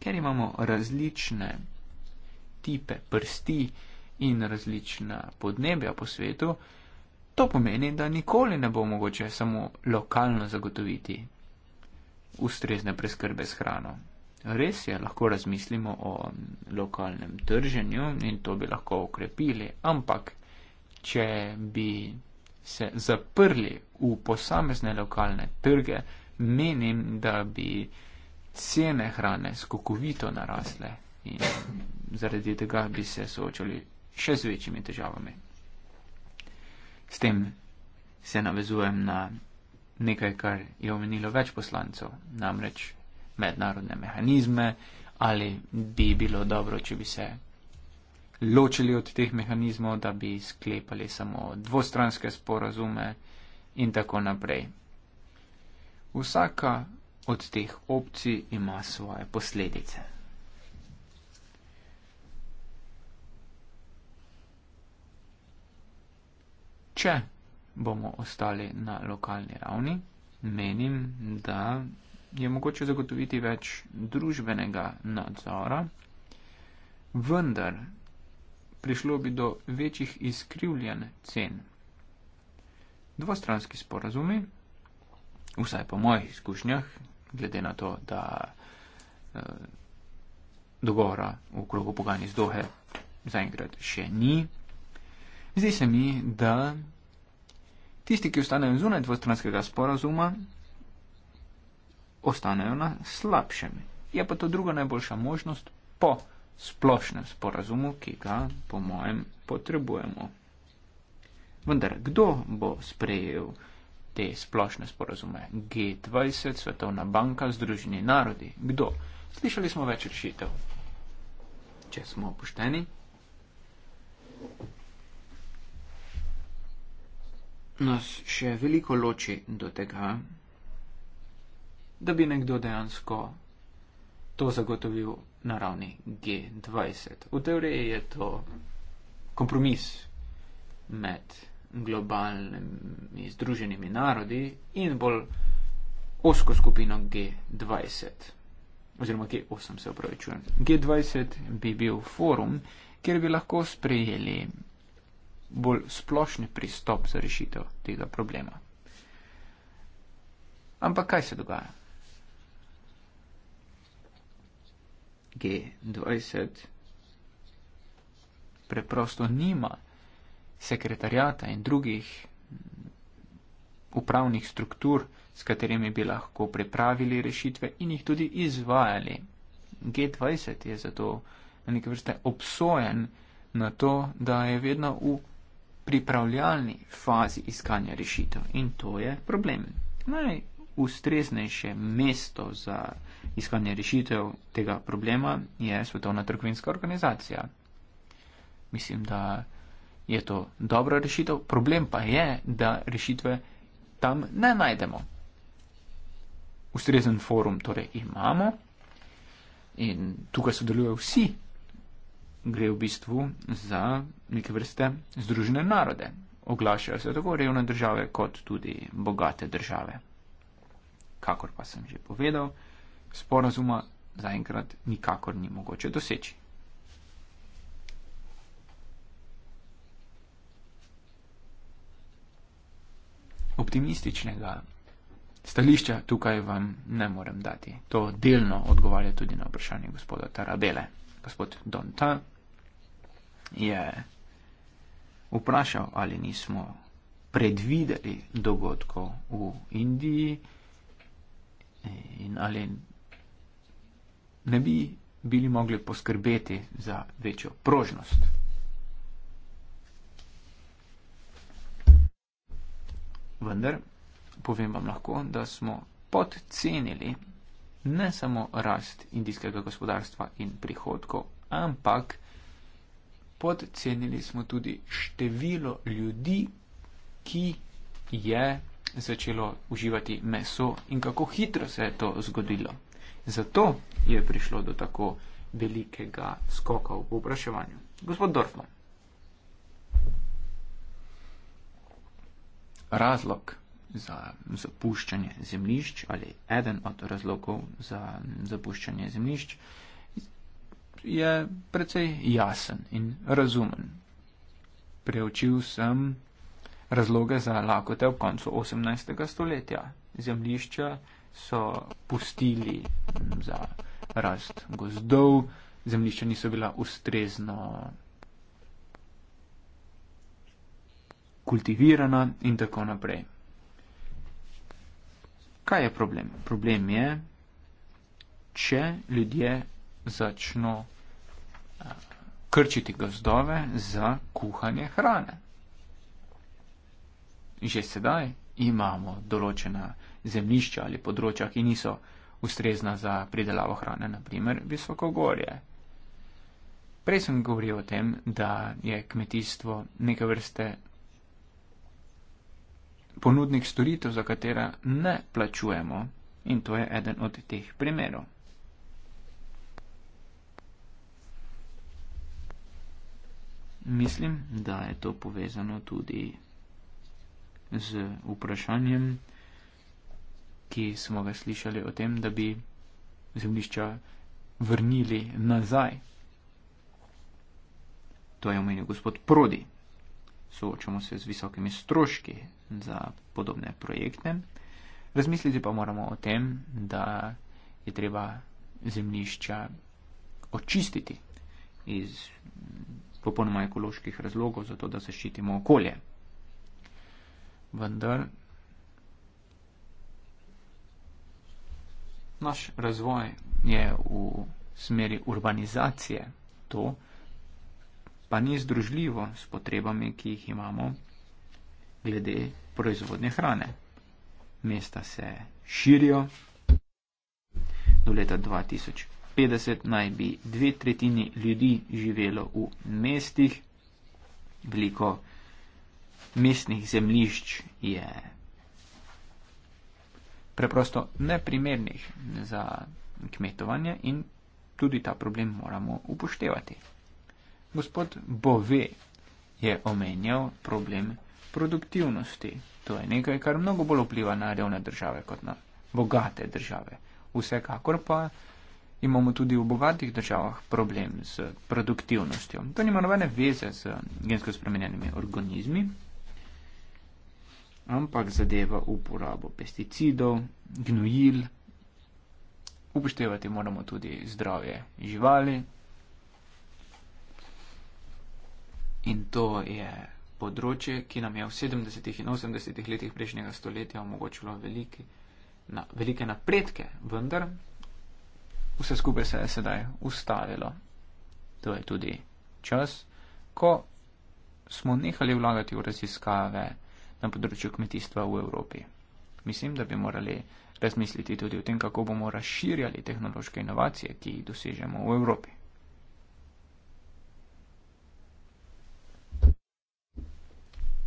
Ker imamo različne tipe prsti in različna podnebja po svetu, To pomeni, da nikoli ne bo mogoče samo lokalno zagotoviti ustrezne preskrbe s hrano. Res je, lahko razmislimo o mm, lokalnem trženju in to bi lahko ukrepili, ampak če bi se zaprli v posamezne lokalne trge, menim, da bi cene hrane skokovito narasle in zaradi tega bi se soočali še z večjimi težavami. S tem se navezujem na nekaj, kar je omenilo več poslancev, namreč mednarodne mehanizme ali bi bilo dobro, če bi se ločili od teh mehanizmov, da bi sklepali samo dvostranske sporazume in tako naprej. Vsaka od teh opcij ima svoje posledice. če bomo ostali na lokalni ravni, menim, da je mogoče zagotoviti več družbenega nadzora, vendar prišlo bi do večjih izkrivljen cen. Dvostranski sporazumi, vsaj po mojih izkušnjah, glede na to, da eh, dogovora v krogu pogajanj iz Dohe zaenkrat še ni, Zdi se mi, da tisti, ki ostanejo zunaj dvostranskega sporazuma, ostanejo na slabšem. Je pa to druga najboljša možnost po splošnem sporazumu, ki ga, po mojem, potrebujemo. Vendar, kdo bo sprejel te splošne sporazume? G20, Svetovna banka, Združeni narodi. Kdo? Slišali smo več rešitev. Če smo pošteni nas še veliko loči do tega, da bi nekdo dejansko to zagotovil na ravni G20. V teoriji je to kompromis med globalnimi združenimi narodi in bolj osko skupino G20. Oziroma G8, se upravičujem. G20 bi bil forum, kjer bi lahko sprejeli bolj splošni pristop za rešitev tega problema. Ampak kaj se dogaja? G20 preprosto nima sekretarjata in drugih upravnih struktur, s katerimi bi lahko pripravili rešitve in jih tudi izvajali. G20 je zato na neke vrste obsojen na to, da je vedno v pripravljalni fazi iskanja rešitev in to je problem. Naj ustreznejše mesto za iskanje rešitev tega problema je Svetovna trgovinska organizacija. Mislim, da je to dobra rešitev, problem pa je, da rešitve tam ne najdemo. Ustrezen forum torej imamo in tukaj sodelujejo vsi gre v bistvu za neke vrste združene narode. Oglašajo se tako revne države kot tudi bogate države. Kakor pa sem že povedal, sporazuma zaenkrat nikakor ni mogoče doseči. Optimističnega stališča tukaj vam ne morem dati. To delno odgovarja tudi na vprašanje gospoda Tarabele. Gospod Donta je vprašal, ali nismo predvideli dogodkov v Indiji in ali ne bi bili mogli poskrbeti za večjo prožnost. Vendar povem vam lahko, da smo podcenili ne samo rast indijskega gospodarstva in prihodkov, ampak tudi podcenili smo tudi število ljudi, ki je začelo uživati meso in kako hitro se je to zgodilo. Zato je prišlo do tako velikega skoka v povpraševanju. Gospod Dorfman. Razlog za zapuščanje zemljišč ali eden od razlogov za zapuščanje zemljišč je precej jasen in razumen. Preučil sem razloge za lakote v koncu 18. stoletja. Zemlišča so pustili za rast gozdov, zemlišča niso bila ustrezno kultivirana in tako naprej. Kaj je problem? Problem je, če ljudje začno krčiti gozdove za kuhanje hrane. Že sedaj imamo določena zemljišča ali področja, ki niso ustrezna za pridelavo hrane, naprimer visokogorje. Prej sem govoril o tem, da je kmetijstvo neke vrste ponudnik storitev, za katera ne plačujemo in to je eden od teh primerov. Mislim, da je to povezano tudi z vprašanjem, ki smo ga slišali o tem, da bi zemljišča vrnili nazaj. To je omenil gospod Prodi. Soočamo se z visokimi stroški za podobne projekte. Razmisliti pa moramo o tem, da je treba zemljišča očistiti iz popolnoma ekoloških razlogov, zato da zaščitimo okolje. Vendar naš razvoj je v smeri urbanizacije, to pa ni združljivo s potrebami, ki jih imamo glede proizvodne hrane. Mesta se širijo do leta 2000. 50 naj bi dve tretjini ljudi živelo v mestih, veliko mestnih zemljišč je preprosto neprimernih za kmetovanje in tudi ta problem moramo upoštevati. Gospod Bove je omenjal problem produktivnosti. To je nekaj, kar mnogo bolj vpliva na revne države kot na bogate države. Vsekakor pa imamo tudi v bogatih državah problem s produktivnostjo. To nima nobene veze z gensko spremenjenimi organizmi, ampak zadeva uporabo pesticidov, gnojil. Upoštevati moramo tudi zdravje živali. In to je področje, ki nam je v 70. in 80. letih prejšnjega stoletja omogočilo veliki, na, velike napredke, vendar vse skupaj se je sedaj ustavilo. To je tudi čas, ko smo nehali vlagati v raziskave na področju kmetijstva v Evropi. Mislim, da bi morali razmisliti tudi o tem, kako bomo razširjali tehnološke inovacije, ki jih dosežemo v Evropi.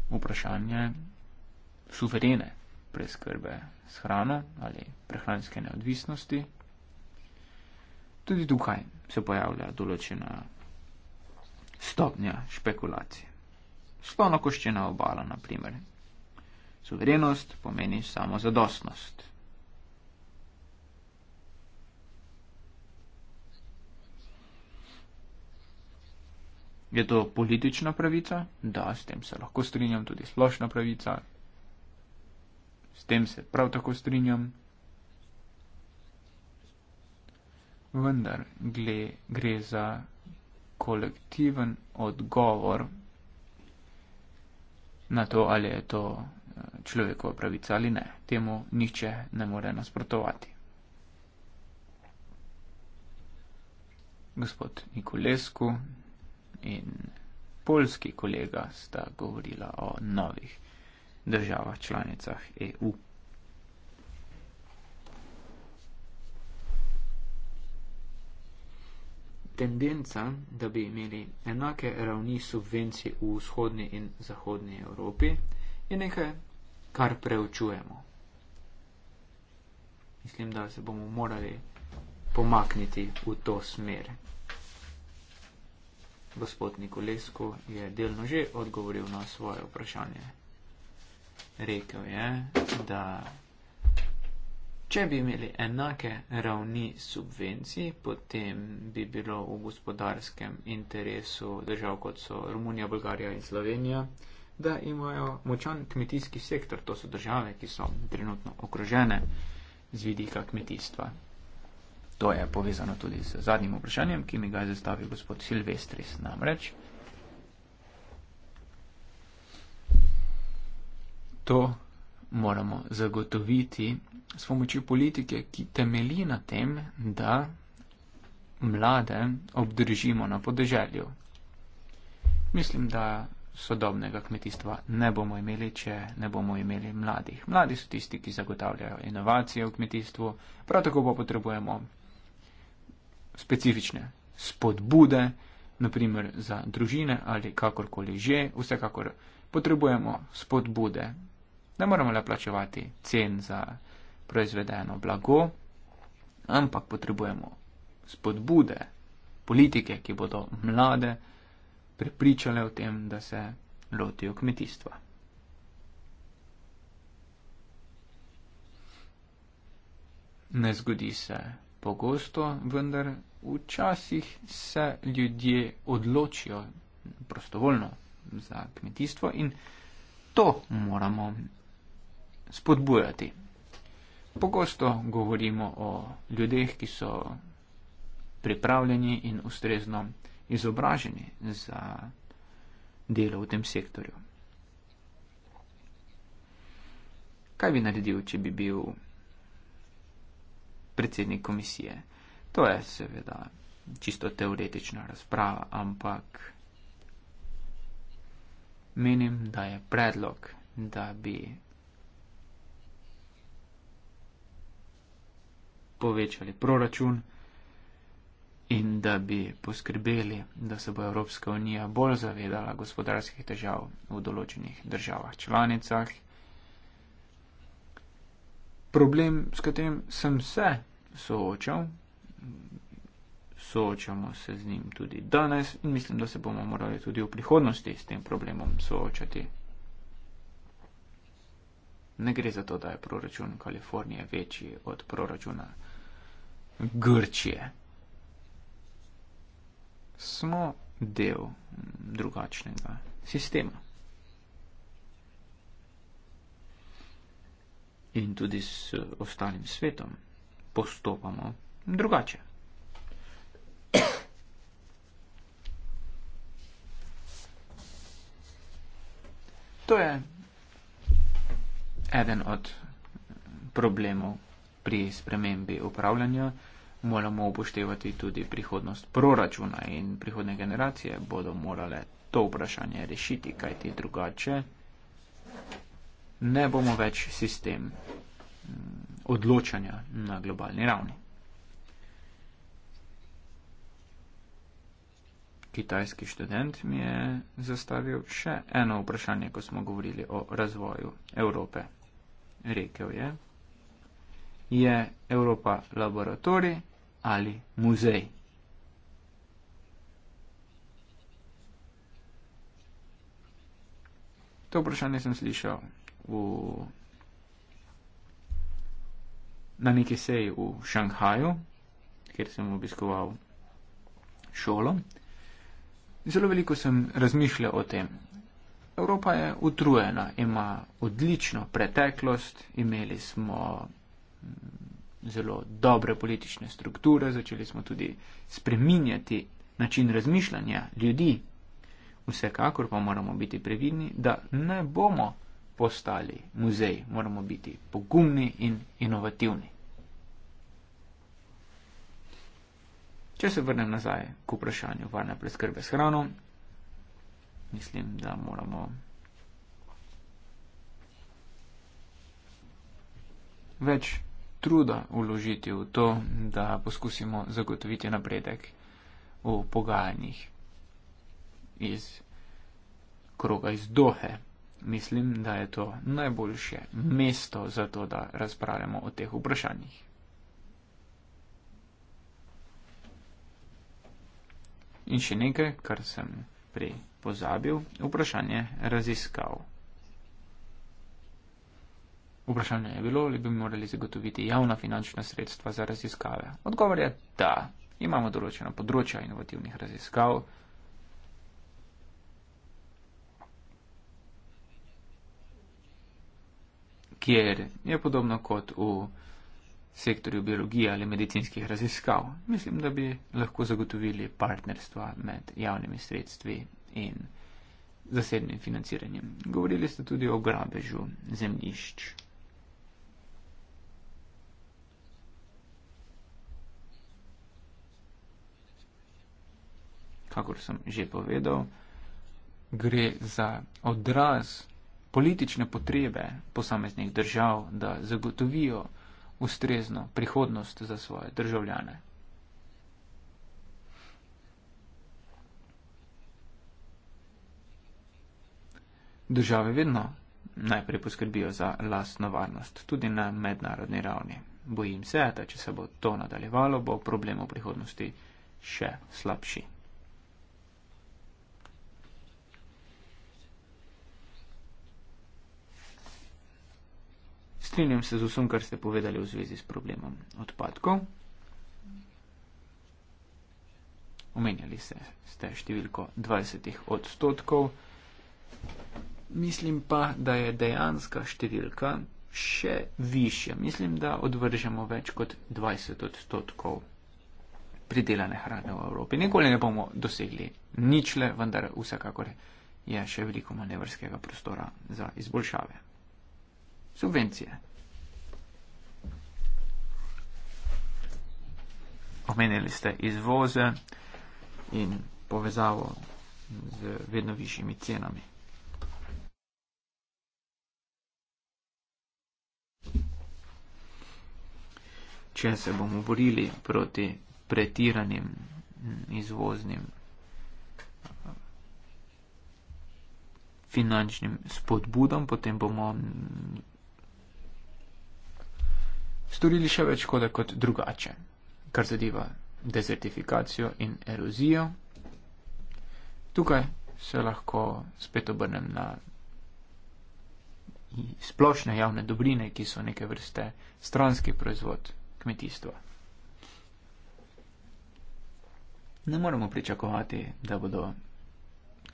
Vprašanje suverene preskrbe s hrano ali prehranske neodvisnosti tudi tukaj se pojavlja določena stopnja špekulacije. Slovno koščena obala, na primer. Suverenost pomeni samo zadostnost. Je to politična pravica? Da, s tem se lahko strinjam, tudi splošna pravica. S tem se prav tako strinjam. vendar gle, gre za kolektiven odgovor na to, ali je to eh, človekova pravica ali ne. Temu nihče ne more nasprotovati. Gospod Nikolesku in polski kolega sta govorila o novih državah članicah EU. tendenca, da bi imeli enake ravni subvencij v vzhodni in zahodni Evropi, je nekaj, kar preučujemo. Mislim, da se bomo morali pomakniti v to smer. Gospod Nikolesko je delno že odgovoril na svoje vprašanje. Rekel je, da Če bi imeli enake ravni subvencij, potem bi bilo v gospodarskem interesu držav, kot so Romunija, Bolgarija in Slovenija, da imajo močan kmetijski sektor. To so države, ki so trenutno okrožene z vidika kmetijstva. To je povezano tudi z zadnjim vprašanjem, ki mi ga je zastavil gospod Silvestris namreč. To moramo zagotoviti s pomočjo politike, ki temelji na tem, da mlade obdržimo na podeželju. Mislim, da sodobnega kmetijstva ne bomo imeli, če ne bomo imeli mladih. Mladi so tisti, ki zagotavljajo inovacije v kmetijstvu, prav tako pa potrebujemo specifične spodbude, naprimer za družine ali kakorkoli že, vsekakor potrebujemo spodbude Ne moramo le plačevati cen za proizvedeno blago, ampak potrebujemo spodbude, politike, ki bodo mlade prepričale o tem, da se lotijo kmetijstva. Ne zgodi se pogosto, vendar včasih se ljudje odločijo prostovoljno za kmetijstvo in to moramo spodbujati. Pogosto govorimo o ljudeh, ki so pripravljeni in ustrezno izobraženi za delo v tem sektorju. Kaj bi naredil, če bi bil predsednik komisije? To je seveda čisto teoretična razprava, ampak menim, da je predlog, da bi povečali proračun in da bi poskrbeli, da se bo Evropska unija bolj zavedala gospodarskih težav v določenih državah članicah. Problem, s katerim sem se soočal, soočamo se z njim tudi danes in mislim, da se bomo morali tudi v prihodnosti s tem problemom soočati. Ne gre za to, da je proračun Kalifornije večji od proračuna. Grčije. Smo del drugačnega sistema. In tudi s ostalim svetom postopamo drugače. To je eden od problemov pri spremembi upravljanja moramo upoštevati tudi prihodnost proračuna in prihodne generacije bodo morale to vprašanje rešiti, kajti drugače ne bomo več sistem mm, odločanja na globalni ravni. Kitajski študent mi je zastavil še eno vprašanje, ko smo govorili o razvoju Evrope. Rekel je, je Evropa laboratorij ali muzej. To vprašanje sem slišal v, na neki seji v Šanghaju, kjer sem obiskoval šolo. Zelo veliko sem razmišljal o tem. Evropa je utrujena, ima odlično preteklost, imeli smo zelo dobre politične strukture, začeli smo tudi spreminjati način razmišljanja ljudi. Vsekakor pa moramo biti previdni, da ne bomo postali muzej, moramo biti pogumni in inovativni. Če se vrnem nazaj k vprašanju varne preskrbe s hrano, mislim, da moramo. Več truda vložiti v to, da poskusimo zagotoviti napredek v pogajanjih iz kroga iz Dohe. Mislim, da je to najboljše mesto za to, da razpravljamo o teh vprašanjih. In še nekaj, kar sem prej pozabil, vprašanje raziskav. Vprašanje je bilo, ali bi morali zagotoviti javna finančna sredstva za raziskave. Odgovor je, da imamo določena področja inovativnih raziskav. kjer je podobno kot v sektorju biologije ali medicinskih raziskav. Mislim, da bi lahko zagotovili partnerstva med javnimi sredstvi in zasebnim financiranjem. Govorili ste tudi o grabežu zemljišč. kakor sem že povedal, gre za odraz politične potrebe posameznih držav, da zagotovijo ustrezno prihodnost za svoje državljane. Države vedno najprej poskrbijo za lastno varnost, tudi na mednarodni ravni. Bojim se, da če se bo to nadaljevalo, bo problem v prihodnosti še slabši. strinjam se z vsem, kar ste povedali v zvezi s problemom odpadkov. Omenjali se, ste številko 20 odstotkov. Mislim pa, da je dejanska številka še više. Mislim, da odvržemo več kot 20 odstotkov pridelane hrane v Evropi. Nikoli ne bomo dosegli ničle, vendar vsekakor je še veliko manevrskega prostora za izboljšave. Subvencije. omenjali ste izvoze in povezavo z vedno višjimi cenami. Če se bomo borili proti pretiranim izvoznim finančnim spodbudom, potem bomo storili še več škode kot drugače kar zadeva desertifikacijo in erozijo. Tukaj se lahko spet obrnem na splošne javne dobrine, ki so neke vrste stranski proizvod kmetijstva. Ne moremo pričakovati, da bodo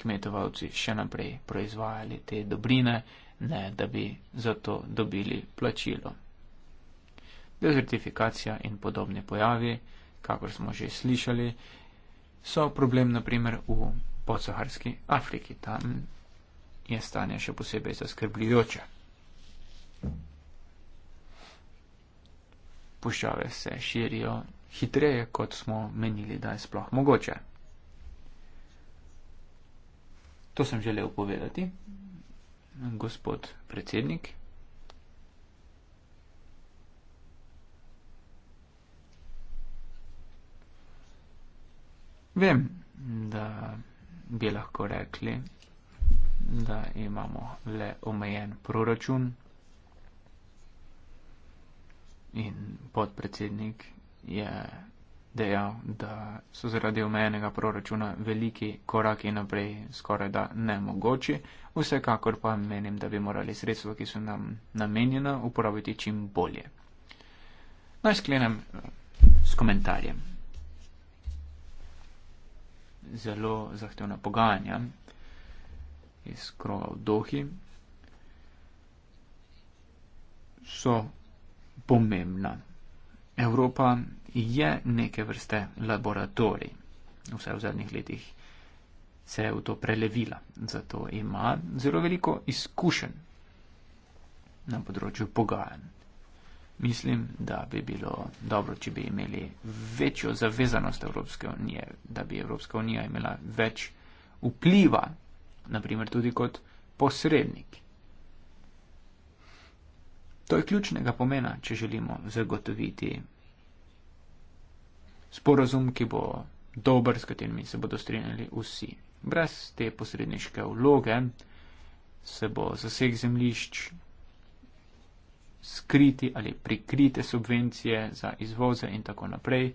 kmetovalci še naprej proizvajali te dobrine, ne da bi za to dobili plačilo. Dezertifikacija in podobni pojavi, kakor smo že slišali, so problem naprimer v podsaharski Afriki. Tam je stanje še posebej zaskrbljujoče. Puščave se širijo hitreje, kot smo menili, da je sploh mogoče. To sem želel povedati, gospod predsednik. Vem, da bi lahko rekli, da imamo le omejen proračun in podpredsednik je dejal, da so zaradi omejenega proračuna veliki koraki naprej skoraj da nemogoči. Vsekakor pa menim, da bi morali sredstva, ki so nam namenjena, uporabiti čim bolje. Naj sklenem eh, s komentarjem zelo zahtevna pogajanja iz kroga v dohi, so pomembna. Evropa je neke vrste laboratorij. Vse v zadnjih letih se je v to prelevila, zato ima zelo veliko izkušenj na področju pogajanj. Mislim, da bi bilo dobro, če bi imeli večjo zavezanost Evropske unije, da bi Evropska unija imela več vpliva, naprimer tudi kot posrednik. To je ključnega pomena, če želimo zagotoviti sporozum, ki bo dober, s katerimi se bodo strinjali vsi. Brez te posredniške vloge se bo zaseg zemlišč skriti ali prikrite subvencije za izvoze in tako naprej,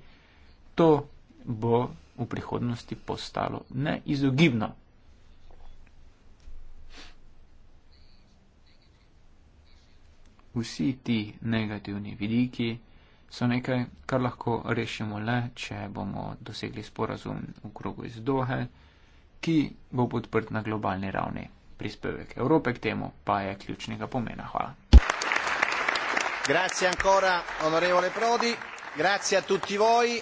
to bo v prihodnosti postalo neizogibno. Vsi ti negativni vidiki so nekaj, kar lahko rešimo le, če bomo dosegli sporazum v krogu iz Dohe, ki bo podprt na globalni ravni. Prispevek Evrope k temu pa je ključnega pomena. Hvala. Grazie ancora, onorevole Prodi. Grazie a tutti voi.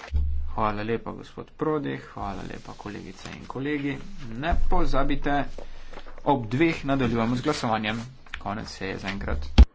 Hvala lepa, gospod Prodi. Hvala lepa, kolegice in kolegi. Ne pozabite, ob dveh nadaljujemo z glasovanjem. Konec se je zaenkrat.